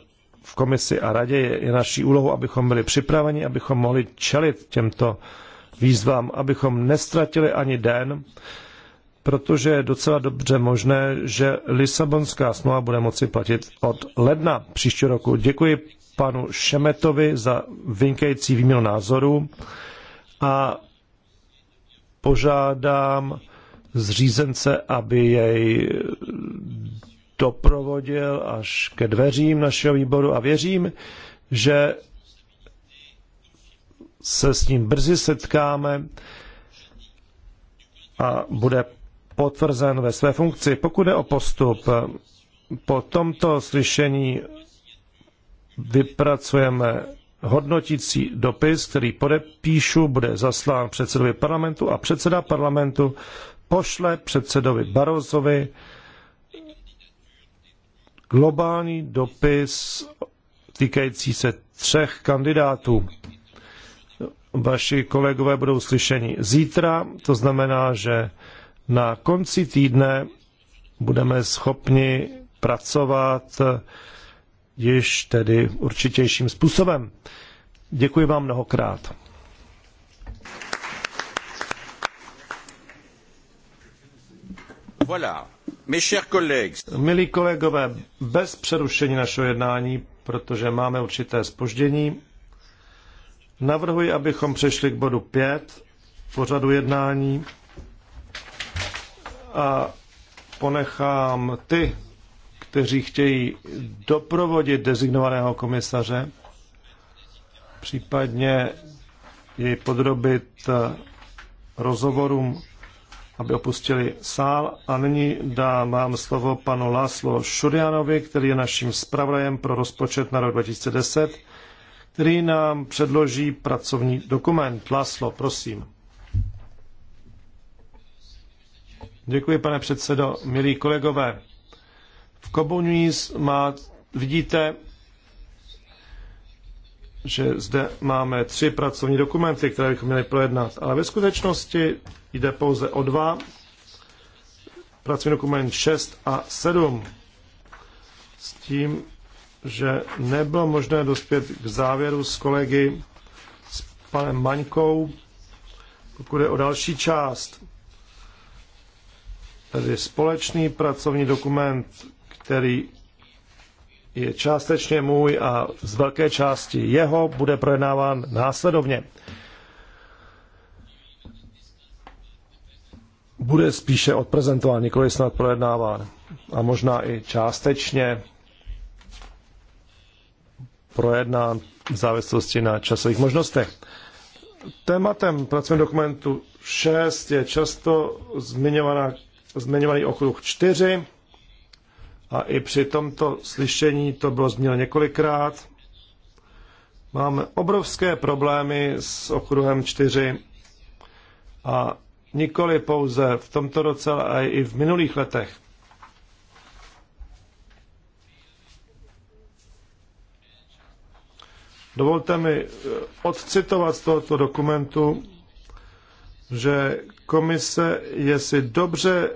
v komisi a radě, je naší úlohou, abychom byli připraveni, abychom mohli čelit těmto výzvám, abychom nestratili ani den, protože je docela dobře možné, že Lisabonská smlouva bude moci platit od ledna příštího roku. Děkuji panu Šemetovi za vynikající výměnu názorů a požádám zřízence, aby jej doprovodil až ke dveřím našeho výboru a věřím, že se s ním brzy setkáme a bude potvrzen ve své funkci. Pokud je o postup, po tomto slyšení vypracujeme hodnotící dopis, který podepíšu, bude zaslán předsedovi parlamentu a předseda parlamentu pošle předsedovi Barozovi globální dopis týkající se třech kandidátů. Vaši kolegové budou slyšeni zítra, to znamená, že na konci týdne budeme schopni pracovat již tedy určitějším způsobem. Děkuji vám mnohokrát. Milí kolegové, bez přerušení našeho jednání, protože máme určité spoždění, navrhuji, abychom přešli k bodu 5 pořadu jednání a ponechám ty, kteří chtějí doprovodit dezignovaného komisaře, případně jej podrobit rozhovorům aby opustili sál. A nyní dávám slovo panu Láslo Šurianovi, který je naším zpravodajem pro rozpočet na rok 2010, který nám předloží pracovní dokument. Láslo, prosím. Děkuji, pane předsedo. Milí kolegové, v Kobu má, vidíte, že zde máme tři pracovní dokumenty, které bychom měli projednat, ale ve skutečnosti Jde pouze o dva. Pracovní dokument 6 a 7. S tím, že nebylo možné dospět k závěru s kolegy s panem Maňkou, pokud je o další část. Tedy společný pracovní dokument, který je částečně můj a z velké části jeho, bude projednáván následovně. bude spíše odprezentován, nikoli snad projednáván. A možná i částečně projednán v závislosti na časových možnostech. Tématem pracovního dokumentu 6 je často zmiňovaný okruh 4 a i při tomto slyšení to bylo zmíněno několikrát. Máme obrovské problémy s okruhem 4 a nikoli pouze v tomto roce, ale i v minulých letech. Dovolte mi eh, odcitovat z tohoto dokumentu, že komise je si dobře eh,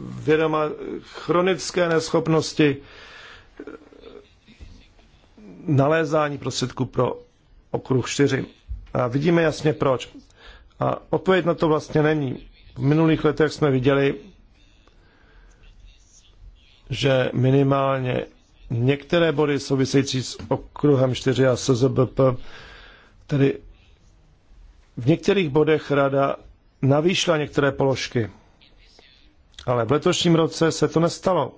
vědoma chronické neschopnosti eh, nalézání prostředků pro okruh 4. A vidíme jasně proč. A odpověď na to vlastně není. V minulých letech jsme viděli, že minimálně některé body související s okruhem 4 a SZBP, tedy v některých bodech rada navýšila některé položky. Ale v letošním roce se to nestalo.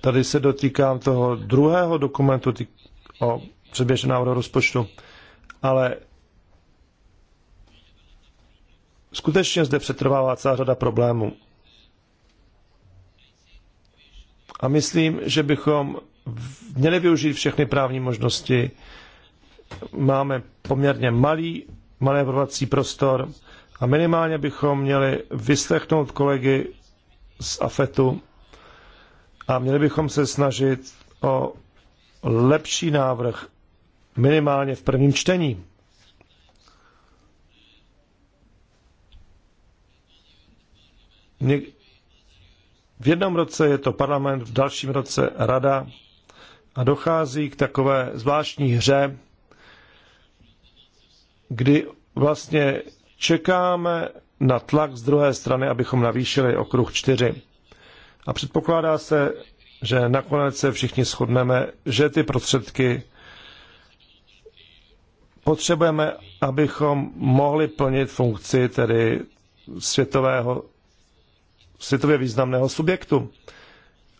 Tady se dotýkám toho druhého dokumentu o předběžném návrhu rozpočtu. Ale Skutečně zde přetrvává celá řada problémů. A myslím, že bychom měli využít všechny právní možnosti. Máme poměrně malý manévrovací prostor a minimálně bychom měli vyslechnout kolegy z AFETu a měli bychom se snažit o lepší návrh minimálně v prvním čtení. v jednom roce je to parlament, v dalším roce rada a dochází k takové zvláštní hře, kdy vlastně čekáme na tlak z druhé strany, abychom navýšili okruh čtyři. A předpokládá se, že nakonec se všichni shodneme, že ty prostředky potřebujeme, abychom mohli plnit funkci tedy světového světově významného subjektu.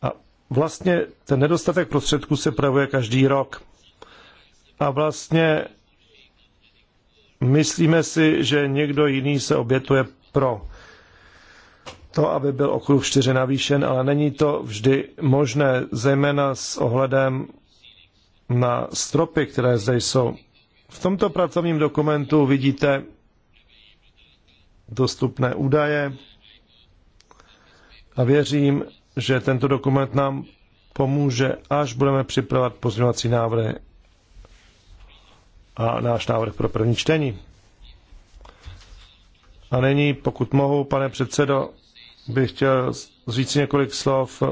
A vlastně ten nedostatek prostředků se pravuje každý rok. A vlastně myslíme si, že někdo jiný se obětuje pro to, aby byl okruh 4 navýšen, ale není to vždy možné, zejména s ohledem na stropy, které zde jsou. V tomto pracovním dokumentu vidíte dostupné údaje a věřím, že tento dokument nám pomůže, až budeme připravovat pozměňovací návrhy a náš návrh pro první čtení. A nyní, pokud mohu, pane předsedo, bych chtěl říct několik slov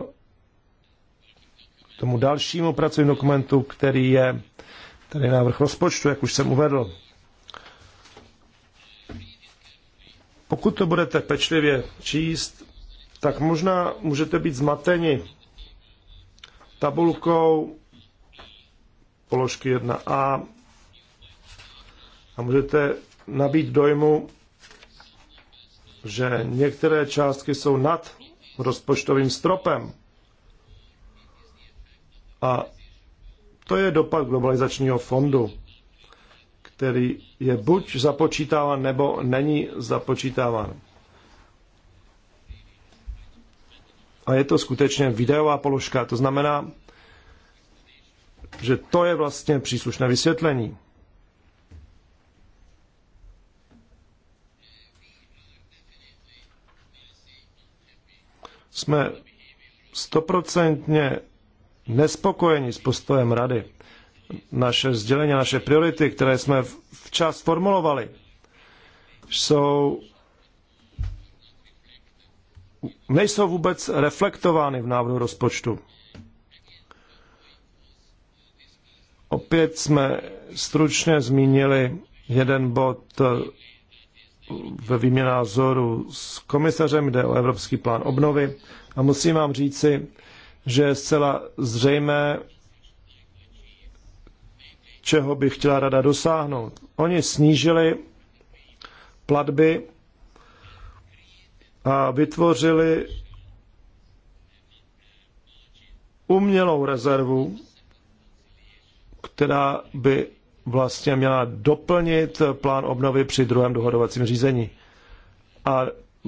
k tomu dalšímu pracovnímu dokumentu, který je tady návrh rozpočtu, jak už jsem uvedl. Pokud to budete pečlivě číst, tak možná můžete být zmateni tabulkou položky 1a a můžete nabít dojmu, že některé částky jsou nad rozpočtovým stropem. A to je dopad globalizačního fondu, který je buď započítáván, nebo není započítáván. A je to skutečně videová položka, to znamená, že to je vlastně příslušné vysvětlení. Jsme stoprocentně nespokojeni s postojem rady. Naše sdělení, naše priority, které jsme včas formulovali, jsou nejsou vůbec reflektovány v návrhu rozpočtu. Opět jsme stručně zmínili jeden bod eh, ve výměně názoru s komisařem, jde o Evropský plán obnovy. A musím vám říci, že je zcela zřejmé, čeho by chtěla rada dosáhnout. Oni snížili platby a vytvořili umělou rezervu, která by vlastně měla doplnit plán obnovy při druhém dohodovacím řízení. A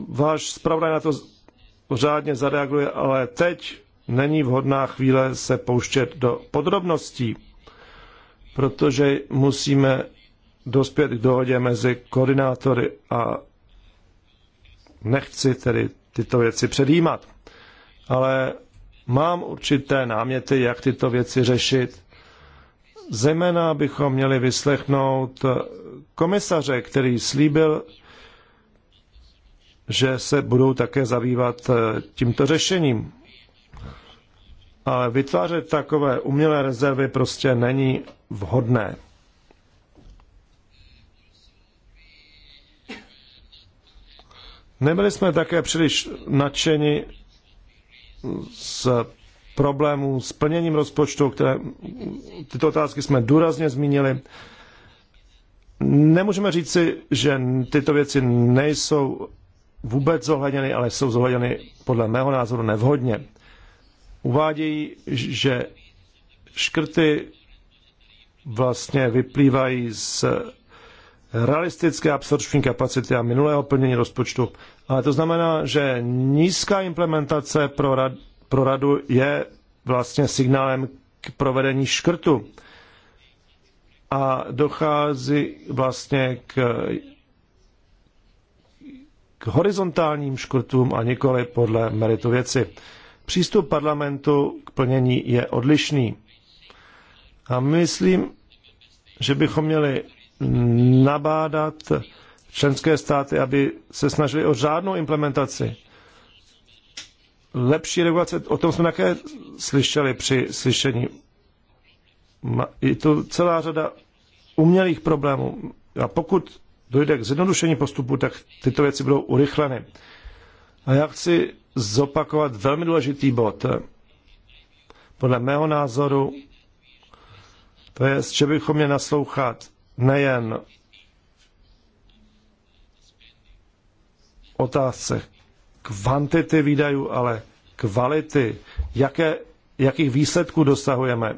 váš zpravodaj na to řádně zareaguje, ale teď není vhodná chvíle se pouštět do podrobností, protože musíme dospět k dohodě mezi koordinátory a nechci tedy tyto věci předjímat, ale mám určité náměty, jak tyto věci řešit. Zejména bychom měli vyslechnout komisaře, který slíbil, že se budou také zabývat eh, tímto řešením. Ale vytvářet takové umělé rezervy prostě není vhodné. Nebyli jsme také příliš nadšeni z problémů s plněním rozpočtu, které tyto otázky jsme důrazně zmínili. Nemůžeme říci, že tyto věci nejsou vůbec zohledněny, ale jsou zohledněny podle mého názoru nevhodně. Uvádějí, že škrty vlastně vyplývají z realistické absorpční kapacity a minulého plnění rozpočtu. Ale to znamená, že nízká implementace pro, rad, pro radu je vlastně signálem k provedení škrtu. A dochází vlastně k, k horizontálním škrtům a nikoli podle meritu věci. Přístup parlamentu k plnění je odlišný. A myslím, že bychom měli nabádat členské státy, aby se snažili o řádnou implementaci. Lepší regulace, o tom jsme také slyšeli při slyšení. Je to celá řada umělých problémů. A pokud dojde k zjednodušení postupu, tak tyto věci budou urychleny. A já chci zopakovat velmi důležitý bod. Podle mého názoru, to je, že bychom měli naslouchat nejen otázce kvantity výdajů, ale kvality, jaké, jakých výsledků dosahujeme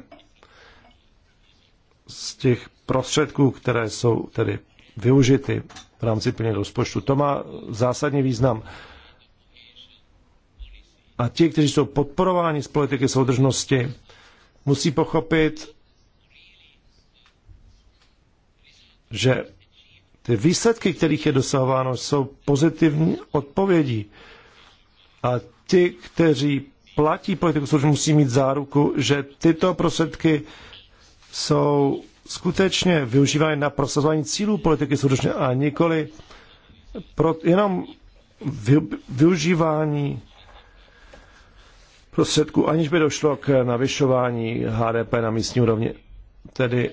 z těch prostředků, které jsou tedy využity v rámci plně rozpočtu. To má zásadní význam. A ti, kteří jsou podporováni z politiky soudržnosti, musí pochopit, že ty výsledky, kterých je dosahováno, jsou pozitivní odpovědí. A ti, kteří platí politiku což musí mít záruku, že tyto prostředky jsou skutečně využívány na prosazování cílů politiky soudržně a nikoli pro, jenom vy, využívání prostředků, aniž by došlo k navyšování HDP na místní úrovni. Tedy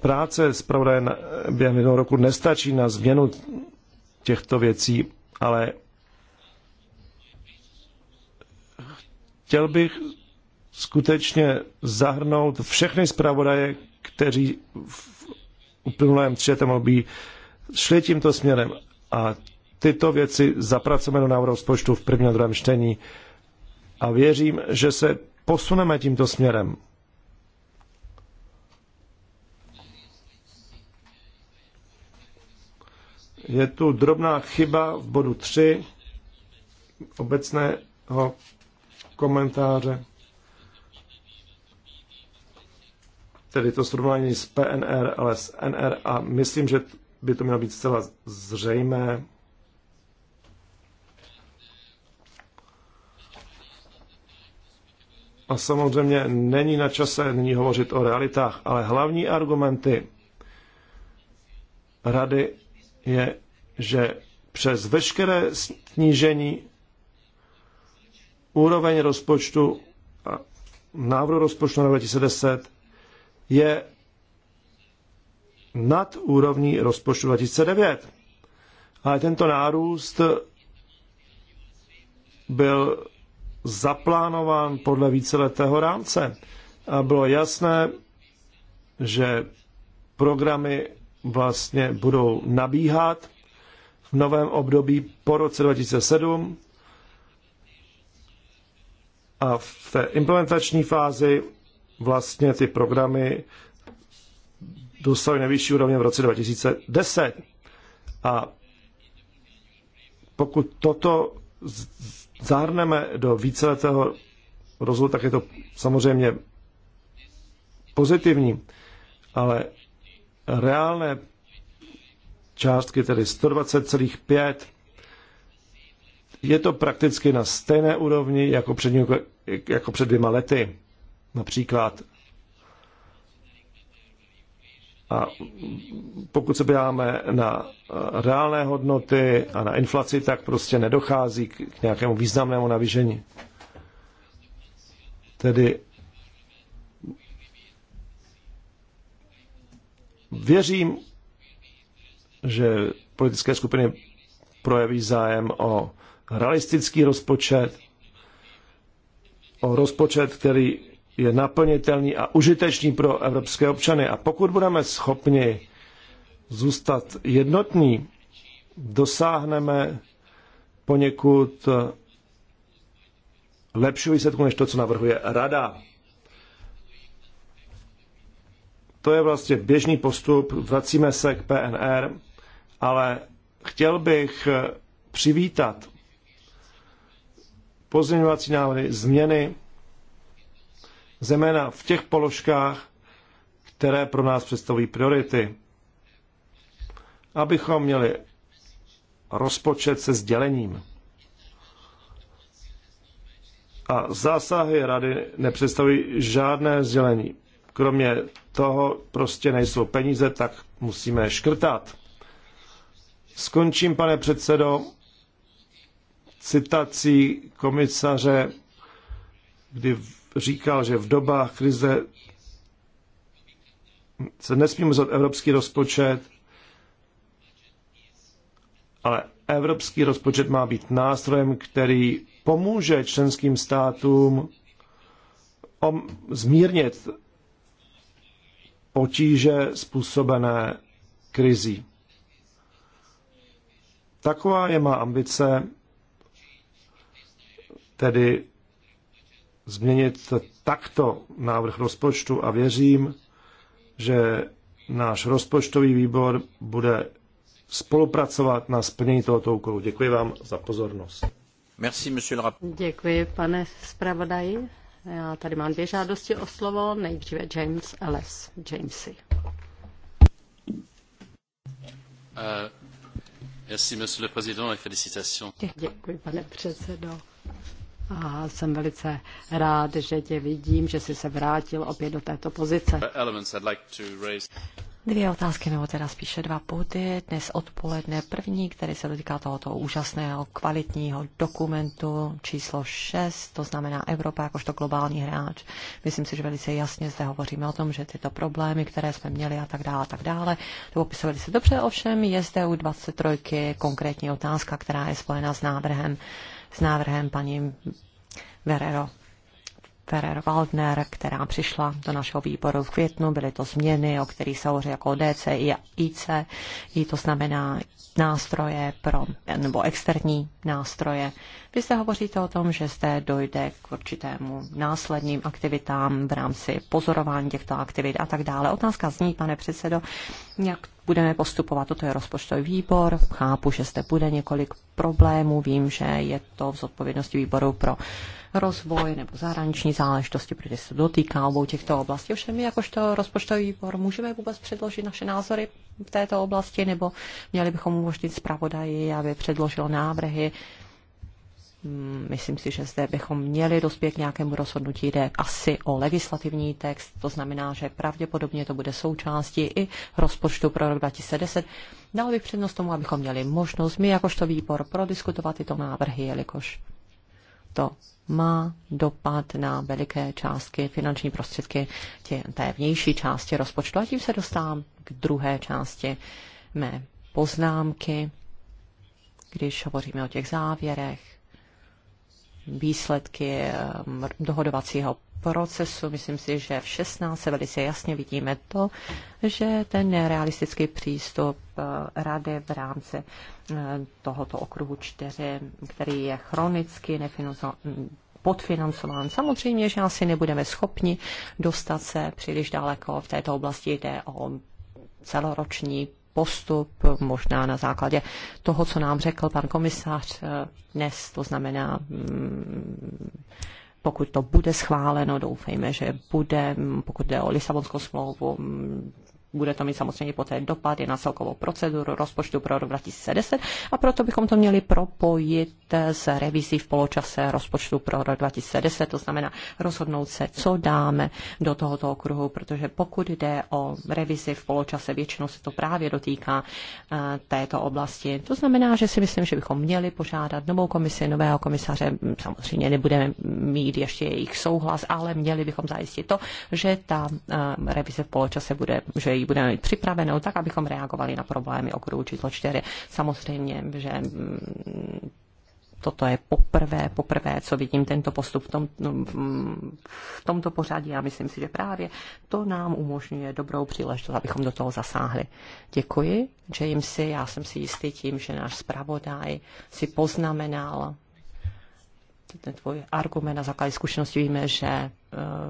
Práce zpravodaje během jednoho roku nestačí na změnu těchto věcí, ale chtěl bych skutečně zahrnout všechny zpravodaje, kteří v uplynulém třetím období šli tímto směrem a tyto věci zapracujeme do návrhu rozpočtu v prvním a druhém čtení a věřím, že se posuneme tímto směrem. Je tu drobná chyba v bodu 3 obecného komentáře, tedy to srovnání s PNR, ale s NR a myslím, že by to mělo být zcela zřejmé. A samozřejmě není na čase nyní hovořit o realitách, ale hlavní argumenty rady je, že přes veškeré snížení úroveň rozpočtu a návrhu rozpočtu na 2010 je nad úrovní rozpočtu 2009. Ale tento nárůst byl zaplánován podle víceletého rámce a bylo jasné, že programy vlastně budou nabíhat v novém období po roce 2007 a v té implementační fázi vlastně ty programy dostaly nejvyšší úrovně v roce 2010. A pokud toto zahrneme do víceletého rozvoje, tak je to samozřejmě pozitivní, ale reálné částky, tedy 120,5, je to prakticky na stejné úrovni jako před, jako před dvěma lety. Například a pokud se podíváme na reálné hodnoty a na inflaci, tak prostě nedochází k nějakému významnému navýšení. Tedy Věřím, že politické skupiny projeví zájem o realistický rozpočet, o rozpočet, který je naplnitelný a užitečný pro evropské občany. A pokud budeme schopni zůstat jednotní, dosáhneme poněkud lepšího výsledku než to, co navrhuje Rada. To je vlastně běžný postup, vracíme se k PNR, ale chtěl bych eh, přivítat pozměňovací návrhy, změny, zejména v těch položkách, které pro nás představují priority. Abychom měli rozpočet se sdělením. A zásahy rady nepředstavují žádné sdělení kromě toho prostě nejsou peníze, tak musíme škrtat. Skončím, pane předsedo, citací komisaře, kdy říkal, že v dobách krize se nesmí muset evropský rozpočet, ale evropský rozpočet má být nástrojem, který pomůže členským státům zmírnit potíže způsobené krizí. Taková je má ambice, tedy změnit takto návrh rozpočtu a věřím, že náš rozpočtový výbor bude spolupracovat na splnění tohoto úkolu. Děkuji vám za pozornost. Merci, Děkuji, pane zpravodaji. Já tady mám dvě žádosti o slovo. Nejdříve James Ellis. Jamesy. Uh, merci, monsieur le président, et félicitations. Děkuji, pane předsedo. A jsem velice rád, že tě vidím, že jsi se vrátil opět do této pozice. Dvě otázky, nebo teda spíše dva body. Dnes odpoledne první, který se dotýká tohoto úžasného kvalitního dokumentu číslo 6, to znamená Evropa jakožto globální hráč. Myslím si, že velice jasně zde hovoříme o tom, že tyto problémy, které jsme měli a tak dále, a tak dále, to popisovali se dobře, ovšem je zde u 23 konkrétní otázka, která je spojena s návrhem, s návrhem paní Verero Ferrer Waldner, která přišla do našeho výboru v květnu. Byly to změny, o kterých se hovoří jako DC i IC. I to znamená nástroje pro, nebo externí nástroje. Vy jste hovoříte o tom, že zde dojde k určitému následním aktivitám v rámci pozorování těchto aktivit a tak dále. Otázka zní, pane předsedo, jak budeme postupovat. Toto je rozpočtový výbor, chápu, že zde bude několik problémů, vím, že je to v zodpovědnosti výboru pro rozvoj nebo zahraniční záležitosti, protože se dotýká obou těchto oblastí. Ovšem my jakožto rozpočtový výbor můžeme vůbec předložit naše názory v této oblasti, nebo měli bychom umožnit zpravodaji, aby předložil návrhy Mm, myslím si, že zde bychom měli dospět k nějakému rozhodnutí. Jde asi o legislativní text, to znamená, že pravděpodobně to bude součástí i rozpočtu pro rok 2010. Dal bych přednost tomu, abychom měli možnost my jakožto výbor prodiskutovat tyto návrhy, jelikož to má dopad na veliké částky, finanční prostředky tě, té vnější části rozpočtu. A tím se dostávám k druhé části mé poznámky, když hovoříme o těch závěrech výsledky ehm, dohodovacího procesu. Myslím si, že v 16 se velice jasně vidíme to, že ten nerealistický přístup eh, rady v rámci eh, tohoto okruhu 4, který je chronicky nefinanzovaný, podfinancován. Samozřejmě, že asi nebudeme schopni dostat se příliš daleko. V této oblasti jde o celoroční postup, možná na základě toho, co nám řekl pan komisář eh, dnes, to znamená, mm, pokud to bude schváleno, doufejme, že bude, mm, pokud jde o Lisabonskou smlouvu, mm, bude to mít samozřejmě poté dopad i na celkovou proceduru rozpočtu pro rok 2010 a proto bychom to měli propojit s revizí v poločase rozpočtu pro rok 2010, to znamená rozhodnout se, co dáme do tohoto okruhu, protože pokud jde o revizi v poločase, většinou se to právě dotýká eh, této oblasti. To znamená, že si myslím, že bychom měli požádat novou komisi, nového komisaře, samozřejmě nebudeme mít ještě jejich souhlas, ale měli bychom zajistit to, že ta eh, revize v poločase bude, že ji budeme mít připravenou, tak abychom reagovali na problémy okruhu číslo 4. Samozřejmě, že mm, toto je poprvé, poprvé, co vidím tento postup v, tom, no, v tomto pořadí a myslím si, že právě to nám umožňuje dobrou příležitost, abychom do toho zasáhli. Děkuji Jamesy, já jsem si jistý tím, že náš zpravodaj si poznamenal ten tvůj argument na základě zkušenosti víme, že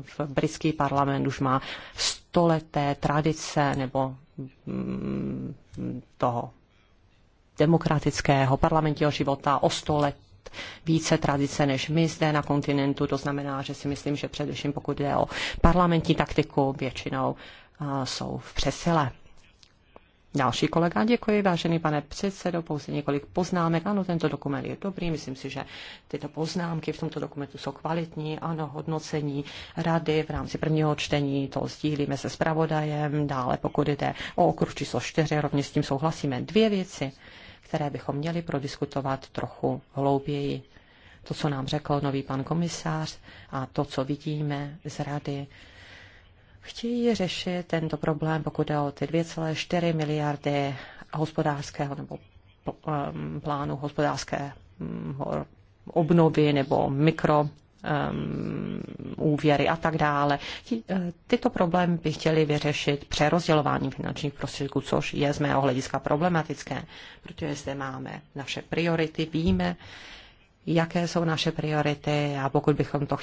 v britský parlament už má stoleté tradice nebo mm, toho demokratického parlamentního života o sto let více tradice než my zde na kontinentu. To znamená, že si myslím, že především pokud jde o parlamentní taktiku, většinou jsou v přesile. Další kolega, děkuji, vážený pane předsedo, pouze několik poznámek. Ano, tento dokument je dobrý, myslím si, že tyto poznámky v tomto dokumentu jsou kvalitní. Ano, hodnocení rady v rámci prvního čtení, to sdílíme se zpravodajem, dále pokud jde o okruh číslo 4, rovně s tím souhlasíme. Dvě věci, které bychom měli prodiskutovat trochu hlouběji. To, co nám řekl nový pan komisář a to, co vidíme z rady, chtějí řešit tento problém, pokud jde o ty 2,4 miliardy hospodářského nebo plánu hospodářské obnovy nebo mikro um, úvěry a tak dále. E, tyto problémy by chtěli vyřešit přerozdělováním finančních prostředků, což je z mého hlediska problematické, protože zde máme naše priority, víme, jaké jsou naše priority a pokud bychom to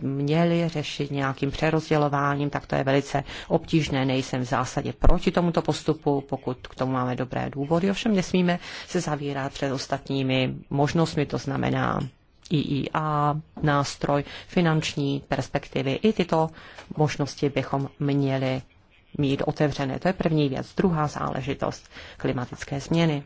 měli řešit nějakým přerozdělováním, tak to je velice obtížné. Nejsem v zásadě proti tomuto postupu, pokud k tomu máme dobré důvody. Ovšem nesmíme se zavírat před ostatními možnostmi, to znamená IIA, nástroj finanční perspektivy. I tyto možnosti bychom měli mít otevřené. To je první věc. Druhá záležitost klimatické změny.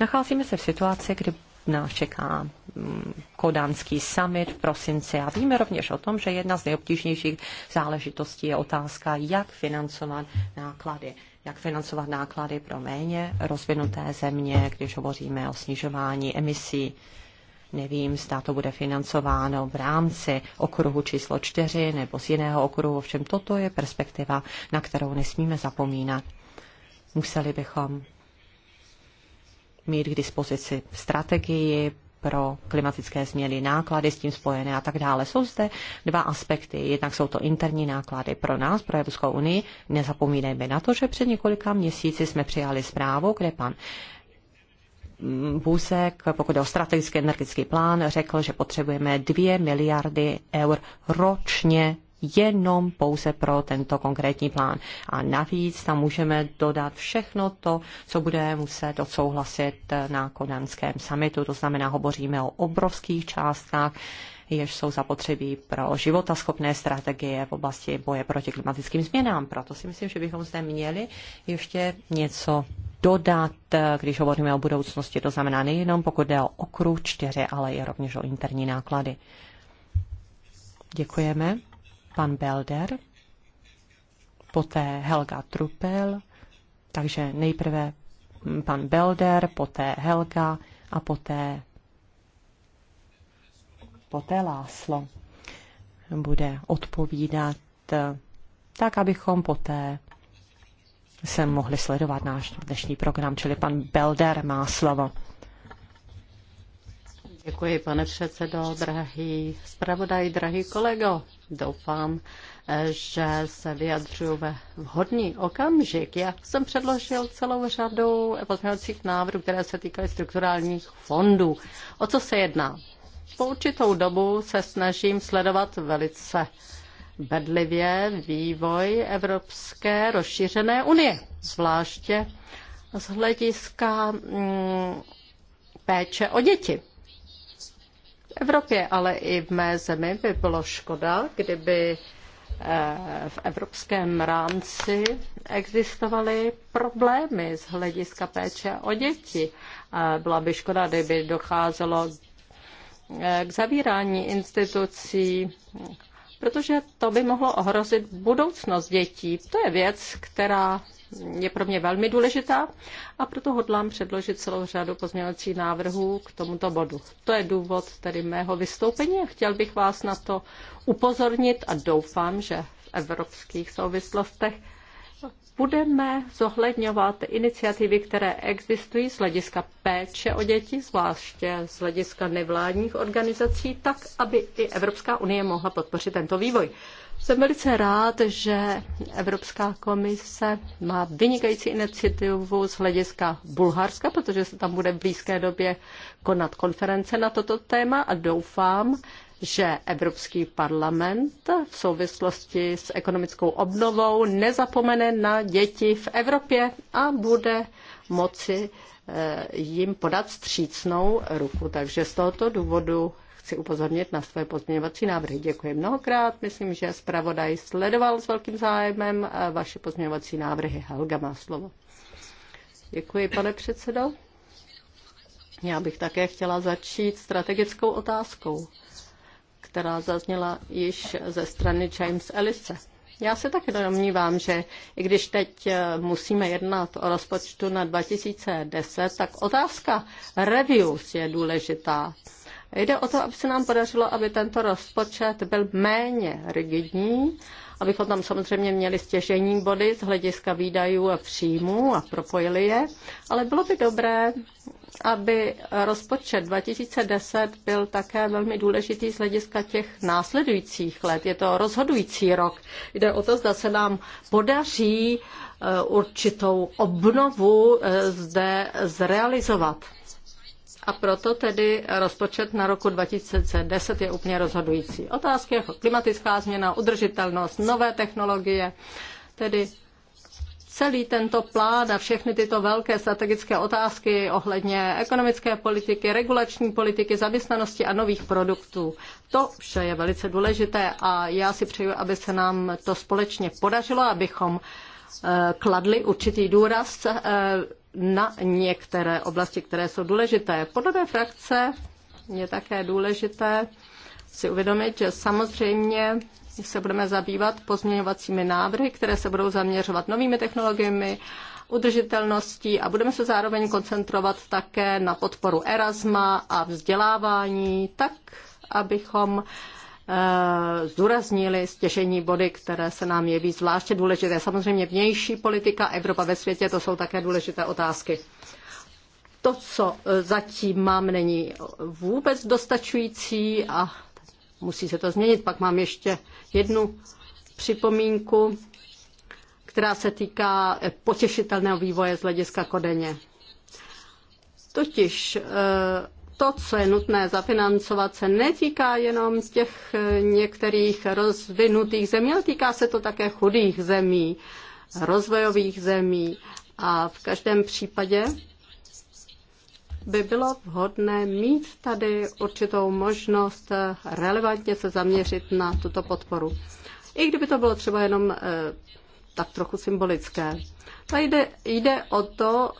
Nacházíme se v situaci, kdy nás čeká mm, kodánský summit v prosinci a víme rovněž o tom, že jedna z nejobtížnějších záležitostí je otázka, jak financovat náklady jak financovat náklady pro méně rozvinuté země, když hovoříme o snižování emisí. Nevím, zda to bude financováno v rámci okruhu číslo 4 nebo z jiného okruhu, ovšem toto je perspektiva, na kterou nesmíme zapomínat. Museli bychom mít k dispozici strategii pro klimatické změny, náklady s tím spojené a tak dále. Jsou zde dva aspekty. Jednak jsou to interní náklady pro nás, pro Evropskou unii. Nezapomínejme na to, že před několika měsíci jsme přijali zprávu, kde pan Buzek, pokud je o strategický energetický plán, řekl, že potřebujeme 2 miliardy eur ročně jenom pouze pro tento konkrétní plán. A navíc tam můžeme dodat všechno to, co bude muset odsouhlasit na konanském summitu. To znamená, hovoříme o obrovských částkách, jež jsou zapotřebí pro životaschopné strategie v oblasti boje proti klimatickým změnám. Proto si myslím, že bychom zde měli ještě něco dodat, když hovoříme o budoucnosti. To znamená nejenom pokud jde o okruh čtyři, ale i rovněž o interní náklady. Děkujeme pan Belder, poté Helga Trupel, takže nejprve pan Belder, poté Helga a poté, poté Láslo bude odpovídat eh, tak, abychom poté se mohli sledovat náš dnešní program, čili pan Belder má slovo. Děkuji, pane předsedo, drahý zpravodaj, drahý kolego. Doufám, že se vyjadřuju ve vhodný okamžik. Já jsem předložil celou řadu pozměňovacích návrhů, které se týkají strukturálních fondů. O co se jedná? Po určitou dobu se snažím sledovat velice bedlivě vývoj Evropské rozšířené unie, zvláště z hlediska mm, péče o děti. Evropě, ale i v mé zemi by bylo škoda, kdyby eh, v evropském rámci existovaly problémy z hlediska péče o děti. Byla by škoda, kdyby docházelo eh, k zavírání institucí protože to by mohlo ohrozit budoucnost dětí. To je věc, která je pro mě velmi důležitá a proto hodlám předložit celou řadu pozměňovacích návrhů k tomuto bodu. To je důvod tedy mého vystoupení a chtěl bych vás na to upozornit a doufám, že v evropských souvislostech budeme zohledňovat iniciativy, které existují z hlediska péče o děti, zvláště z hlediska nevládních organizací, tak, aby i Evropská unie mohla podpořit tento vývoj. Jsem velice rád, že Evropská komise má vynikající iniciativu z hlediska Bulharska, protože se tam bude v blízké době konat konference na toto téma a doufám, že Evropský parlament v souvislosti s ekonomickou obnovou nezapomene na děti v Evropě a bude moci eh, jim podat střícnou ruku. Takže z tohoto důvodu chci upozornit na své pozměňovací návrhy. Děkuji mnohokrát. Myslím, že zpravodaj sledoval s velkým zájmem eh, vaše pozměňovací návrhy. Helga má slovo. Děkuji, pane předsedo. Já bych také chtěla začít strategickou otázkou která zazněla již ze strany James Ellise. Já se také domnívám, že i když teď eh, musíme jednat o rozpočtu na 2010, tak otázka reviews je důležitá. Jde o to, aby se nám podařilo, aby tento rozpočet byl méně rigidní abychom tam samozřejmě měli stěžení body z hlediska výdajů a příjmů a propojili je, ale bylo by dobré, aby rozpočet 2010 byl také velmi důležitý z hlediska těch následujících let. Je to rozhodující rok. Jde o to, zda se nám podaří eh, určitou obnovu eh, zde zrealizovat. A proto tedy rozpočet na roku 2010 je úplně rozhodující. Otázky jako klimatická změna, udržitelnost, nové technologie, tedy celý tento plán a všechny tyto velké strategické otázky ohledně ekonomické politiky, regulační politiky, zaměstnanosti a nových produktů. To vše je velice důležité a já si přeju, aby se nám to společně podařilo, abychom eh, kladli určitý důraz eh, na některé oblasti, které jsou důležité. Podle té frakce je také důležité si uvědomit, že samozřejmě se budeme zabývat pozměňovacími návrhy, které se budou zaměřovat novými technologiemi, udržitelností a budeme se zároveň koncentrovat také na podporu Erasma a vzdělávání, tak abychom Eh, zdůraznili stěžení body, které se nám jeví zvláště důležité. Samozřejmě vnější politika Evropa ve světě, to jsou také důležité otázky. To, co eh, zatím mám, není vůbec dostačující a musí se to změnit. Pak mám ještě jednu připomínku, která se týká eh, potěšitelného vývoje z hlediska Kodeně. Totiž to, co je nutné zafinancovat, se netýká jenom těch eh, některých rozvinutých zemí, ale týká se to také chudých zemí, rozvojových zemí. A v každém případě by bylo vhodné mít tady určitou možnost eh, relevantně se zaměřit na tuto podporu. I kdyby to bylo třeba jenom eh, tak trochu symbolické. A jde, jde o to,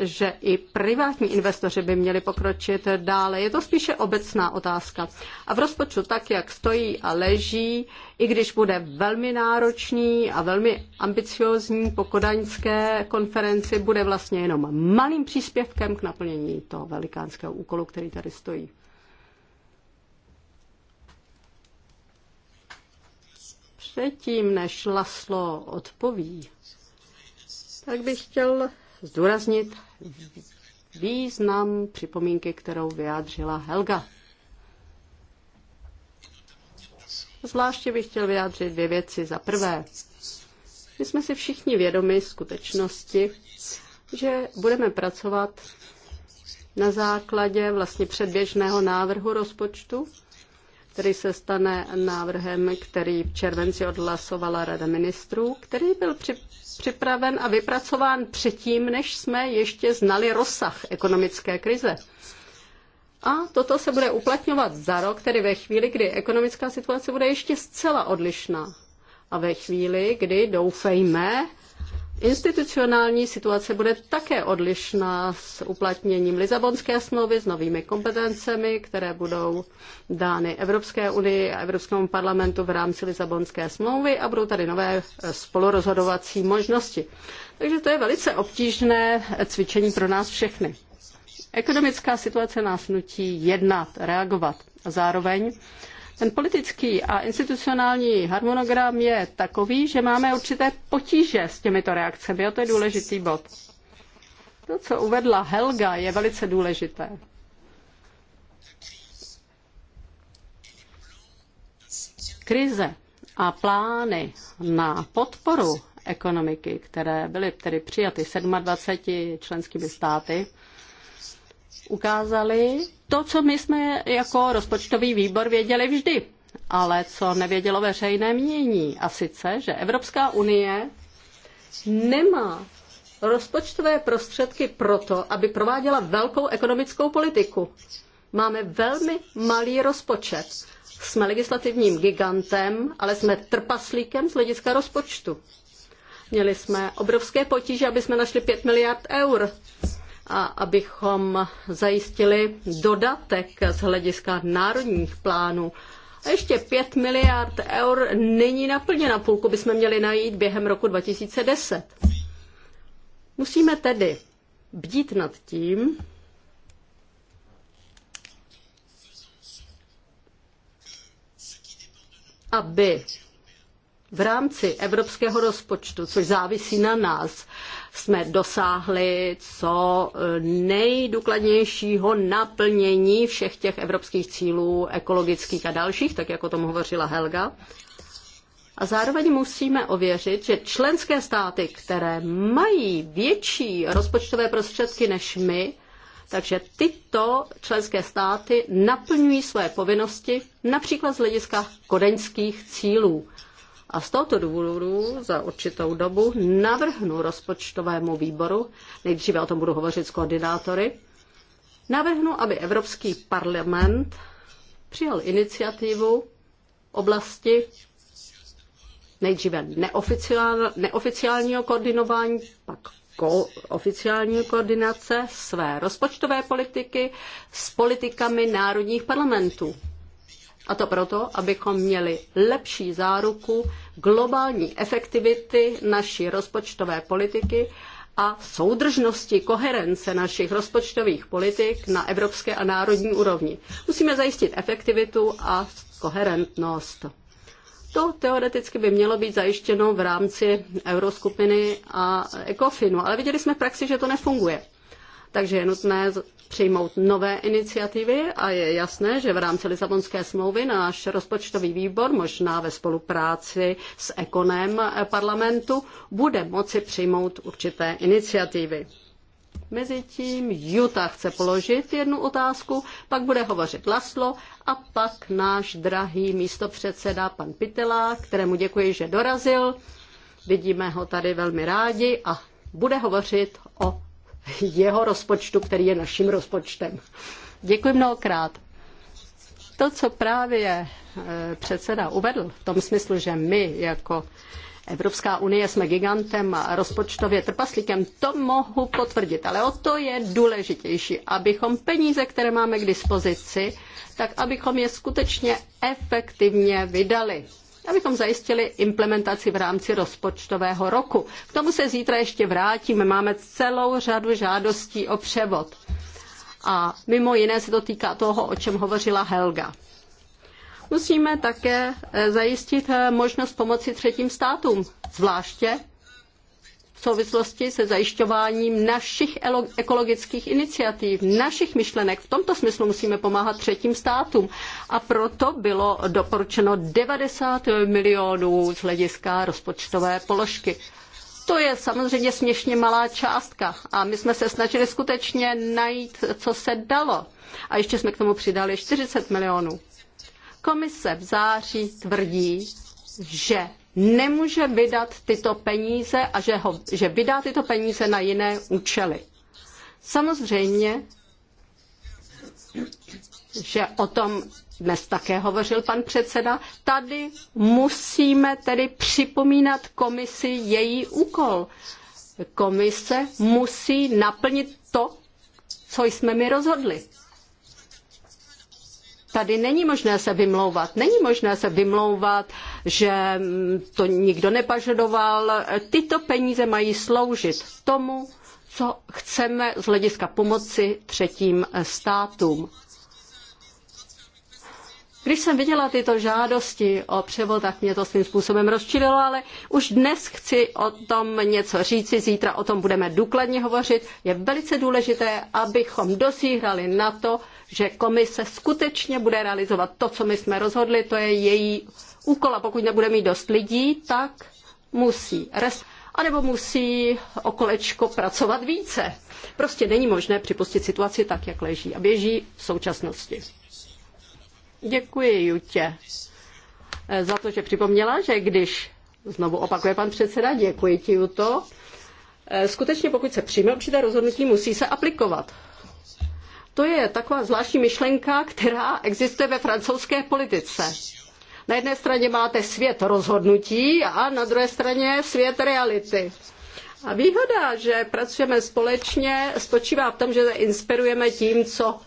e, že i privátní investoři by měli pokročit dále. Je to spíše obecná otázka. A v rozpočtu tak, jak stojí a leží, i když bude velmi náročný a velmi ambiciozní po kodaňské konferenci, bude vlastně jenom malým příspěvkem k naplnění toho velikánského úkolu, který tady stojí. Předtím, než Laslo odpoví, tak bych chtěl zdůraznit význam připomínky, kterou vyjádřila Helga. Zvláště bych chtěl vyjádřit dvě věci. Za prvé, my jsme si všichni vědomi skutečnosti, že budeme pracovat na základě vlastně předběžného návrhu rozpočtu který se stane návrhem, který v červenci odhlasovala Rada ministrů, který byl při, připraven a vypracován předtím, než jsme ještě znali rozsah ekonomické krize. A toto se bude uplatňovat za rok, tedy ve chvíli, kdy ekonomická situace bude ještě zcela odlišná. A ve chvíli, kdy doufejme, Institucionální situace bude také odlišná s uplatněním Lisabonské smlouvy, s novými kompetencemi, které budou dány Evropské unii a Evropskému parlamentu v rámci Lisabonské smlouvy a budou tady nové eh, spolurozhodovací možnosti. Takže to je velice obtížné eh, cvičení pro nás všechny. Ekonomická situace nás nutí jednat, reagovat a zároveň ten politický a institucionální harmonogram je takový, že máme určité potíže s těmito reakcemi Jo, to je důležitý bod. To, co uvedla Helga, je velice důležité. Krize a plány na podporu ekonomiky, které byly tedy přijaty 27 členskými státy, ukázaly, to, co my jsme jako rozpočtový výbor věděli vždy, ale co nevědělo veřejné mínění. A sice, že Evropská unie nemá rozpočtové prostředky proto, aby prováděla velkou ekonomickou politiku. Máme velmi malý rozpočet. Jsme legislativním gigantem, ale jsme trpaslíkem z hlediska rozpočtu. Měli jsme obrovské potíže, aby jsme našli 5 miliard eur a abychom zajistili dodatek z hlediska národních plánů. A ještě 5 miliard eur není naplněna, půlku bychom měli najít během roku 2010. Musíme tedy bdít nad tím, aby v rámci evropského rozpočtu, což závisí na nás, jsme dosáhli co nejdůkladnějšího naplnění všech těch evropských cílů ekologických a dalších, tak jako o tom hovořila Helga. A zároveň musíme ověřit, že členské státy, které mají větší rozpočtové prostředky než my, takže tyto členské státy naplňují své povinnosti například z hlediska kodeňských cílů. A z tohoto důvodu za určitou dobu navrhnu rozpočtovému výboru, nejdříve o tom budu hovořit s koordinátory, navrhnu, aby Evropský parlament přijal iniciativu oblasti nejdříve neoficiál, neoficiálního koordinování, pak ko- oficiální koordinace své rozpočtové politiky s politikami národních parlamentů. A to proto, abychom měli lepší záruku globální efektivity naší rozpočtové politiky a soudržnosti, koherence našich rozpočtových politik na evropské a národní úrovni. Musíme zajistit efektivitu a koherentnost. To teoreticky by mělo být zajištěno v rámci euroskupiny a ECOFINu, ale viděli jsme v praxi, že to nefunguje takže je nutné přijmout nové iniciativy a je jasné, že v rámci Lisabonské smlouvy náš rozpočtový výbor, možná ve spolupráci s ekonem parlamentu, bude moci přijmout určité iniciativy. Mezitím Juta chce položit jednu otázku, pak bude hovořit Laslo a pak náš drahý místopředseda pan Pitela, kterému děkuji, že dorazil. Vidíme ho tady velmi rádi a bude hovořit o jeho rozpočtu, který je naším rozpočtem. Děkuji mnohokrát. To, co právě e, předseda uvedl, v tom smyslu, že my jako Evropská unie jsme gigantem a rozpočtově trpaslíkem, to mohu potvrdit, ale o to je důležitější, abychom peníze, které máme k dispozici, tak abychom je skutečně efektivně vydali abychom zajistili implementaci v rámci rozpočtového roku. K tomu se zítra ještě vrátíme. Máme celou řadu žádostí o převod. A mimo jiné se to týká toho, o čem hovořila Helga. Musíme také eh, zajistit eh, možnost pomoci třetím státům, zvláště v souvislosti se zajišťováním našich ekologických iniciativ, našich myšlenek. V tomto smyslu musíme pomáhat třetím státům. A proto bylo doporučeno 90 milionů z hlediska rozpočtové položky. To je samozřejmě směšně malá částka a my jsme se snažili skutečně najít, co se dalo. A ještě jsme k tomu přidali 40 milionů. Komise v září tvrdí, že nemůže vydat tyto peníze a že, ho, že vydá tyto peníze na jiné účely. Samozřejmě, že o tom dnes také hovořil pan předseda, tady musíme tedy připomínat komisi její úkol. Komise musí naplnit to, co jsme mi rozhodli. Tady není možné se vymlouvat. Není možné se vymlouvat, že to nikdo nepažadoval. Tyto peníze mají sloužit tomu, co chceme z hlediska pomoci třetím státům. Když jsem viděla tyto žádosti o převod, tak mě to svým způsobem rozčililo, ale už dnes chci o tom něco říci, zítra o tom budeme důkladně hovořit. Je velice důležité, abychom dosíhrali na to, že komise skutečně bude realizovat to, co my jsme rozhodli, to je její úkol a pokud nebude mít dost lidí, tak musí rest, anebo musí okolečko pracovat více. Prostě není možné připustit situaci tak, jak leží a běží v současnosti. Děkuji Jutě za to, že připomněla, že když, znovu opakuje pan předseda, děkuji ti Juto, eh, skutečně pokud se přijme určité rozhodnutí, musí se aplikovat. To je taková zvláštní myšlenka, která existuje ve francouzské politice. Na jedné straně máte svět rozhodnutí a na druhé straně svět reality. A výhoda, že pracujeme společně, spočívá v tom, že se inspirujeme tím, co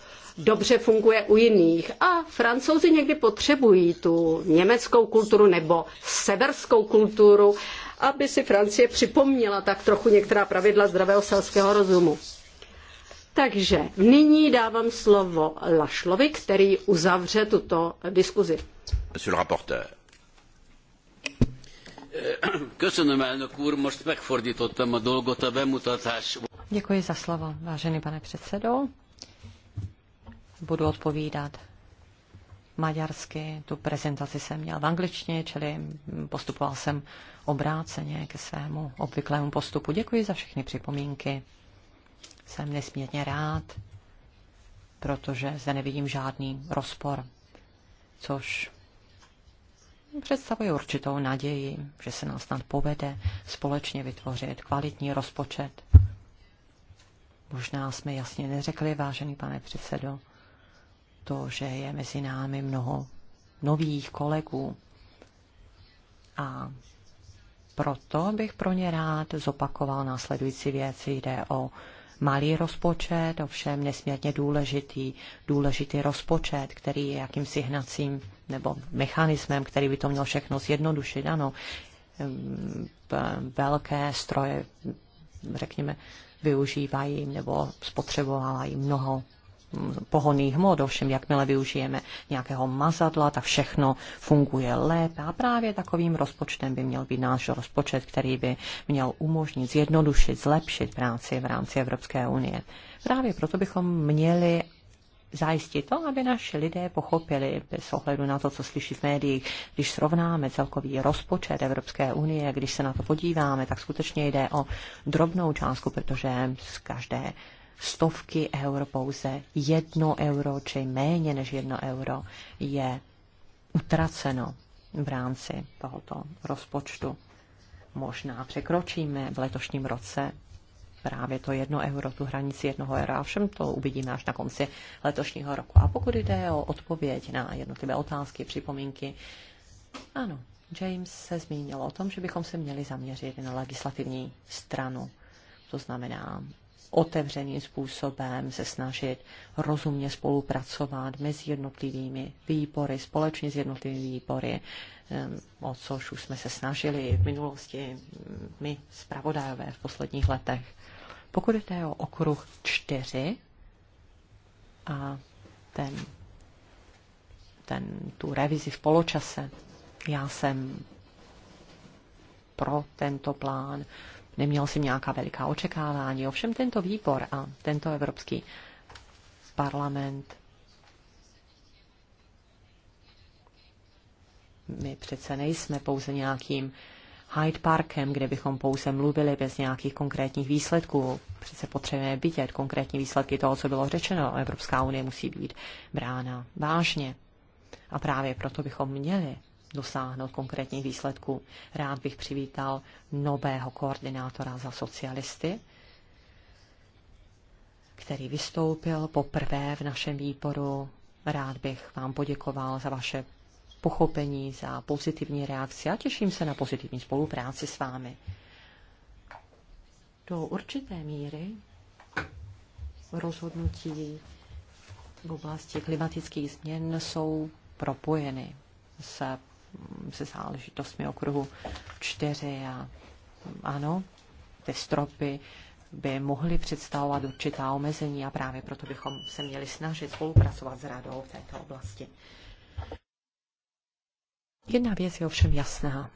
dobře funguje u jiných. A francouzi někdy potřebují tu německou kulturu nebo severskou kulturu, aby si Francie připomněla tak trochu některá pravidla zdravého selského rozumu. Takže nyní dávám slovo Lašlovi, který uzavře tuto diskuzi. Monsieur le rapporteur. Köszönöm, elnök úr, most megfordítottam a dolgot a bemutatás. Děkuji za slovo, vážený pane předsedo budu odpovídat maďarsky. Tu prezentaci jsem měl v angličtině, čili postupoval jsem obráceně ke svému obvyklému postupu. Děkuji za všechny připomínky. Jsem nesmírně rád, protože zde nevidím žádný rozpor, což představuje určitou naději, že se nám snad povede společně vytvořit kvalitní rozpočet. Možná jsme jasně neřekli, vážený pane předsedo, to, že je mezi námi mnoho nových kolegů. A proto bych pro ně rád zopakoval následující věci. Jde o malý rozpočet, ovšem nesmírně důležitý, důležitý rozpočet, který je jakýmsi hnacím nebo mechanismem, který by to měl všechno zjednodušit. Ano, velké stroje, řekněme, využívají nebo spotřebovávají mnoho pohoných hmot, ovšem jakmile využijeme nějakého mazadla, tak všechno funguje lépe a právě takovým rozpočtem by měl být náš rozpočet, který by měl umožnit zjednodušit, zlepšit práci v rámci Evropské unie. Právě proto bychom měli zajistit to, aby naši lidé pochopili, bez ohledu na to, co slyší v médiích, když srovnáme celkový rozpočet Evropské unie, když se na to podíváme, tak skutečně jde o drobnou částku, protože z každé stovky eur pouze. Jedno euro či méně než jedno euro je utraceno v rámci tohoto rozpočtu. Možná překročíme v letošním roce právě to jedno euro, tu hranici jednoho eura. A všem to uvidíme až na konci letošního roku. A pokud jde o odpověď na jednotlivé otázky, připomínky, ano, James se zmínil o tom, že bychom se měli zaměřit na legislativní stranu. To znamená otevřeným způsobem se snažit rozumně spolupracovat mezi jednotlivými výbory, společně s jednotlivými výbory, o což už jsme se snažili v minulosti my, zpravodajové, v posledních letech. Pokud jde o okruh čtyři a ten, ten, tu revizi v poločase, já jsem pro tento plán, neměl jsem nějaká veliká očekávání. Ovšem tento výbor a tento Evropský parlament my přece nejsme pouze nějakým Hyde Parkem, kde bychom pouze mluvili bez nějakých konkrétních výsledků. Přece potřebujeme vidět konkrétní výsledky toho, co bylo řečeno. Evropská unie musí být brána vážně. A právě proto bychom měli dosáhnout konkrétních výsledků. Rád bych přivítal nového koordinátora za socialisty, který vystoupil poprvé v našem výboru. Rád bych vám poděkoval za vaše pochopení, za pozitivní reakci a těším se na pozitivní spolupráci s vámi. Do určité míry rozhodnutí v oblasti klimatických změn jsou propojeny s se záležitostmi okruhu 4 a ano, ty stropy by mohly představovat určitá omezení a právě proto bychom se měli snažit spolupracovat s radou v této oblasti. Jedna věc je ovšem jasná.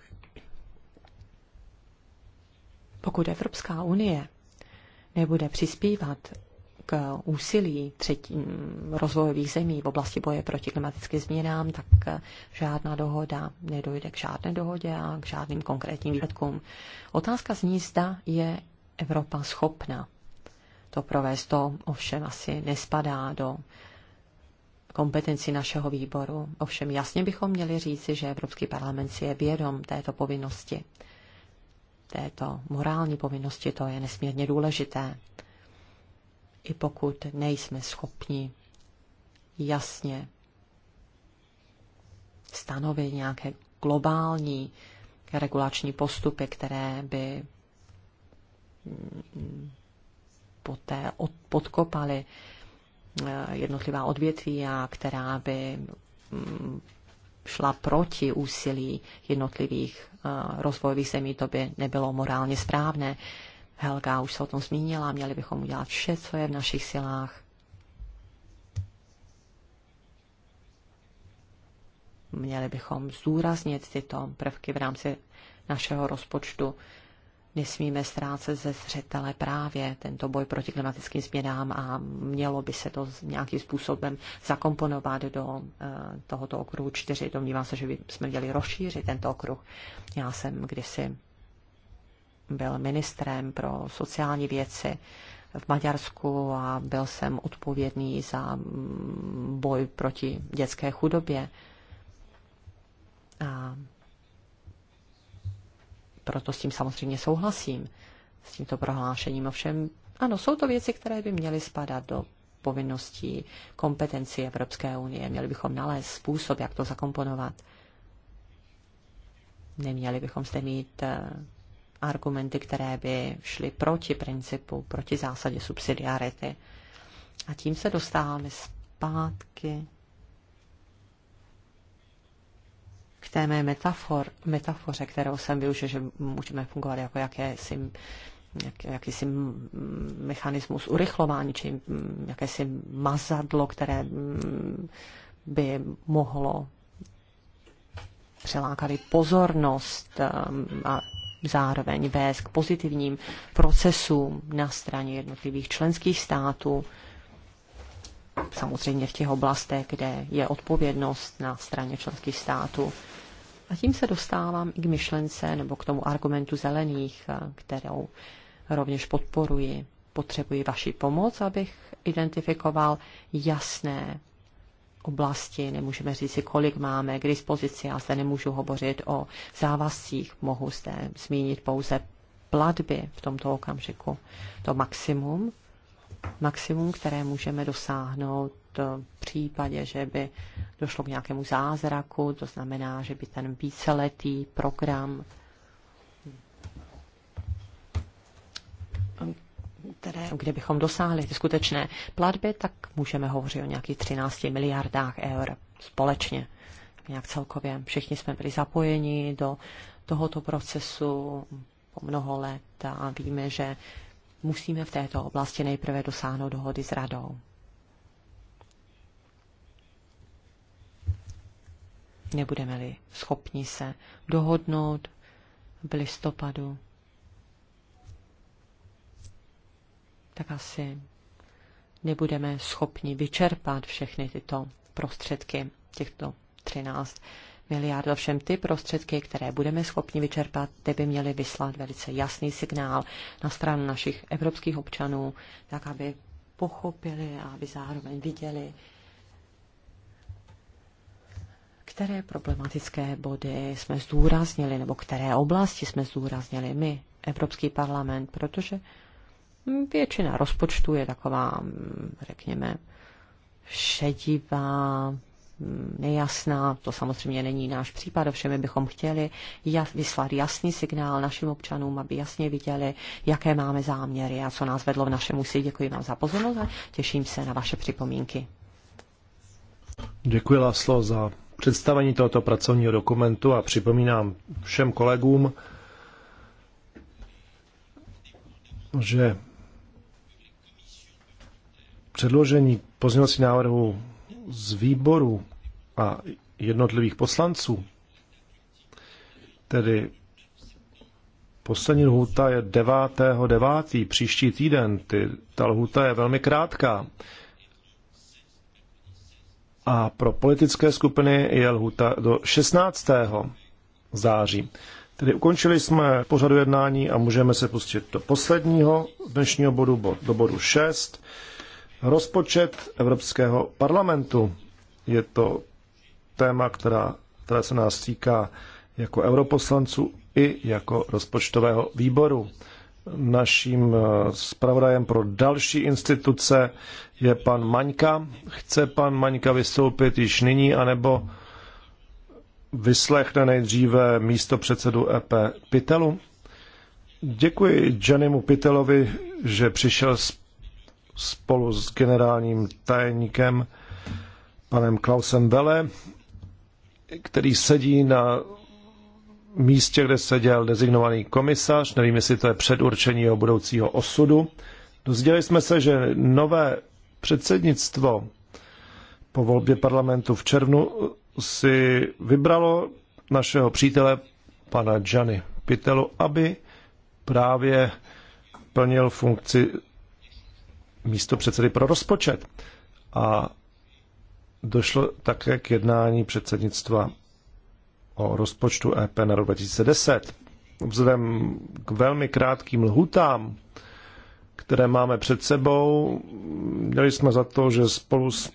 Pokud Evropská unie nebude přispívat k úsilí třetí, rozvojových zemí v oblasti boje proti klimatickým změnám, tak žádná dohoda nedojde k žádné dohodě a k žádným konkrétním výsledkům. Otázka zní, zda je Evropa schopna to provést. To ovšem asi nespadá do kompetenci našeho výboru. Ovšem jasně bychom měli říci, že Evropský parlament si je vědom této povinnosti. Této morální povinnosti to je nesmírně důležité i pokud nejsme schopni jasně stanovit nějaké globální regulační postupy, které by mm, poté podkopaly eh, jednotlivá odvětví a která by mm, šla proti úsilí jednotlivých eh, rozvojových zemí, to by nebylo morálně správné. Helga už se o tom zmínila, měli bychom udělat vše, co je v našich silách. Měli bychom zdůraznit tyto prvky v rámci našeho rozpočtu. Nesmíme ztrácet ze zřetele právě tento boj proti klimatickým změnám a mělo by se to nějakým způsobem zakomponovat do eh, tohoto okruhu čtyři. Domnívám se, že bychom měli rozšířit tento okruh. Já jsem kdysi byl ministrem pro sociální věci v Maďarsku a byl jsem odpovědný za mm, boj proti dětské chudobě. A proto s tím samozřejmě souhlasím, s tímto prohlášením. Ovšem, ano, jsou to věci, které by měly spadat do povinností, kompetenci Evropské unie. Měli bychom nalézt způsob, jak to zakomponovat. Neměli bychom zde mít eh, argumenty, které by šly proti principu, proti zásadě subsidiarity. A tím se dostáváme zpátky k té mé metafor, metafoře, kterou jsem využil, že můžeme fungovat jako jakési jak, jakýsi mechanismus urychlování, či jakési mazadlo, které by mohlo přilákat pozornost um, a zároveň vést k pozitivním procesům na straně jednotlivých členských států, samozřejmě v těch oblastech, kde je odpovědnost na straně členských států. A tím se dostávám i k myšlence nebo k tomu argumentu zelených, eh, kterou rovněž podporuji. Potřebuji vaši pomoc, abych identifikoval jasné oblasti, nemůžeme říct si, kolik máme k dispozici, já zde nemůžu hovořit o závazcích, mohu zde zmínit pouze platby v tomto okamžiku. To maximum, maximum, které můžeme dosáhnout v případě, že by došlo k nějakému zázraku, to znamená, že by ten víceletý program které, kde bychom dosáhli ty skutečné platby, tak můžeme hovořit o nějakých 13 miliardách eur společně. Nějak celkově. Všichni jsme byli zapojeni do tohoto procesu po mnoho let a víme, že musíme v této oblasti nejprve dosáhnout dohody s radou. Nebudeme-li schopni se dohodnout v listopadu tak asi nebudeme schopni vyčerpat všechny tyto prostředky, těchto 13 miliard. Ovšem ty prostředky, které budeme schopni vyčerpat, ty by měly vyslat velice jasný signál na stranu našich evropských občanů, tak aby pochopili a aby zároveň viděli, které problematické body jsme zdůraznili, nebo které oblasti jsme zdůraznili my, Evropský parlament, protože Většina rozpočtu je taková, řekněme, šedivá, nejasná. To samozřejmě není náš případ, ovšem my bychom chtěli jas, vyslat jasný signál našim občanům, aby jasně viděli, jaké máme záměry a co nás vedlo v našem úsilí. Děkuji vám za pozornost a těším se na vaše připomínky. Děkuji, Laslo, za představení tohoto pracovního dokumentu a připomínám všem kolegům, že předložení pozměňovací návrhu z výboru a jednotlivých poslanců, tedy poslední lhůta je 9.9. příští týden. Ty, ta lhůta je velmi krátká. A pro politické skupiny je lhůta do 16. září. Tedy ukončili jsme pořadu jednání a můžeme se pustit do posledního dnešního bodu, do bodu 6. Rozpočet Evropského parlamentu je to téma, která, která se nás týká jako europoslanců i jako rozpočtového výboru. Naším eh, zpravodajem pro další instituce je pan Maňka. Chce pan Maňka vystoupit již nyní, anebo vyslechne nejdříve místo předsedu EP Pitelu? Děkuji Janimu Pitelovi, že přišel s spolu s generálním tajemníkem panem Klausem Vele, který sedí na místě, kde seděl dezignovaný komisař, nevím, jestli to je předurčení jeho budoucího osudu. Dozvěděli jsme se, že nové předsednictvo po volbě parlamentu v červnu si vybralo našeho přítele pana Gianni Pitelu, aby právě plnil funkci místo předsedy pro rozpočet. A došlo také k jednání předsednictva o rozpočtu EP na rok 2010. Vzhledem k velmi krátkým lhutám, které máme před sebou, měli jsme za to, že spolu s,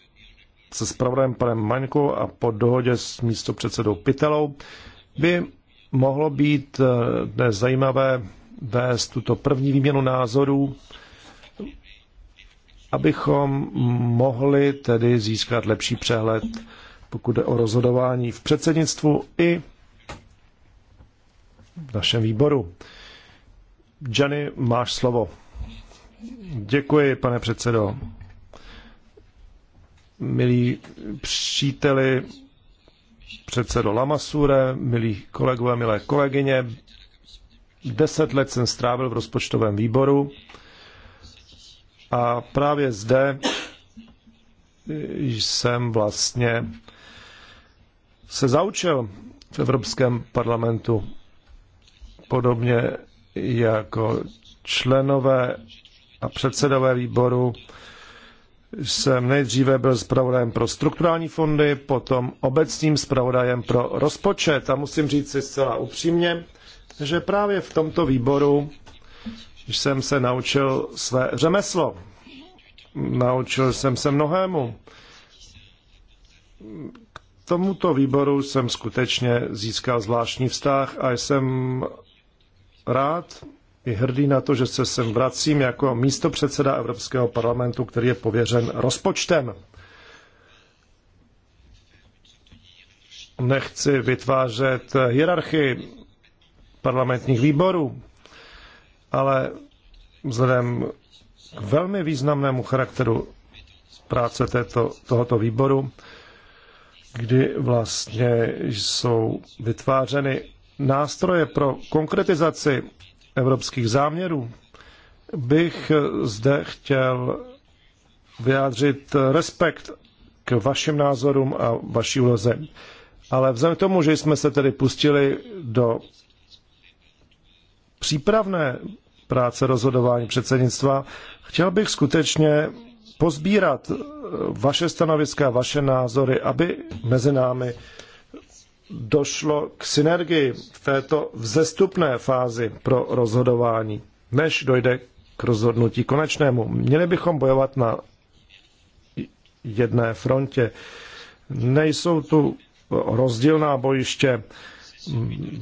se spravodajem panem Maňkou a po dohodě s místo předsedou Pitelou by mohlo být eh, dnes zajímavé vést tuto první výměnu názorů abychom mohli tedy získat lepší přehled, pokud jde o rozhodování v předsednictvu i v našem výboru. Jenny, máš slovo. Děkuji, pane předsedo. Milí příteli, předsedo Lamasure, milí kolegové, milé kolegyně, deset let jsem strávil v rozpočtovém výboru a právě zde jsem vlastně se zaučil v Evropském parlamentu, podobně jako členové a předsedové výboru. Jsem nejdříve byl zpravodajem pro strukturální fondy, potom obecním zpravodajem pro rozpočet a musím říct si zcela upřímně, že právě v tomto výboru jsem se naučil své řemeslo. Naučil jsem se mnohému. K tomuto výboru jsem skutečně získal zvláštní vztah a jsem rád i hrdý na to, že se sem vracím jako místo předseda Evropského parlamentu, který je pověřen rozpočtem. Nechci vytvářet hierarchii parlamentních výborů, ale vzhledem k velmi významnému charakteru práce této, tohoto výboru, kdy vlastně jsou vytvářeny nástroje pro konkretizaci evropských záměrů, bych zde chtěl vyjádřit respekt k vašim názorům a vaší úloze. Ale vzhledem k tomu, že jsme se tedy pustili do přípravné práce rozhodování předsednictva, chtěl bych skutečně pozbírat eh, vaše stanoviska, vaše názory, aby mezi námi došlo k synergii v této vzestupné fázi pro rozhodování, než dojde k rozhodnutí konečnému. Měli bychom bojovat na jedné frontě. Nejsou tu rozdílná bojiště,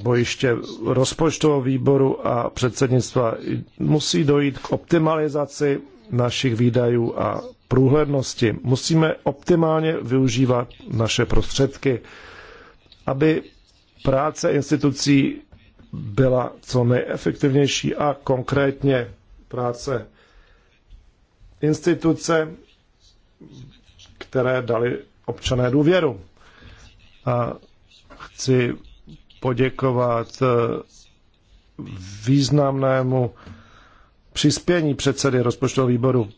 bojiště rozpočtového výboru a předsednictva. Musí dojít k optimalizaci našich výdajů a průhlednosti. Musíme optimálně využívat naše prostředky, aby práce institucí byla co nejefektivnější a konkrétně práce instituce, které dali občané důvěru. A chci poděkovat eh, významnému přispění předsedy rozpočtového výboru.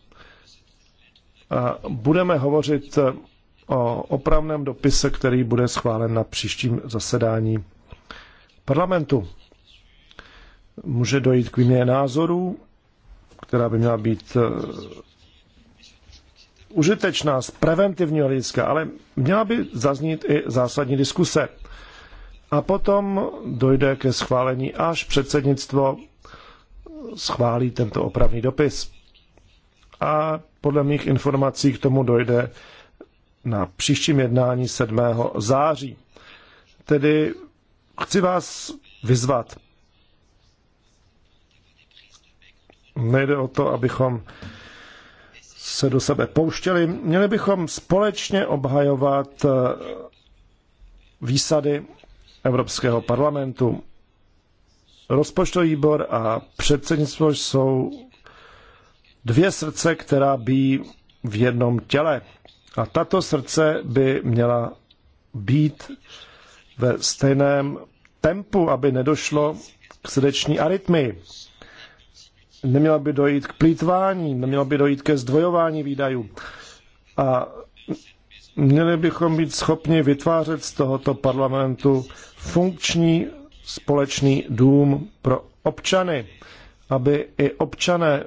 A budeme hovořit eh, o opravném dopise, který bude schválen na příštím zasedání parlamentu. Může dojít k výměně názorů, která by měla být eh, užitečná z preventivního hlediska, ale měla by zaznít i zásadní diskuse a potom dojde ke schválení, až předsednictvo schválí tento opravný dopis. A podle mých informací k tomu dojde na příštím jednání 7. září. Tedy chci vás vyzvat. Nejde o to, abychom se do sebe pouštěli. Měli bychom společně obhajovat výsady Evropského parlamentu. Rozpočtový výbor a předsednictvo jsou dvě srdce, která bíjí v jednom těle. A tato srdce by měla být ve stejném tempu, aby nedošlo k srdeční arytmii. Nemělo by dojít k plítvání, nemělo by dojít ke zdvojování výdajů. A Měli bychom být schopni vytvářet z tohoto parlamentu funkční společný dům pro občany, aby i občané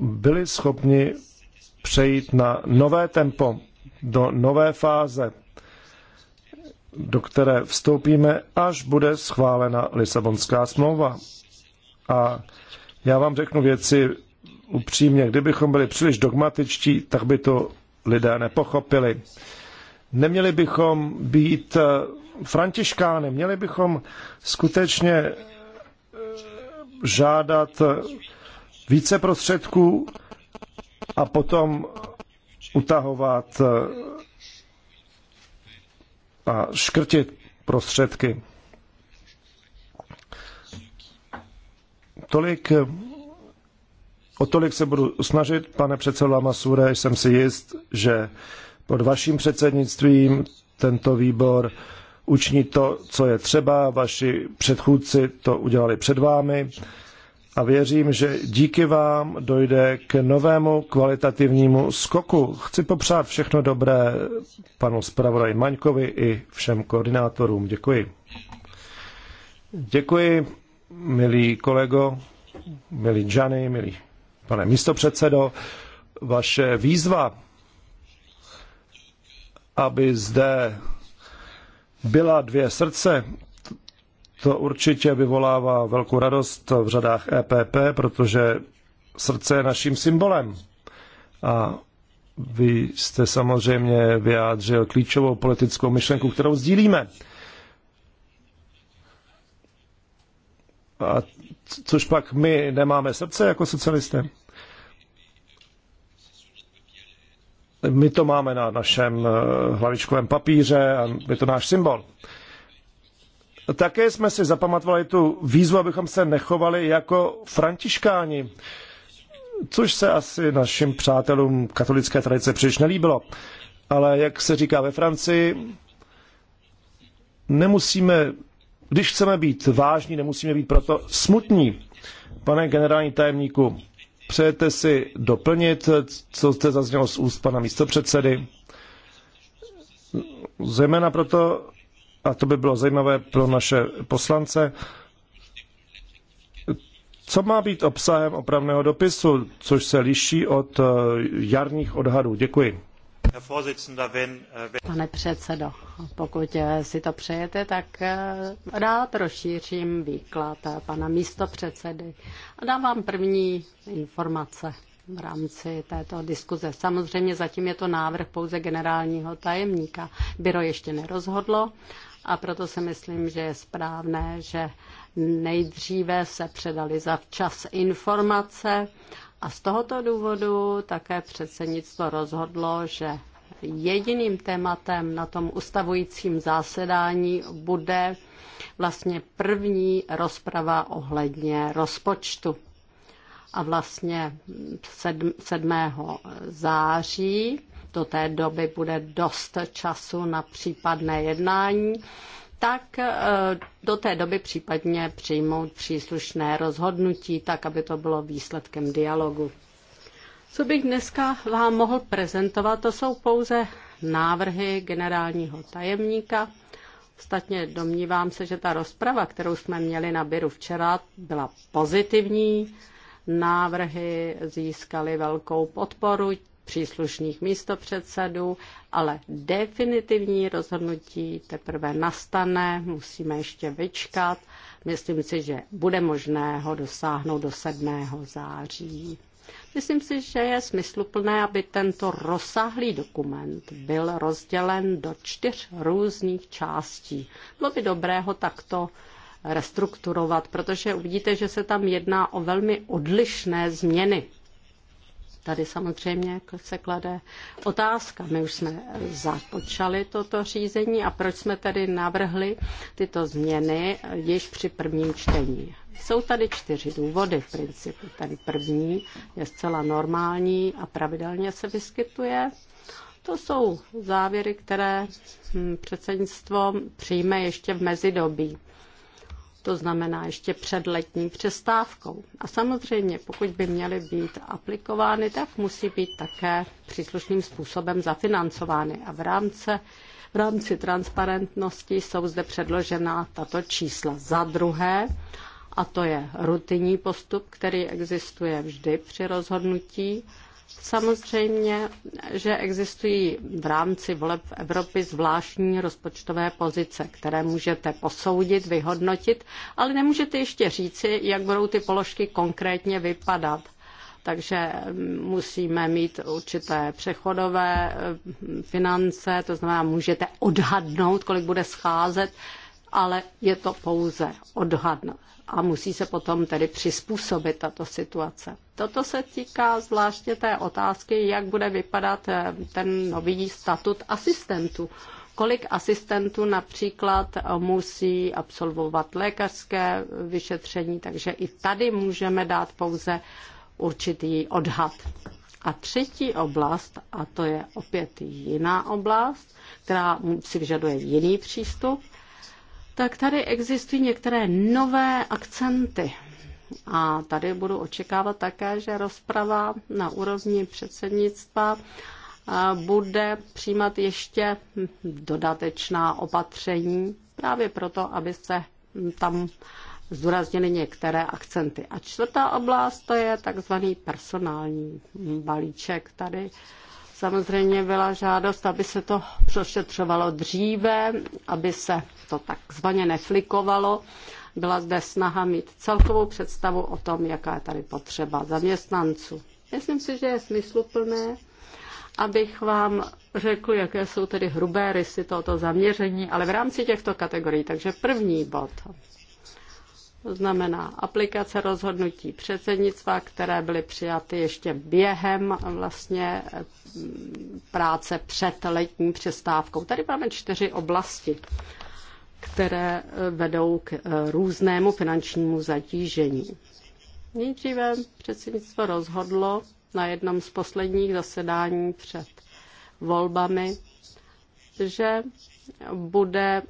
byli schopni přejít na nové tempo, do nové fáze, do které vstoupíme, až bude schválena Lisabonská smlouva. A já vám řeknu věci upřímně, kdybychom byli příliš dogmatičtí, tak by to lidé nepochopili. Neměli bychom být eh, františkány, měli bychom skutečně eh, žádat eh, více prostředků a potom utahovat a škrtit prostředky. Tolik O tolik se budu snažit, pane předsedo Lamasure, jsem si jist, že pod vaším předsednictvím tento výbor učiní to, co je třeba, vaši předchůdci to udělali před vámi a věřím, že díky vám dojde k novému kvalitativnímu skoku. Chci popřát všechno dobré panu zpravodaji Maňkovi i všem koordinátorům. Děkuji. Děkuji, milý kolego, milý Gianni, milý Pane místopředsedo, vaše výzva, aby zde byla dvě srdce, to určitě vyvolává velkou radost v řadách EPP, protože srdce je naším symbolem. A vy jste samozřejmě vyjádřil klíčovou politickou myšlenku, kterou sdílíme. A což pak my nemáme srdce jako socialisté. My to máme na našem eh, hlavičkovém papíře a je to náš symbol. Také jsme si zapamatovali tu výzvu, abychom se nechovali jako františkáni, což se asi našim přátelům katolické tradice příliš nelíbilo. Ale jak se říká ve Francii, nemusíme když chceme být vážní, nemusíme být proto smutní. Pane generální tajemníku, přejete si doplnit, co jste zaznělo z úst pana místopředsedy? Zejména proto, a to by bylo zajímavé pro naše poslance, co má být obsahem opravného dopisu, což se liší od jarních odhadů? Děkuji. Äh, Pane předsedo, pokud eh, si to přejete, tak eh, rád rozšířím výklad eh, pana místopředsedy a dám vám první informace v rámci této diskuze. Samozřejmě zatím je to návrh pouze generálního tajemníka. Byro ještě nerozhodlo a proto si myslím, že je správné, že nejdříve se předali za včas informace a z tohoto důvodu také předsednictvo rozhodlo, že jediným tématem na tom ustavujícím zásedání bude vlastně první rozprava ohledně rozpočtu. A vlastně 7. září do té doby bude dost času na případné jednání tak eh, do té doby případně přijmout příslušné rozhodnutí, tak aby to bylo výsledkem dialogu. Co bych dneska vám mohl prezentovat, to jsou pouze návrhy generálního tajemníka. Ostatně domnívám se, že ta rozprava, kterou jsme měli na Biru včera, byla pozitivní. Návrhy získaly velkou podporu příslušných místopředsedů ale definitivní rozhodnutí teprve nastane, musíme ještě vyčkat. Myslím si, že bude možné ho dosáhnout do 7. září. Myslím si, že je smysluplné, aby tento rozsáhlý dokument byl rozdělen do čtyř různých částí. Bylo by dobré ho takto restrukturovat, protože uvidíte, že se tam jedná o velmi odlišné změny. Tady samozřejmě se klade otázka. My už jsme započali toto řízení a proč jsme tady navrhli tyto změny již při prvním čtení. Jsou tady čtyři důvody v principu. Ten první je zcela normální a pravidelně se vyskytuje. To jsou závěry, které hm, předsednictvo přijme ještě v mezidobí to znamená ještě před letní přestávkou. A samozřejmě, pokud by měly být aplikovány, tak musí být také příslušným způsobem zafinancovány. A v rámci, v rámci transparentnosti jsou zde předložena tato čísla. Za druhé, a to je rutinní postup, který existuje vždy při rozhodnutí, Samozřejmě, že existují v rámci voleb v Evropě zvláštní rozpočtové pozice, které můžete posoudit, vyhodnotit, ale nemůžete ještě říci, jak budou ty položky konkrétně vypadat. Takže musíme mít určité přechodové eh, finance, to znamená, můžete odhadnout, kolik bude scházet ale je to pouze odhad a musí se potom tedy přizpůsobit tato situace. Toto se týká zvláště té otázky, jak bude vypadat eh, ten nový statut asistentů. Kolik asistentů například eh, musí absolvovat lékařské eh, vyšetření, takže i tady můžeme dát pouze určitý odhad. A třetí oblast, a to je opět jiná oblast, která si vyžaduje jiný přístup, tak tady existují některé nové akcenty. A tady budu očekávat také, že rozprava na úrovni předsednictva bude přijímat ještě dodatečná opatření právě proto, aby se tam zdůraznily některé akcenty. A čtvrtá oblast to je takzvaný personální balíček. Tady Samozřejmě byla žádost, aby se to prošetřovalo dříve, aby se to takzvaně neflikovalo. Byla zde snaha mít celkovou představu o tom, jaká je tady potřeba zaměstnanců. Myslím si, že je smysluplné, abych vám řekl, jaké jsou tedy hrubé rysy tohoto zaměření, ale v rámci těchto kategorií. Takže první bod to znamená aplikace rozhodnutí předsednictva, které byly přijaty ještě během vlastně práce před letní přestávkou. Tady máme čtyři oblasti, které vedou k eh, různému finančnímu zatížení. Nejdříve předsednictvo rozhodlo na jednom z posledních zasedání před volbami, že bude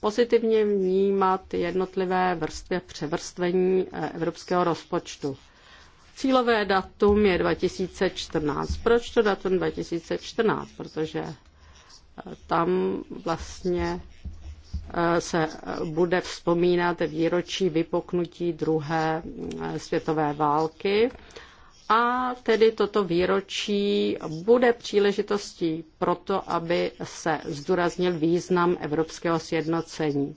pozitivně vnímat jednotlivé vrstvě převrstvení eh, evropského rozpočtu. Cílové datum je 2014. Proč to datum 2014? Protože eh, tam vlastně eh, se bude vzpomínat výročí vypoknutí druhé světové války a tedy toto výročí bude příležitostí pro to, aby se zdůraznil význam evropského sjednocení.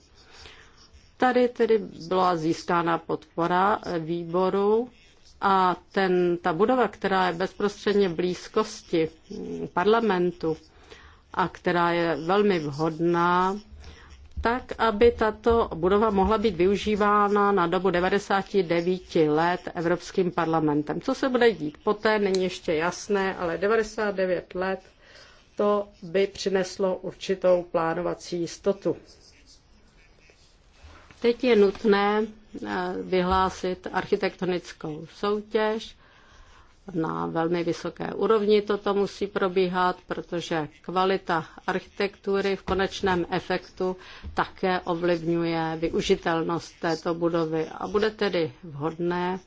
Tady tedy byla získána podpora výboru a ten, ta budova, která je bezprostředně v blízkosti parlamentu a která je velmi vhodná tak, aby tato budova mohla být využívána na dobu 99 let Evropským parlamentem. Co se bude dít poté, není ještě jasné, ale 99 let to by přineslo určitou plánovací jistotu. Teď je nutné eh, vyhlásit architektonickou soutěž na velmi vysoké úrovni toto musí probíhat, protože kvalita architektury v konečném efektu také ovlivňuje využitelnost této budovy a bude tedy vhodné,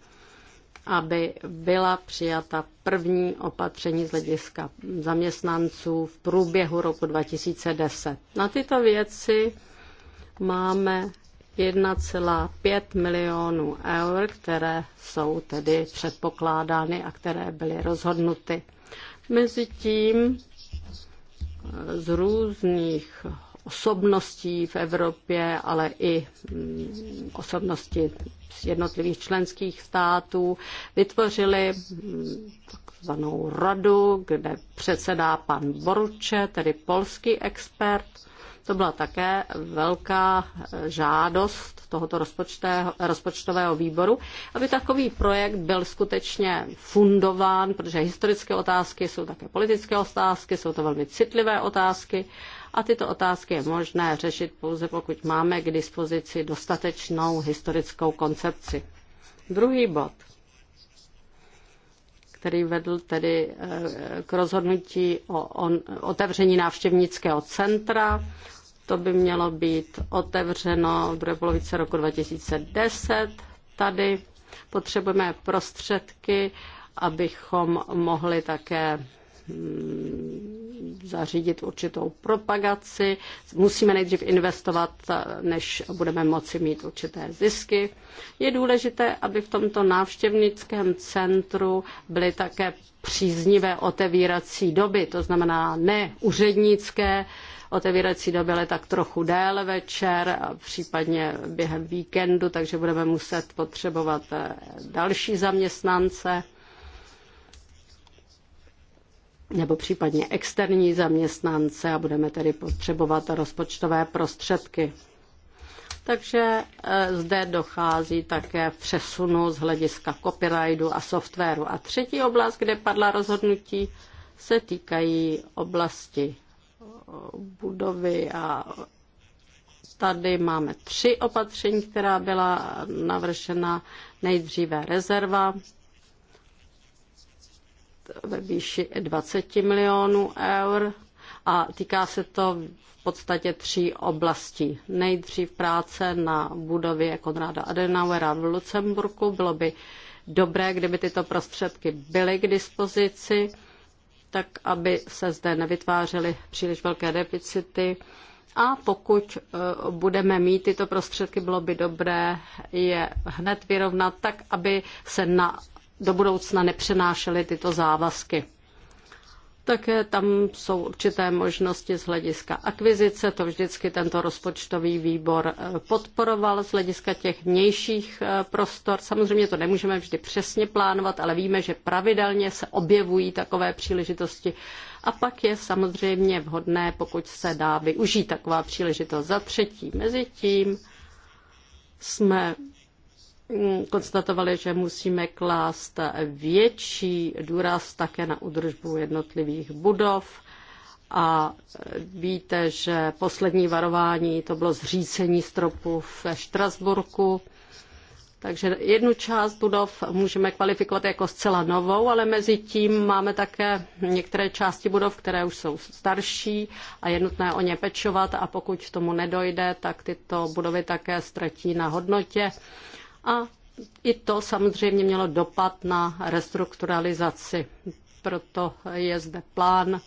aby byla přijata první opatření z hlediska zaměstnanců v průběhu roku 2010. Na tyto věci máme 1,5 milionů eur, které jsou tedy předpokládány a které byly rozhodnuty. Mezitím eh, z různých osobností v Evropě, ale i mm, osobnosti z jednotlivých členských států vytvořili mm, takzvanou radu, kde předsedá pan Boruče, tedy polský expert, to byla také velká eh, žádost tohoto rozpočtového výboru, aby takový projekt byl skutečně fundován, protože historické otázky jsou také politické otázky, jsou to velmi citlivé otázky a tyto otázky je možné řešit pouze, pokud máme k dispozici dostatečnou historickou koncepci. Druhý bod který vedl tedy eh, k rozhodnutí o, otevření návštěvnického centra. To by mělo být otevřeno v druhé polovice roku 2010. Tady potřebujeme prostředky, abychom mohli také mm, zařídit určitou propagaci. Musíme nejdřív investovat, než budeme moci mít určité zisky. Je důležité, aby v tomto návštěvnickém centru byly také příznivé otevírací doby, to znamená ne úřednické otevírací doby ale tak trochu déle večer a případně během víkendu, takže budeme muset potřebovat eh, další zaměstnance nebo případně externí zaměstnance a budeme tedy potřebovat rozpočtové prostředky. Takže eh, zde dochází také v přesunu z hlediska copyrightu a softwaru. A třetí oblast, kde padla rozhodnutí, se týkají oblasti budovy a tady máme tři opatření, která byla navržena nejdříve rezerva ve výši 20 milionů eur a týká se to v podstatě tří oblastí. Nejdřív práce na budově Konrada Adenauera v Lucemburku. Bylo by dobré, kdyby tyto prostředky byly k dispozici tak aby se zde nevytvářely příliš velké deficity. A pokud e, budeme mít tyto prostředky, bylo by dobré je hned vyrovnat tak, aby se na, do budoucna nepřenášely tyto závazky. Také tam jsou určité možnosti z hlediska akvizice, to vždycky tento rozpočtový výbor eh, podporoval z hlediska těch vnějších eh, prostor. Samozřejmě to nemůžeme vždy přesně plánovat, ale víme, že pravidelně se objevují takové příležitosti a pak je samozřejmě vhodné, pokud se dá využít taková příležitost. Za třetí, mezi tím jsme Mm, konstatovali, že musíme klást větší důraz také na udržbu jednotlivých budov. A víte, že poslední varování to bylo zřícení stropu ve Štrasburku. Takže jednu část budov můžeme kvalifikovat jako zcela novou, ale mezi tím máme také některé části budov, které už jsou starší a je nutné o ně pečovat a pokud tomu nedojde, tak tyto budovy také ztratí na hodnotě a i to samozřejmě mělo dopad na restrukturalizaci. Proto je zde plán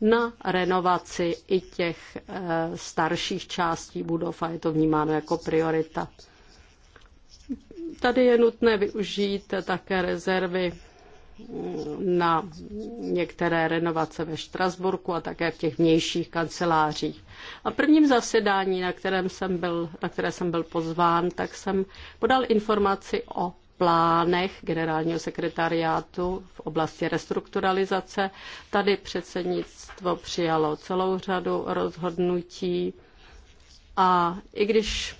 na renovaci i těch eh, starších částí budov a je to vnímáno jako priorita. Tady je nutné využít také rezervy na některé renovace ve Štrasburku a také v těch vnějších kancelářích. A prvním zasedání, na, kterém jsem byl, na které jsem byl pozván, tak jsem podal informaci o plánech generálního sekretariátu v oblasti restrukturalizace. Tady předsednictvo přijalo celou řadu rozhodnutí a i když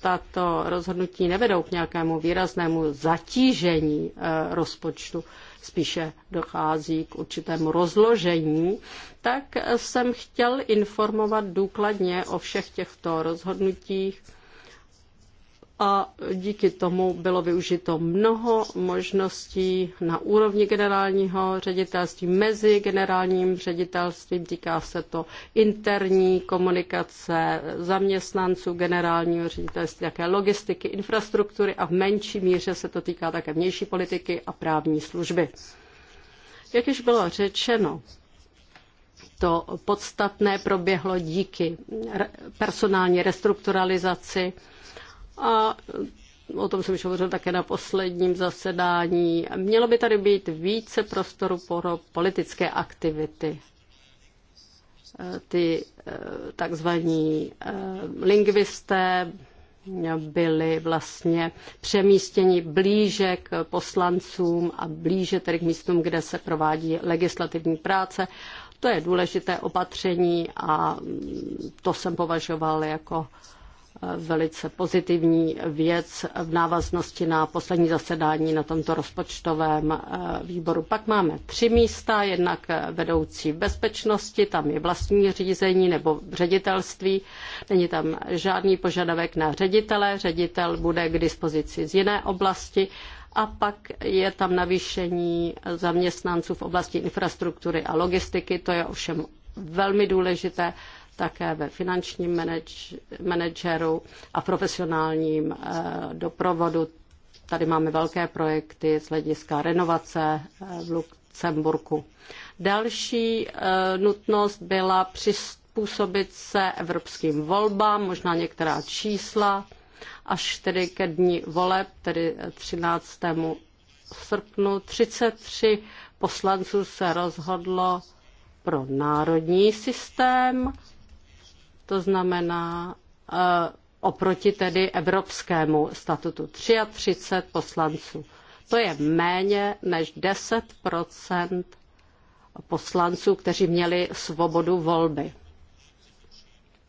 tato rozhodnutí nevedou k nějakému výraznému zatížení eh, rozpočtu, spíše dochází k určitému rozložení, tak jsem chtěl informovat důkladně o všech těchto rozhodnutích a díky tomu bylo využito mnoho možností na úrovni generálního ředitelství, mezi generálním ředitelstvím, týká se to interní komunikace zaměstnanců generálního ředitelství, také logistiky, infrastruktury a v menší míře se to týká také vnější politiky a právní služby. Jak již bylo řečeno, to podstatné proběhlo díky personální restrukturalizaci a o tom jsem už hovořil také na posledním zasedání. Mělo by tady být více prostoru pro politické aktivity. Ty eh, takzvaní eh, lingvisté byli vlastně přemístěni blíže k poslancům a blíže tedy k místům, kde se provádí legislativní práce. To je důležité opatření a to jsem považoval jako uh, velice pozitivní věc v návaznosti na poslední zasedání na tomto rozpočtovém eh, výboru. Pak máme tři místa, jednak vedoucí bezpečnosti, tam je vlastní řízení nebo ředitelství. Není tam žádný požadavek na ředitele, ředitel bude k dispozici z jiné oblasti a pak je tam navýšení zaměstnanců v oblasti infrastruktury a logistiky, to je ovšem velmi důležité také ve finančním manaž, manažeru a profesionálním eh, doprovodu. Tady máme velké projekty z hlediska renovace eh, v Lucemburku. Další eh, nutnost byla přizpůsobit se evropským volbám, možná některá čísla, až tedy ke dní voleb, tedy 13. srpnu 33 poslanců se rozhodlo pro národní systém to znamená eh, oproti tedy evropskému statutu 33 poslanců. To je méně než 10 poslanců, kteří měli svobodu volby.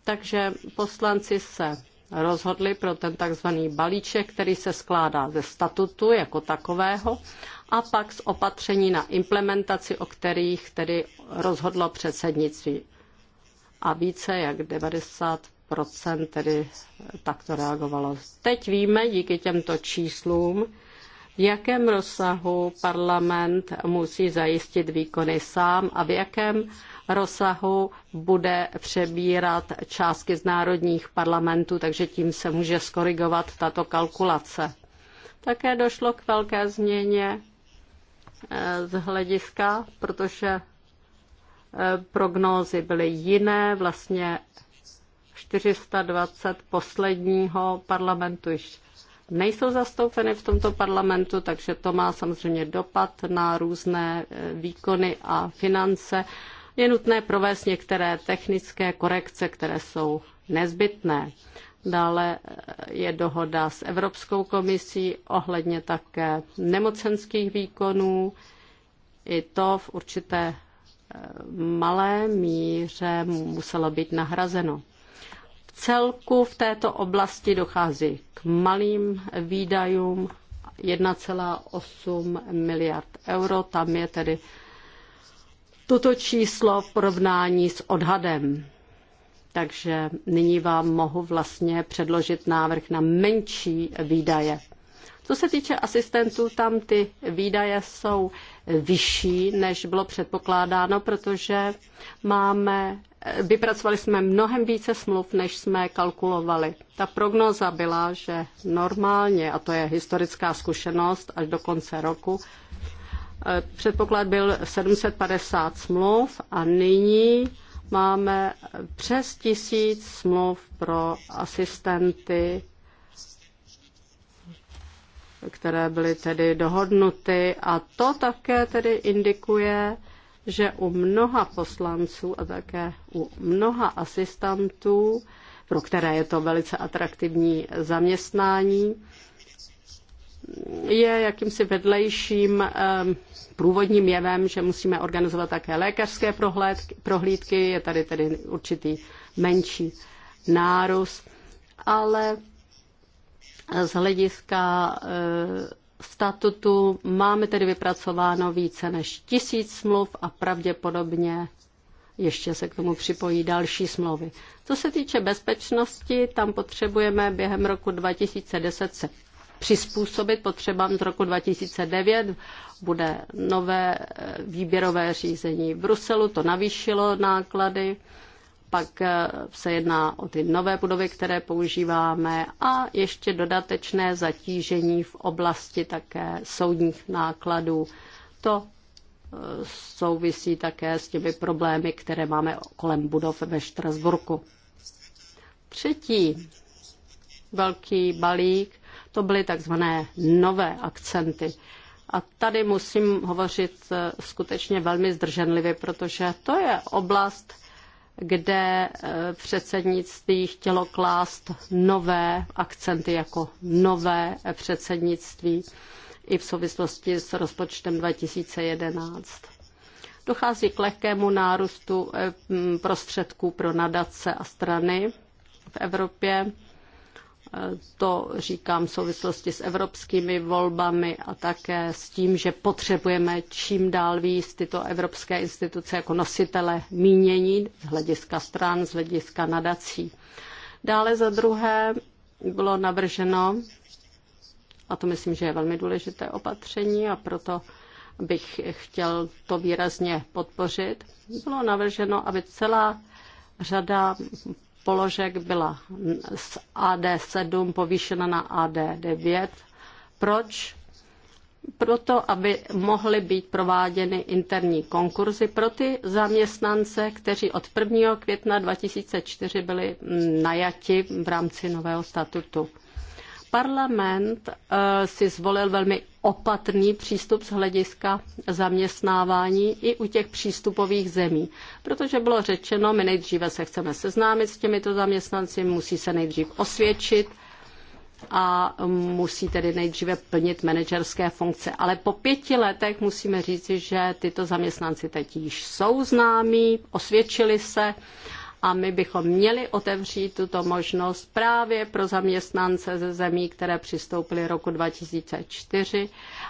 Takže poslanci se rozhodli pro ten takzvaný balíček, který se skládá ze statutu jako takového a pak z opatření na implementaci, o kterých tedy rozhodlo předsednictví a více jak 90 tedy takto reagovalo. Teď víme díky těmto číslům, v jakém rozsahu parlament musí zajistit výkony sám a v jakém rozsahu bude přebírat částky z národních parlamentů, takže tím se může skorigovat tato kalkulace. Také došlo k velké změně eh, z hlediska, protože Eh, prognózy byly jiné, vlastně 420 posledního parlamentu již nejsou zastoupeny v tomto parlamentu, takže to má samozřejmě dopad na různé eh, výkony a finance. Je nutné provést některé technické korekce, které jsou nezbytné. Dále eh, je dohoda s Evropskou komisí ohledně také nemocenských výkonů. I to v určité malé míře muselo být nahrazeno. V celku v této oblasti dochází k malým výdajům 1,8 miliard euro. Tam je tedy toto číslo v porovnání s odhadem. Takže nyní vám mohu vlastně předložit návrh na menší výdaje. Co se týče asistentů, tam ty výdaje jsou vyšší, než bylo předpokládáno, protože máme, vypracovali jsme mnohem více smluv, než jsme kalkulovali. Ta prognoza byla, že normálně, a to je historická zkušenost až do konce roku, předpoklad byl 750 smluv a nyní máme přes tisíc smluv pro asistenty které byly tedy dohodnuty a to také tedy indikuje, že u mnoha poslanců a také u mnoha asistentů, pro které je to velice atraktivní zaměstnání, je jakýmsi vedlejším ehm, průvodním jevem, že musíme organizovat také lékařské prohlídky, je tady tedy určitý menší nárůst, ale z hlediska eh, statutu máme tedy vypracováno více než tisíc smluv a pravděpodobně ještě se k tomu připojí další smlouvy. Co se týče bezpečnosti, tam potřebujeme během roku 2010 se přizpůsobit potřebám z roku 2009. Bude nové eh, výběrové řízení v Bruselu, to navýšilo náklady pak eh, se jedná o ty nové budovy, které používáme a ještě dodatečné zatížení v oblasti také soudních nákladů. To eh, souvisí také s těmi problémy, které máme kolem budov ve Štrasburku. Třetí velký balík, to byly takzvané nové akcenty. A tady musím hovořit eh, skutečně velmi zdrženlivě, protože to je oblast, kde eh, předsednictví chtělo klást nové akcenty jako nové předsednictví i v souvislosti s rozpočtem 2011. Dochází k lehkému nárůstu eh, prostředků pro nadace a strany v Evropě. To říkám v souvislosti s evropskými volbami a také s tím, že potřebujeme čím dál víc tyto evropské instituce jako nositele mínění z hlediska stran, z hlediska nadací. Dále za druhé bylo navrženo, a to myslím, že je velmi důležité opatření a proto bych chtěl to výrazně podpořit, bylo navrženo, aby celá řada položek byla z AD7 povýšena na AD9. Proč? Proto, aby mohly být prováděny interní konkurzy pro ty zaměstnance, kteří od 1. května 2004 byli najati v rámci nového statutu. Parlament eh, si zvolil velmi opatrný přístup z hlediska zaměstnávání i u těch přístupových zemí, protože bylo řečeno, my nejdříve se chceme seznámit s těmito zaměstnanci, musí se nejdřív osvědčit a musí tedy nejdříve plnit manažerské funkce. Ale po pěti letech musíme říci, že tyto zaměstnanci teď již jsou známí, osvědčili se a my bychom měli otevřít tuto možnost právě pro zaměstnance ze zemí, které přistoupily roku 2004,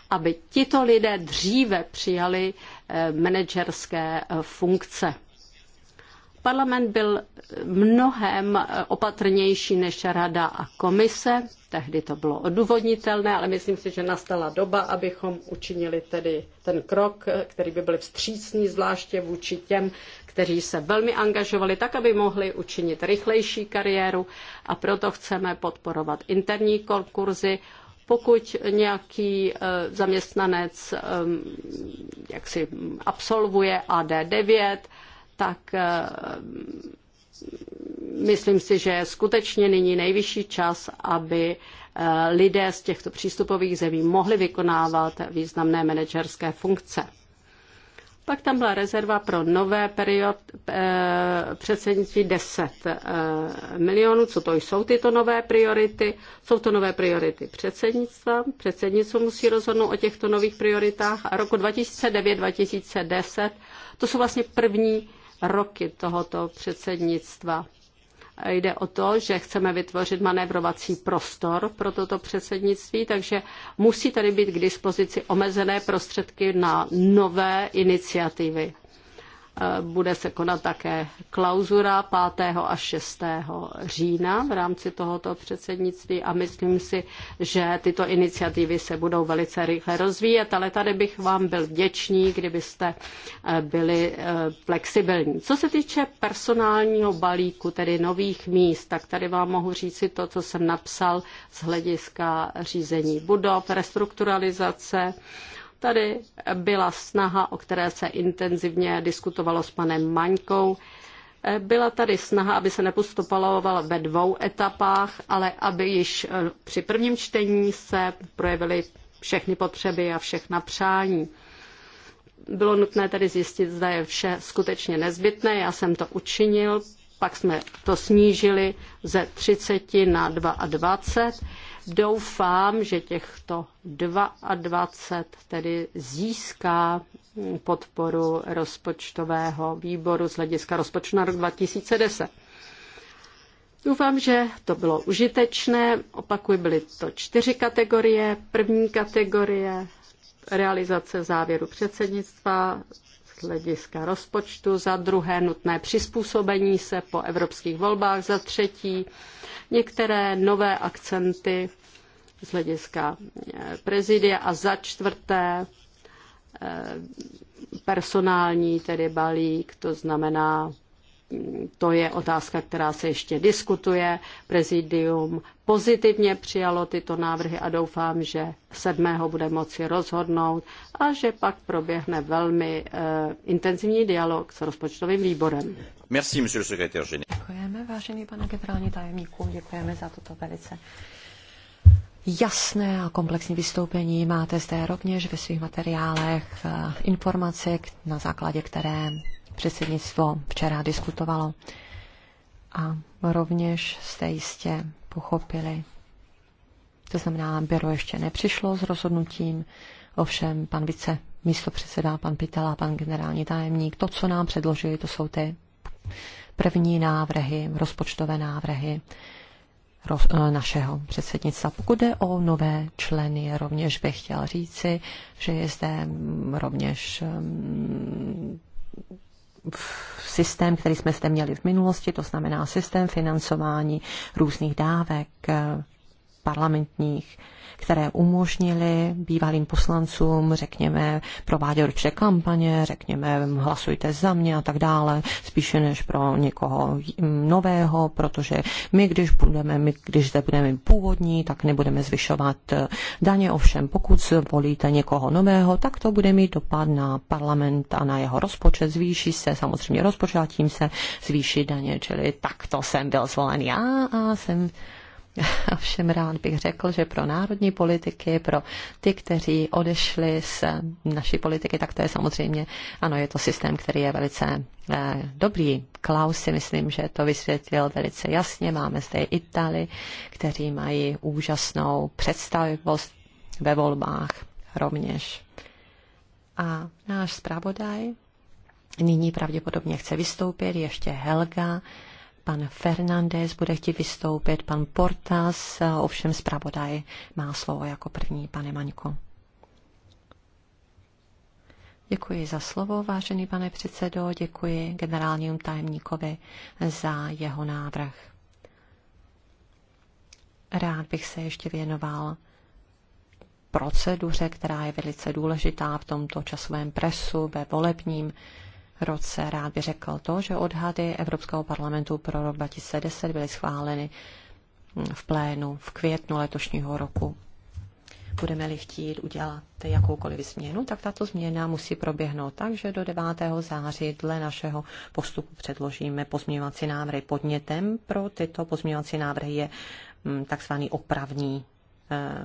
aby tito lidé dříve přijali eh, manažerské eh, funkce. Parlament byl eh, mnohem opatrnější než rada a komise, tehdy to bylo odůvodnitelné, ale myslím si, že nastala doba, abychom učinili tedy ten krok, který by byl vstřícný zvláště vůči těm, kteří se velmi angažovali tak, aby mohli učinit rychlejší kariéru a proto chceme podporovat interní konkurzy, pokud nějaký e, zaměstnanec e, jak si absolvuje AD9, tak e, myslím si, že je skutečně nyní nejvyšší čas, aby lidé z těchto přístupových zemí mohli vykonávat významné manažerské funkce. Pak tam byla rezerva pro nové period eh, předsednictví 10 eh, milionů. Co to jsou tyto nové priority? Jsou to nové priority předsednictva. Předsednictvo musí rozhodnout o těchto nových prioritách. A roku 2009-2010 to jsou vlastně první roky tohoto předsednictva. Jde o to, že chceme vytvořit manévrovací prostor pro toto předsednictví, takže musí tady být k dispozici omezené prostředky na nové iniciativy. Bude se konat také klauzura 5. a 6. října v rámci tohoto předsednictví a myslím si, že tyto iniciativy se budou velice rychle rozvíjet, ale tady bych vám byl vděčný, kdybyste eh, byli eh, flexibilní. Co se týče personálního balíku, tedy nových míst, tak tady vám mohu říci to, co jsem napsal z hlediska řízení budov, restrukturalizace, Tady byla snaha, o které se intenzivně diskutovalo s panem Maňkou. Byla tady snaha, aby se nepostupovalo ve dvou etapách, ale aby již eh, při prvním čtení se projevily všechny potřeby a všechna přání. Bylo nutné tedy zjistit, zda je vše skutečně nezbytné. Já jsem to učinil, pak jsme to snížili ze 30 na 22 Doufám, že těchto 22 tedy získá podporu rozpočtového výboru z hlediska rozpočtu na rok 2010. Doufám, že to bylo užitečné. Opakuji, byly to čtyři kategorie. První kategorie realizace závěru předsednictva, hlediska rozpočtu, za druhé nutné přizpůsobení se po evropských volbách, za třetí některé nové akcenty z hlediska eh, prezidia a za čtvrté eh, personální, tedy balík, to znamená to je otázka, která se ještě diskutuje. Prezidium pozitivně přijalo tyto návrhy a doufám, že 7. bude moci rozhodnout a že pak proběhne velmi uh, intenzivní dialog s rozpočtovým výborem. Merci, monsieur le Děkujeme, vážený pane generální tajemníku, děkujeme za toto velice jasné a komplexní vystoupení. Máte zde rovněž ve svých materiálech eh, informace, na základě které předsednictvo včera diskutovalo. A rovněž jste jistě pochopili. To znamená, byro ještě nepřišlo s rozhodnutím, ovšem pan vice místo předseda, pan Pitela, pan generální tajemník, to, co nám předložili, to jsou ty první návrhy, rozpočtové návrhy roz, eh, našeho předsednictva. Pokud jde o nové členy, rovněž bych chtěl říci, že je zde rovněž ehm, systém, který jsme zde měli v minulosti, to znamená systém financování různých dávek parlamentních, které umožnily bývalým poslancům, řekněme, provádět určité kampaně, řekněme, hlasujte za mě a tak dále, spíše než pro někoho nového, protože my, když budeme, my, když zde budeme původní, tak nebudeme zvyšovat daně, ovšem pokud zvolíte někoho nového, tak to bude mít dopad na parlament a na jeho rozpočet, zvýší se samozřejmě rozpočet a tím se zvýší daně, čili takto jsem byl zvolen já a jsem Všem rád bych řekl, že pro národní politiky, pro ty, kteří odešli z naší politiky, tak to je samozřejmě, ano, je to systém, který je velice eh, dobrý. Klaus si myslím, že to vysvětlil velice jasně. Máme zde Itali, kteří mají úžasnou představivost ve volbách rovněž. A náš zpravodaj nyní pravděpodobně chce vystoupit ještě Helga Pan Fernandez bude chtít vystoupit, pan Portas, ovšem zpravodaj má slovo jako první, pane Maňko. Děkuji za slovo, vážený pane předsedo, děkuji generálnímu tajemníkovi za jeho návrh. Rád bych se ještě věnoval proceduře, která je velice důležitá v tomto časovém presu ve volebním roce. Rád bych řekl to, že odhady Evropského parlamentu pro rok 2010 byly schváleny hm, v plénu v květnu letošního roku. Budeme-li chtít udělat jakoukoliv změnu, tak tato změna musí proběhnout tak, že do 9. září dle našeho postupu předložíme pozměňovací návrhy. Podnětem pro tyto pozměňovací návrhy je hm, takzvaný opravní eh,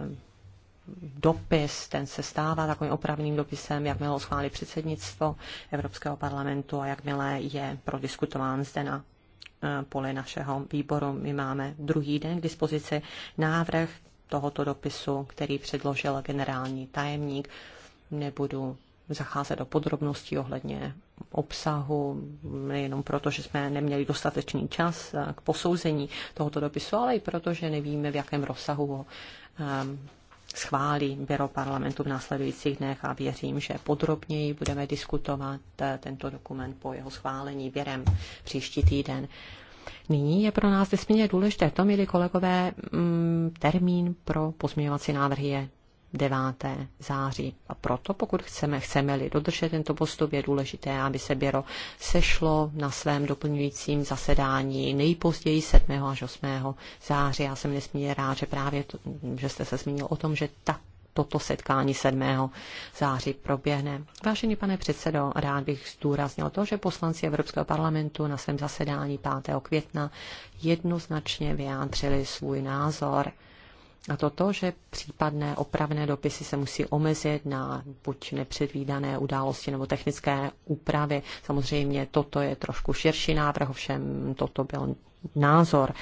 dopis, ten se stává takovým opravným dopisem, jakmile ho schválí předsednictvo Evropského parlamentu a jakmile je prodiskutován zde na eh, poli našeho výboru. My máme druhý den k dispozici návrh tohoto dopisu, který předložil generální tajemník. Nebudu zacházet do podrobností ohledně obsahu, nejenom proto, že jsme neměli dostatečný čas eh, k posouzení tohoto dopisu, ale i proto, že nevíme, v jakém rozsahu ho eh, schválí Běro parlamentu v následujících dnech a věřím, že podrobněji budeme diskutovat eh, tento dokument po jeho schválení Běrem příští týden. Nyní je pro nás nesmírně důležité, to, milí kolegové, mm, termín pro pozměňovací návrhy je 9. září. A proto, pokud chceme, chceme-li dodržet tento postup, je důležité, aby se běro sešlo na svém doplňujícím zasedání nejpozději 7. až 8. září. Já jsem nesmírně rád, že právě, to, že jste se zmínil o tom, že ta toto setkání 7. září proběhne. Vážený pane předsedo, rád bych zdůraznil to, že poslanci Evropského parlamentu na svém zasedání 5. května jednoznačně vyjádřili svůj názor a to to, že případné opravné dopisy se musí omezit na buď nepředvídané události nebo technické úpravy. Samozřejmě toto je trošku širší návrh, ovšem toto byl názor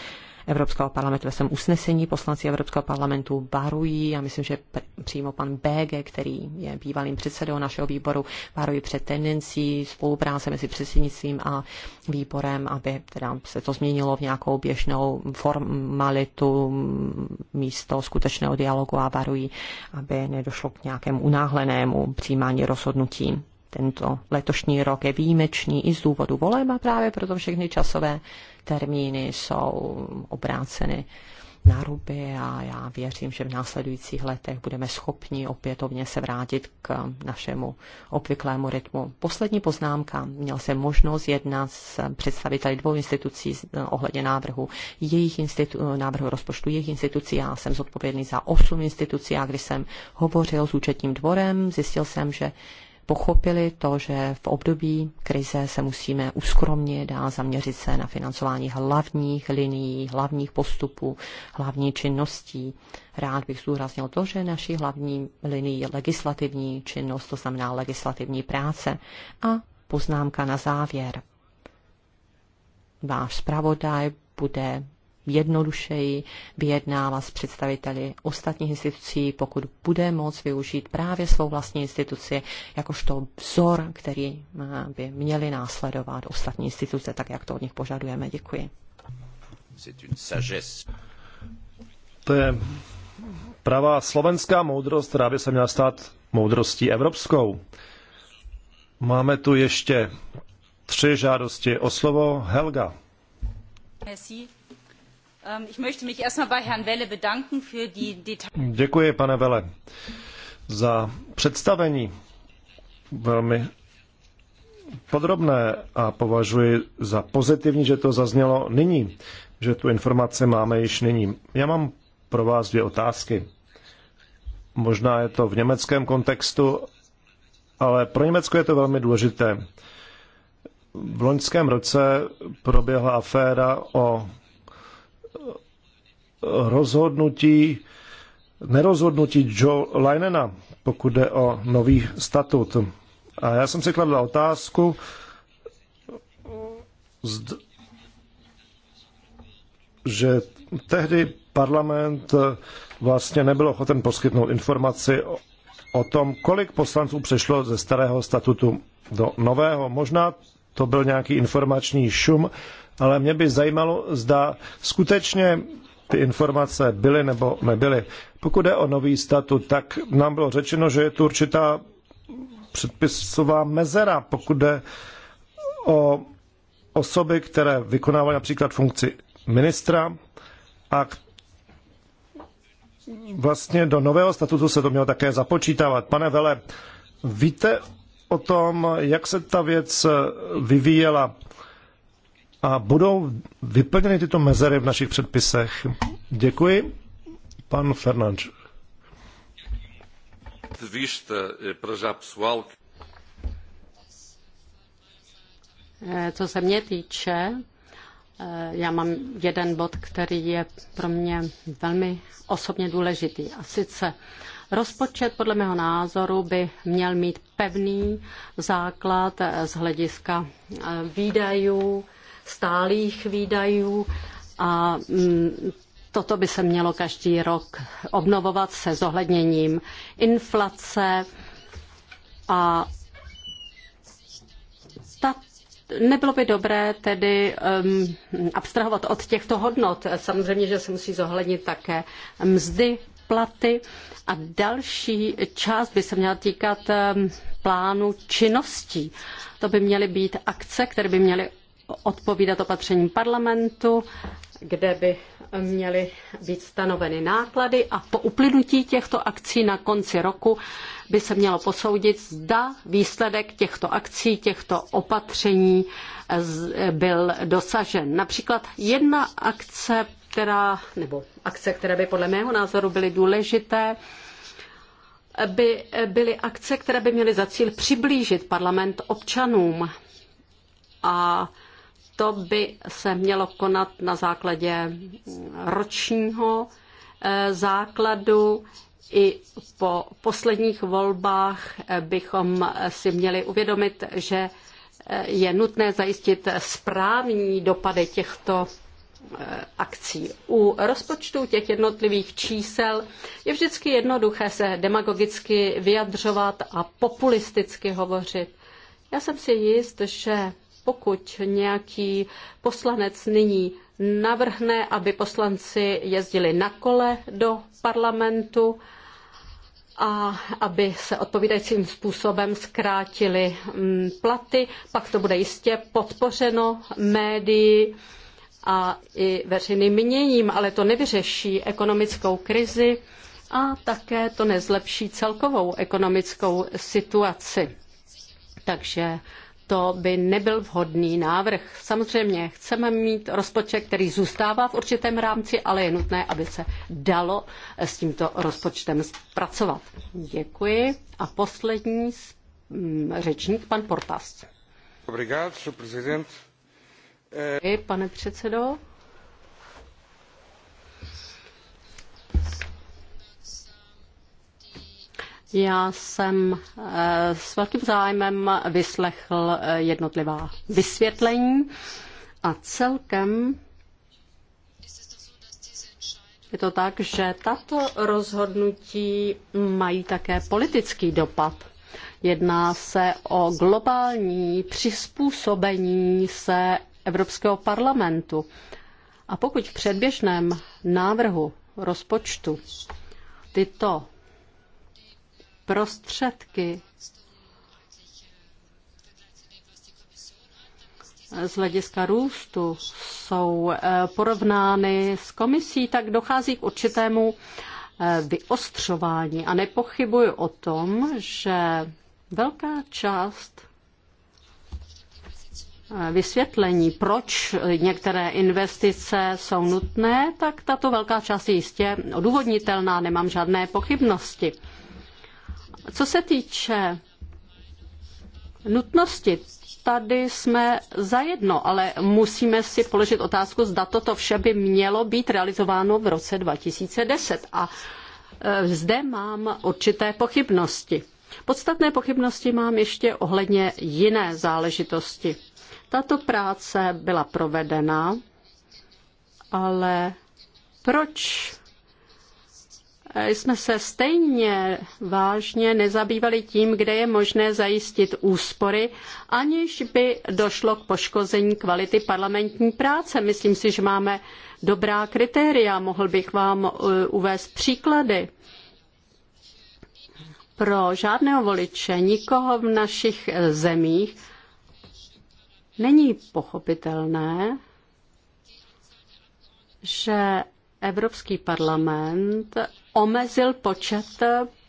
Evropského parlamentu, ve svém usnesení poslanci Evropského parlamentu varují, já myslím, že přímo pan BG, který je bývalým předsedou našeho výboru, varují před tendencí spolupráce mezi předsednictvím a výborem, aby teda se to změnilo v nějakou běžnou formalitu místo skutečného dialogu a varují, aby nedošlo k nějakému unáhlenému přijímání rozhodnutí. Tento letošní rok je výjimečný i z důvodu voleb a právě proto všechny časové termíny jsou obráceny na ruby a já věřím, že v následujících letech budeme schopni opětovně se vrátit k našemu obvyklému rytmu. Poslední poznámka. Měl jsem možnost jednat s představiteli dvou institucí ohledně návrhu, jejich institu- návrhu rozpočtu jejich institucí. Já jsem zodpovědný za osm institucí a když jsem hovořil s účetním dvorem, zjistil jsem, že pochopili to, že v období krize se musíme uskromnit a zaměřit se na financování hlavních linií, hlavních postupů, hlavní činností. Rád bych zdůraznil to, že naší hlavní linií je legislativní činnost, to znamená legislativní práce. A poznámka na závěr. Váš zpravodaj bude jednodušeji vyjednává s představiteli ostatních institucí, pokud bude moc využít právě svou vlastní instituci jakožto vzor, který eh, by měly následovat ostatní instituce, tak jak to od nich požadujeme. Děkuji. To je pravá slovenská moudrost, která by se měla stát moudrostí evropskou. Máme tu ještě tři žádosti o slovo Helga. Merci. Ähm, Děkuji, pane Vele, za představení velmi podrobné a považuji za pozitivní, že to zaznělo nyní, že tu informace máme již nyní. Já mám pro vás dvě otázky. Možná je to v německém kontextu, ale pro Německo je to velmi důležité. V loňském roce proběhla aféra o rozhodnutí, nerozhodnutí Joe Linena, pokud jde o nový statut. A já jsem si kladl otázku, zd- že tehdy parlament vlastně nebyl ochoten poskytnout informaci o, o tom, kolik poslanců přešlo ze starého statutu do nového. Možná to byl nějaký informační šum, ale mě by zajímalo, zda skutečně ty informace byly nebo nebyly. Pokud je o nový statut, tak nám bylo řečeno, že je tu určitá předpisová mezera, pokud jde o osoby, které vykonávají například funkci ministra a vlastně do nového statutu se to mělo také započítávat. Pane Vele, víte o tom, jak se ta věc vyvíjela a budou vyplněny tyto mezery v našich předpisech. Děkuji. Pan Fernandes. Eh, já pessoal. Eh, co se mě týče, eh, já mám jeden bod, který je pro mě velmi osobně důležitý. A sice rozpočet podle mého názoru by měl mít pevný základ z hlediska výdajů, stálých výdajů a mm, toto by se mělo každý rok obnovovat se zohledněním inflace a ta, nebylo by dobré tedy um, abstrahovat od těchto hodnot. Samozřejmě, že se musí zohlednit také mzdy, platy a další část by se měla týkat um, plánu činností. To by měly být akce, které by měly odpovídat opatřením parlamentu, kde by měly být stanoveny náklady a po uplynutí těchto akcí na konci roku by se mělo posoudit, zda výsledek těchto akcí, těchto opatření eh, eh, byl dosažen. Například jedna akce, která, nebo akce, které by podle mého názoru byly důležité, by byly akce, které by měly za cíl přiblížit parlament občanům a to by se mělo konat na základě ročního eh, základu. I po posledních volbách eh, bychom eh, si měli uvědomit, že je nutné zajistit správní dopady těchto akcí. U rozpočtu těch jednotlivých čísel je vždycky jednoduché se demagogicky vyjadřovat a populisticky hovořit. Já jsem si jist, že pokud nějaký poslanec nyní navrhne, aby poslanci jezdili na kole do parlamentu a aby se odpovídajícím způsobem zkrátily mm, platy, pak to bude jistě podpořeno médií a i veřejným měním, ale to nevyřeší ekonomickou krizi a také to nezlepší celkovou ekonomickou situaci. Takže to by nebyl vhodný návrh. Samozřejmě chceme mít rozpočet, který zůstává v určitém rámci, ale je nutné, aby se dalo s tímto rozpočtem pracovat. Děkuji. A poslední mm, řečník, pan Portas. Obrigado, pane předsedo. Já jsem eh, s velkým zájmem vyslechl eh, jednotlivá vysvětlení a celkem je to tak, že tato rozhodnutí mají také politický dopad. Jedná se o globální přizpůsobení se Evropského parlamentu. A pokud v předběžném návrhu rozpočtu tyto prostředky z hlediska růstu jsou eh, porovnány s komisí, tak dochází k určitému eh, vyostřování. A nepochybuji o tom, že velká část eh, vysvětlení, proč některé investice jsou nutné, tak tato velká část je jistě odůvodnitelná, nemám žádné pochybnosti. Co se týče nutnosti, tady jsme zajedno, ale musíme si položit otázku, zda toto vše by mělo být realizováno v roce 2010. A e, zde mám určité pochybnosti. Podstatné pochybnosti mám ještě ohledně jiné záležitosti. Tato práce byla provedena, ale proč jsme se stejně vážně nezabývali tím, kde je možné zajistit úspory, aniž by došlo k poškození kvality parlamentní práce. Myslím si, že máme dobrá kritéria. Mohl bych vám uh, uvést příklady. Pro žádného voliče, nikoho v našich eh, zemích, není pochopitelné, že Evropský parlament omezil počet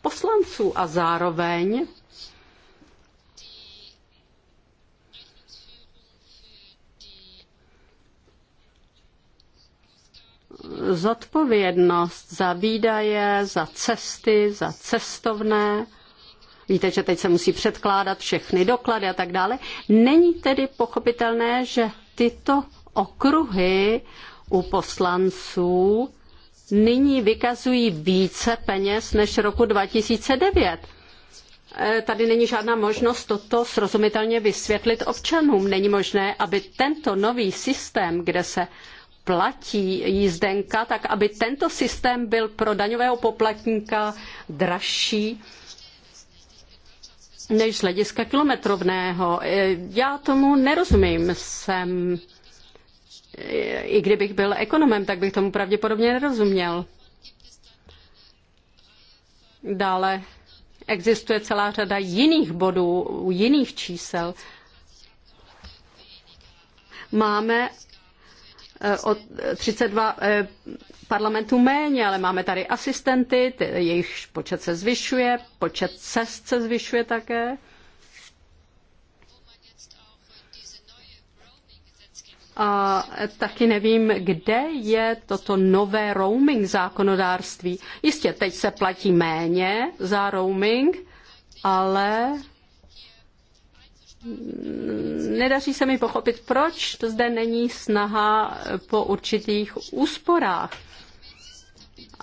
poslanců a zároveň zodpovědnost za výdaje, za cesty, za cestovné, víte, že teď se musí předkládat všechny doklady a tak dále, není tedy pochopitelné, že tyto okruhy u poslanců nyní vykazují více peněz než roku 2009. E, tady není žádná možnost toto srozumitelně vysvětlit občanům. Není možné, aby tento nový systém, kde se platí jízdenka, tak aby tento systém byl pro daňového poplatníka dražší než z hlediska kilometrovného. E, já tomu nerozumím. Jsem i kdybych byl ekonomem, tak bych tomu pravděpodobně nerozuměl. Dále existuje celá řada jiných bodů, jiných čísel. Máme eh, od 32 eh, parlamentů méně, ale máme tady asistenty, jejich počet se zvyšuje, počet cest se zvyšuje také. a taky nevím, kde je toto nové roaming zákonodárství. Jistě, teď se platí méně za roaming, ale nedaří se mi pochopit, proč to zde není snaha po určitých úsporách.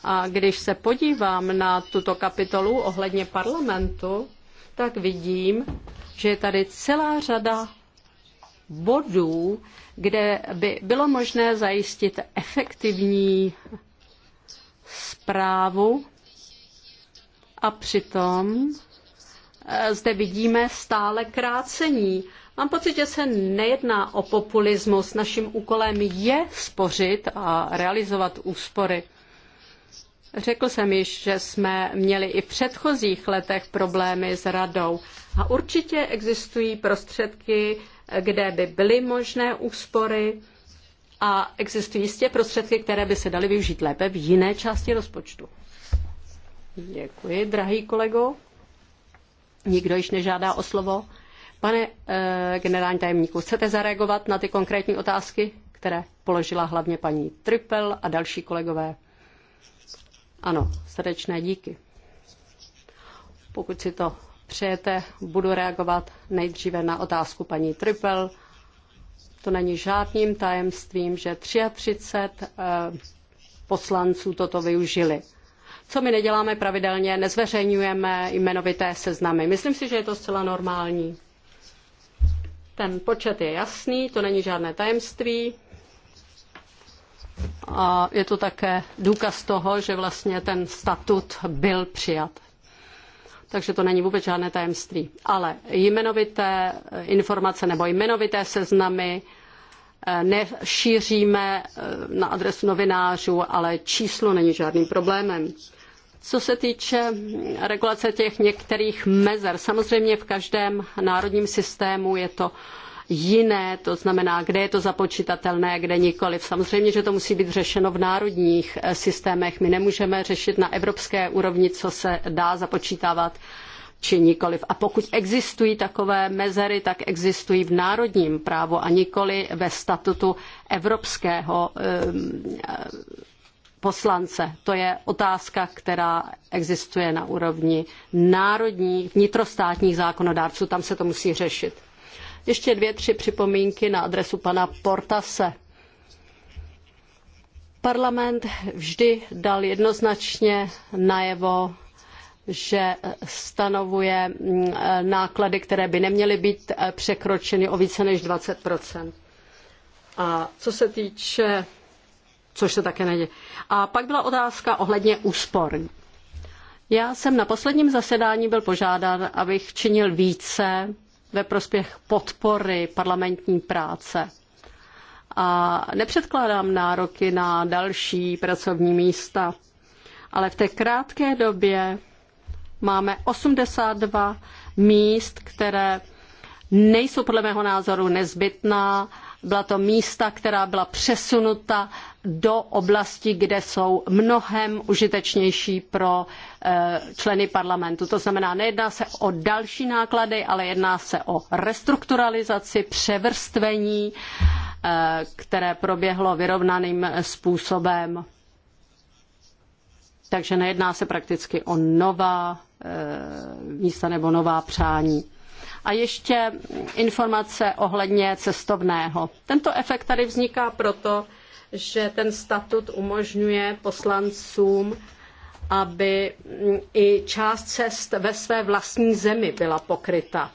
A když se podívám na tuto kapitolu ohledně parlamentu, tak vidím, že je tady celá řada bodů, kde by bylo možné zajistit efektivní zprávu a přitom eh, zde vidíme stále krácení. Mám pocit, že se nejedná o populismus. Naším úkolem je spořit a realizovat úspory. Řekl jsem již, že jsme měli i v předchozích letech problémy s radou a určitě existují prostředky, kde by byly možné úspory a existují jistě prostředky, které by se daly využít lépe v jiné části rozpočtu. Děkuji, drahý kolego. Nikdo již nežádá o slovo. Pane e, generální tajemníku, chcete zareagovat na ty konkrétní otázky, které položila hlavně paní Trypel a další kolegové? Ano, srdečné díky. Pokud si to přejete, budu reagovat nejdříve na otázku paní Trippel. To není žádným tajemstvím, že 33 eh, poslanců toto využili. Co my neděláme pravidelně, nezveřejňujeme jmenovité seznamy. Myslím si, že je to zcela normální. Ten počet je jasný, to není žádné tajemství. A je to také důkaz toho, že vlastně ten statut byl přijat takže to není vůbec žádné tajemství. Ale jmenovité eh, informace nebo jmenovité seznamy eh, nešíříme eh, na adresu novinářů, ale číslo není žádným problémem. Co se týče mm, regulace těch některých mezer, samozřejmě v každém národním systému je to jiné, to znamená, kde je to započitatelné, kde nikoliv. Samozřejmě, že to musí být řešeno v národních eh, systémech. My nemůžeme řešit na evropské úrovni, co se dá započítávat či nikoliv. A pokud existují takové mezery, tak existují v národním právu a nikoli ve statutu evropského eh, poslance. To je otázka, která existuje na úrovni národních, vnitrostátních zákonodárců. Tam se to musí řešit. Ještě dvě, tři připomínky na adresu pana Portase. Parlament vždy dal jednoznačně najevo, že stanovuje eh, náklady, které by neměly být eh, překročeny o více než 20 A co se týče, což se také neděje. A pak byla otázka ohledně úspor. Já jsem na posledním zasedání byl požádán, abych činil více ve prospěch podpory parlamentní práce. A nepředkládám nároky na další pracovní místa, ale v té krátké době máme 82 míst, které nejsou podle mého názoru nezbytná. Byla to místa, která byla přesunuta do oblasti, kde jsou mnohem užitečnější pro eh, členy parlamentu. To znamená, nejedná se o další náklady, ale jedná se o restrukturalizaci, převrstvení, eh, které proběhlo vyrovnaným způsobem. Takže nejedná se prakticky o nová eh, místa nebo nová přání. A ještě informace ohledně cestovného. Tento efekt tady vzniká proto, že ten statut umožňuje poslancům, aby mm, i část cest ve své vlastní zemi byla pokryta.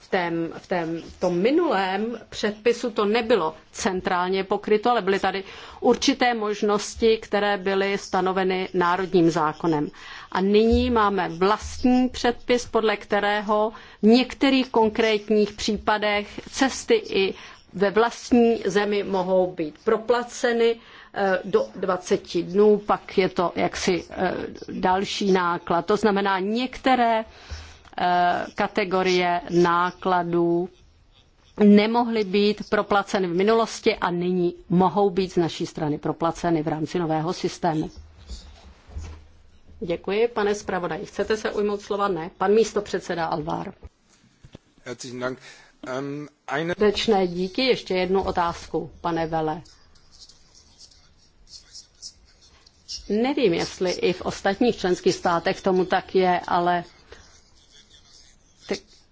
V, tém, v, tém, v tom minulém předpisu to nebylo centrálně pokryto, ale byly tady určité možnosti, které byly stanoveny národním zákonem. A nyní máme vlastní předpis, podle kterého v některých konkrétních případech cesty i ve vlastní zemi mohou být proplaceny eh, do 20 dnů, pak je to jaksi eh, další náklad. To znamená, některé eh, kategorie nákladů nemohly být proplaceny v minulosti a nyní mohou být z naší strany proplaceny v rámci nového systému. Děkuji, pane zpravodaji. Chcete se ujmout slova? Ne. Pan místo předseda Alvár. Herzlichen Dank. Um, díky, ještě jednu otázku, pane Vele. Nevím, jestli i v ostatních členských státech tomu tak je, ale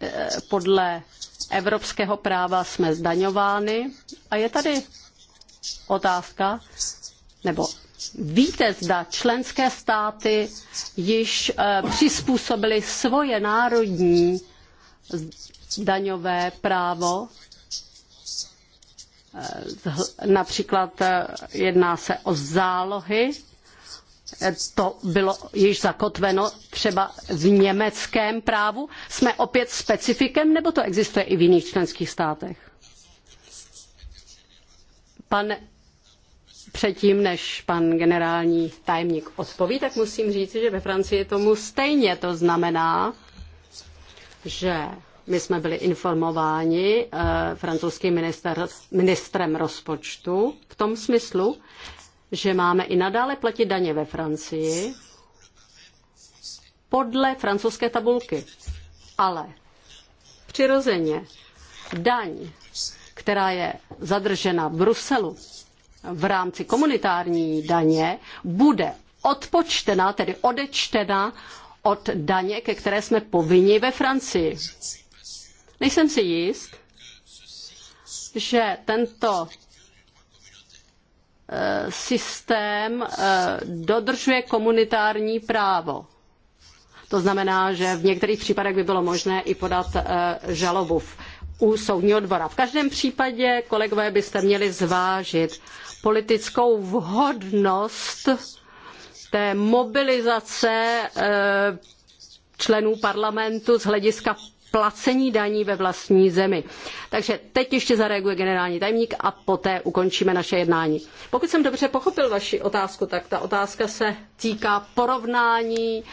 eh, podle evropského práva jsme zdaňovány. A je tady otázka, nebo víte, zda členské státy již eh, přizpůsobily svoje národní daňové právo. Eh, například eh, jedná se o zálohy. Eh, to bylo již zakotveno třeba v německém právu. Jsme opět specifikem, nebo to existuje i v jiných členských státech? Pan předtím, než pan generální tajemník odpoví, tak musím říct, že ve Francii je tomu stejně. To znamená, že my jsme byli informováni eh, francouzským minister, ministrem rozpočtu v tom smyslu, že máme i nadále platit daně ve Francii podle francouzské tabulky. Ale přirozeně daň, která je zadržena v Bruselu v rámci komunitární daně, bude odpočtena, tedy odečtena od daně, ke které jsme povinni ve Francii. Nejsem si jist, že tento eh, systém eh, dodržuje komunitární právo. To znamená, že v některých případech by bylo možné i podat eh, žalobu u soudního dvora. V každém případě, kolegové, byste měli zvážit politickou vhodnost té mobilizace členů parlamentu z hlediska placení daní ve vlastní zemi. Takže teď ještě zareaguje generální tajemník a poté ukončíme naše jednání. Pokud jsem dobře pochopil vaši otázku, tak ta otázka se týká porovnání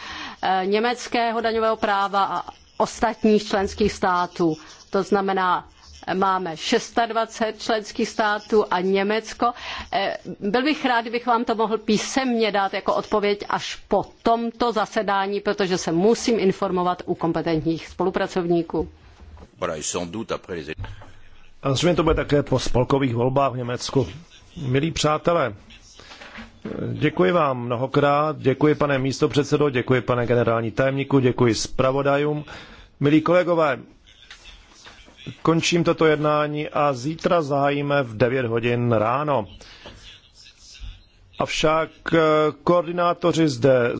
eh, německého daňového práva a ostatních členských států. To znamená, máme šestadvacet členských států a Německo. Eh, byl bych rád, kdybych vám to mohl písemně dát jako odpověď až po tomto zasedání, protože se musím informovat u kompetentních spolupracovníků. A zřejmě to bude také po spolkových volbách v Německu. Milí přátelé, Děkuji vám mnohokrát, děkuji pane místopředsedo, děkuji pane generální tajemníku, děkuji zpravodajům. Milí kolegové, Končím toto jednání a zítra zahájíme v 9 hodin ráno. Avšak eh, koordinátoři zde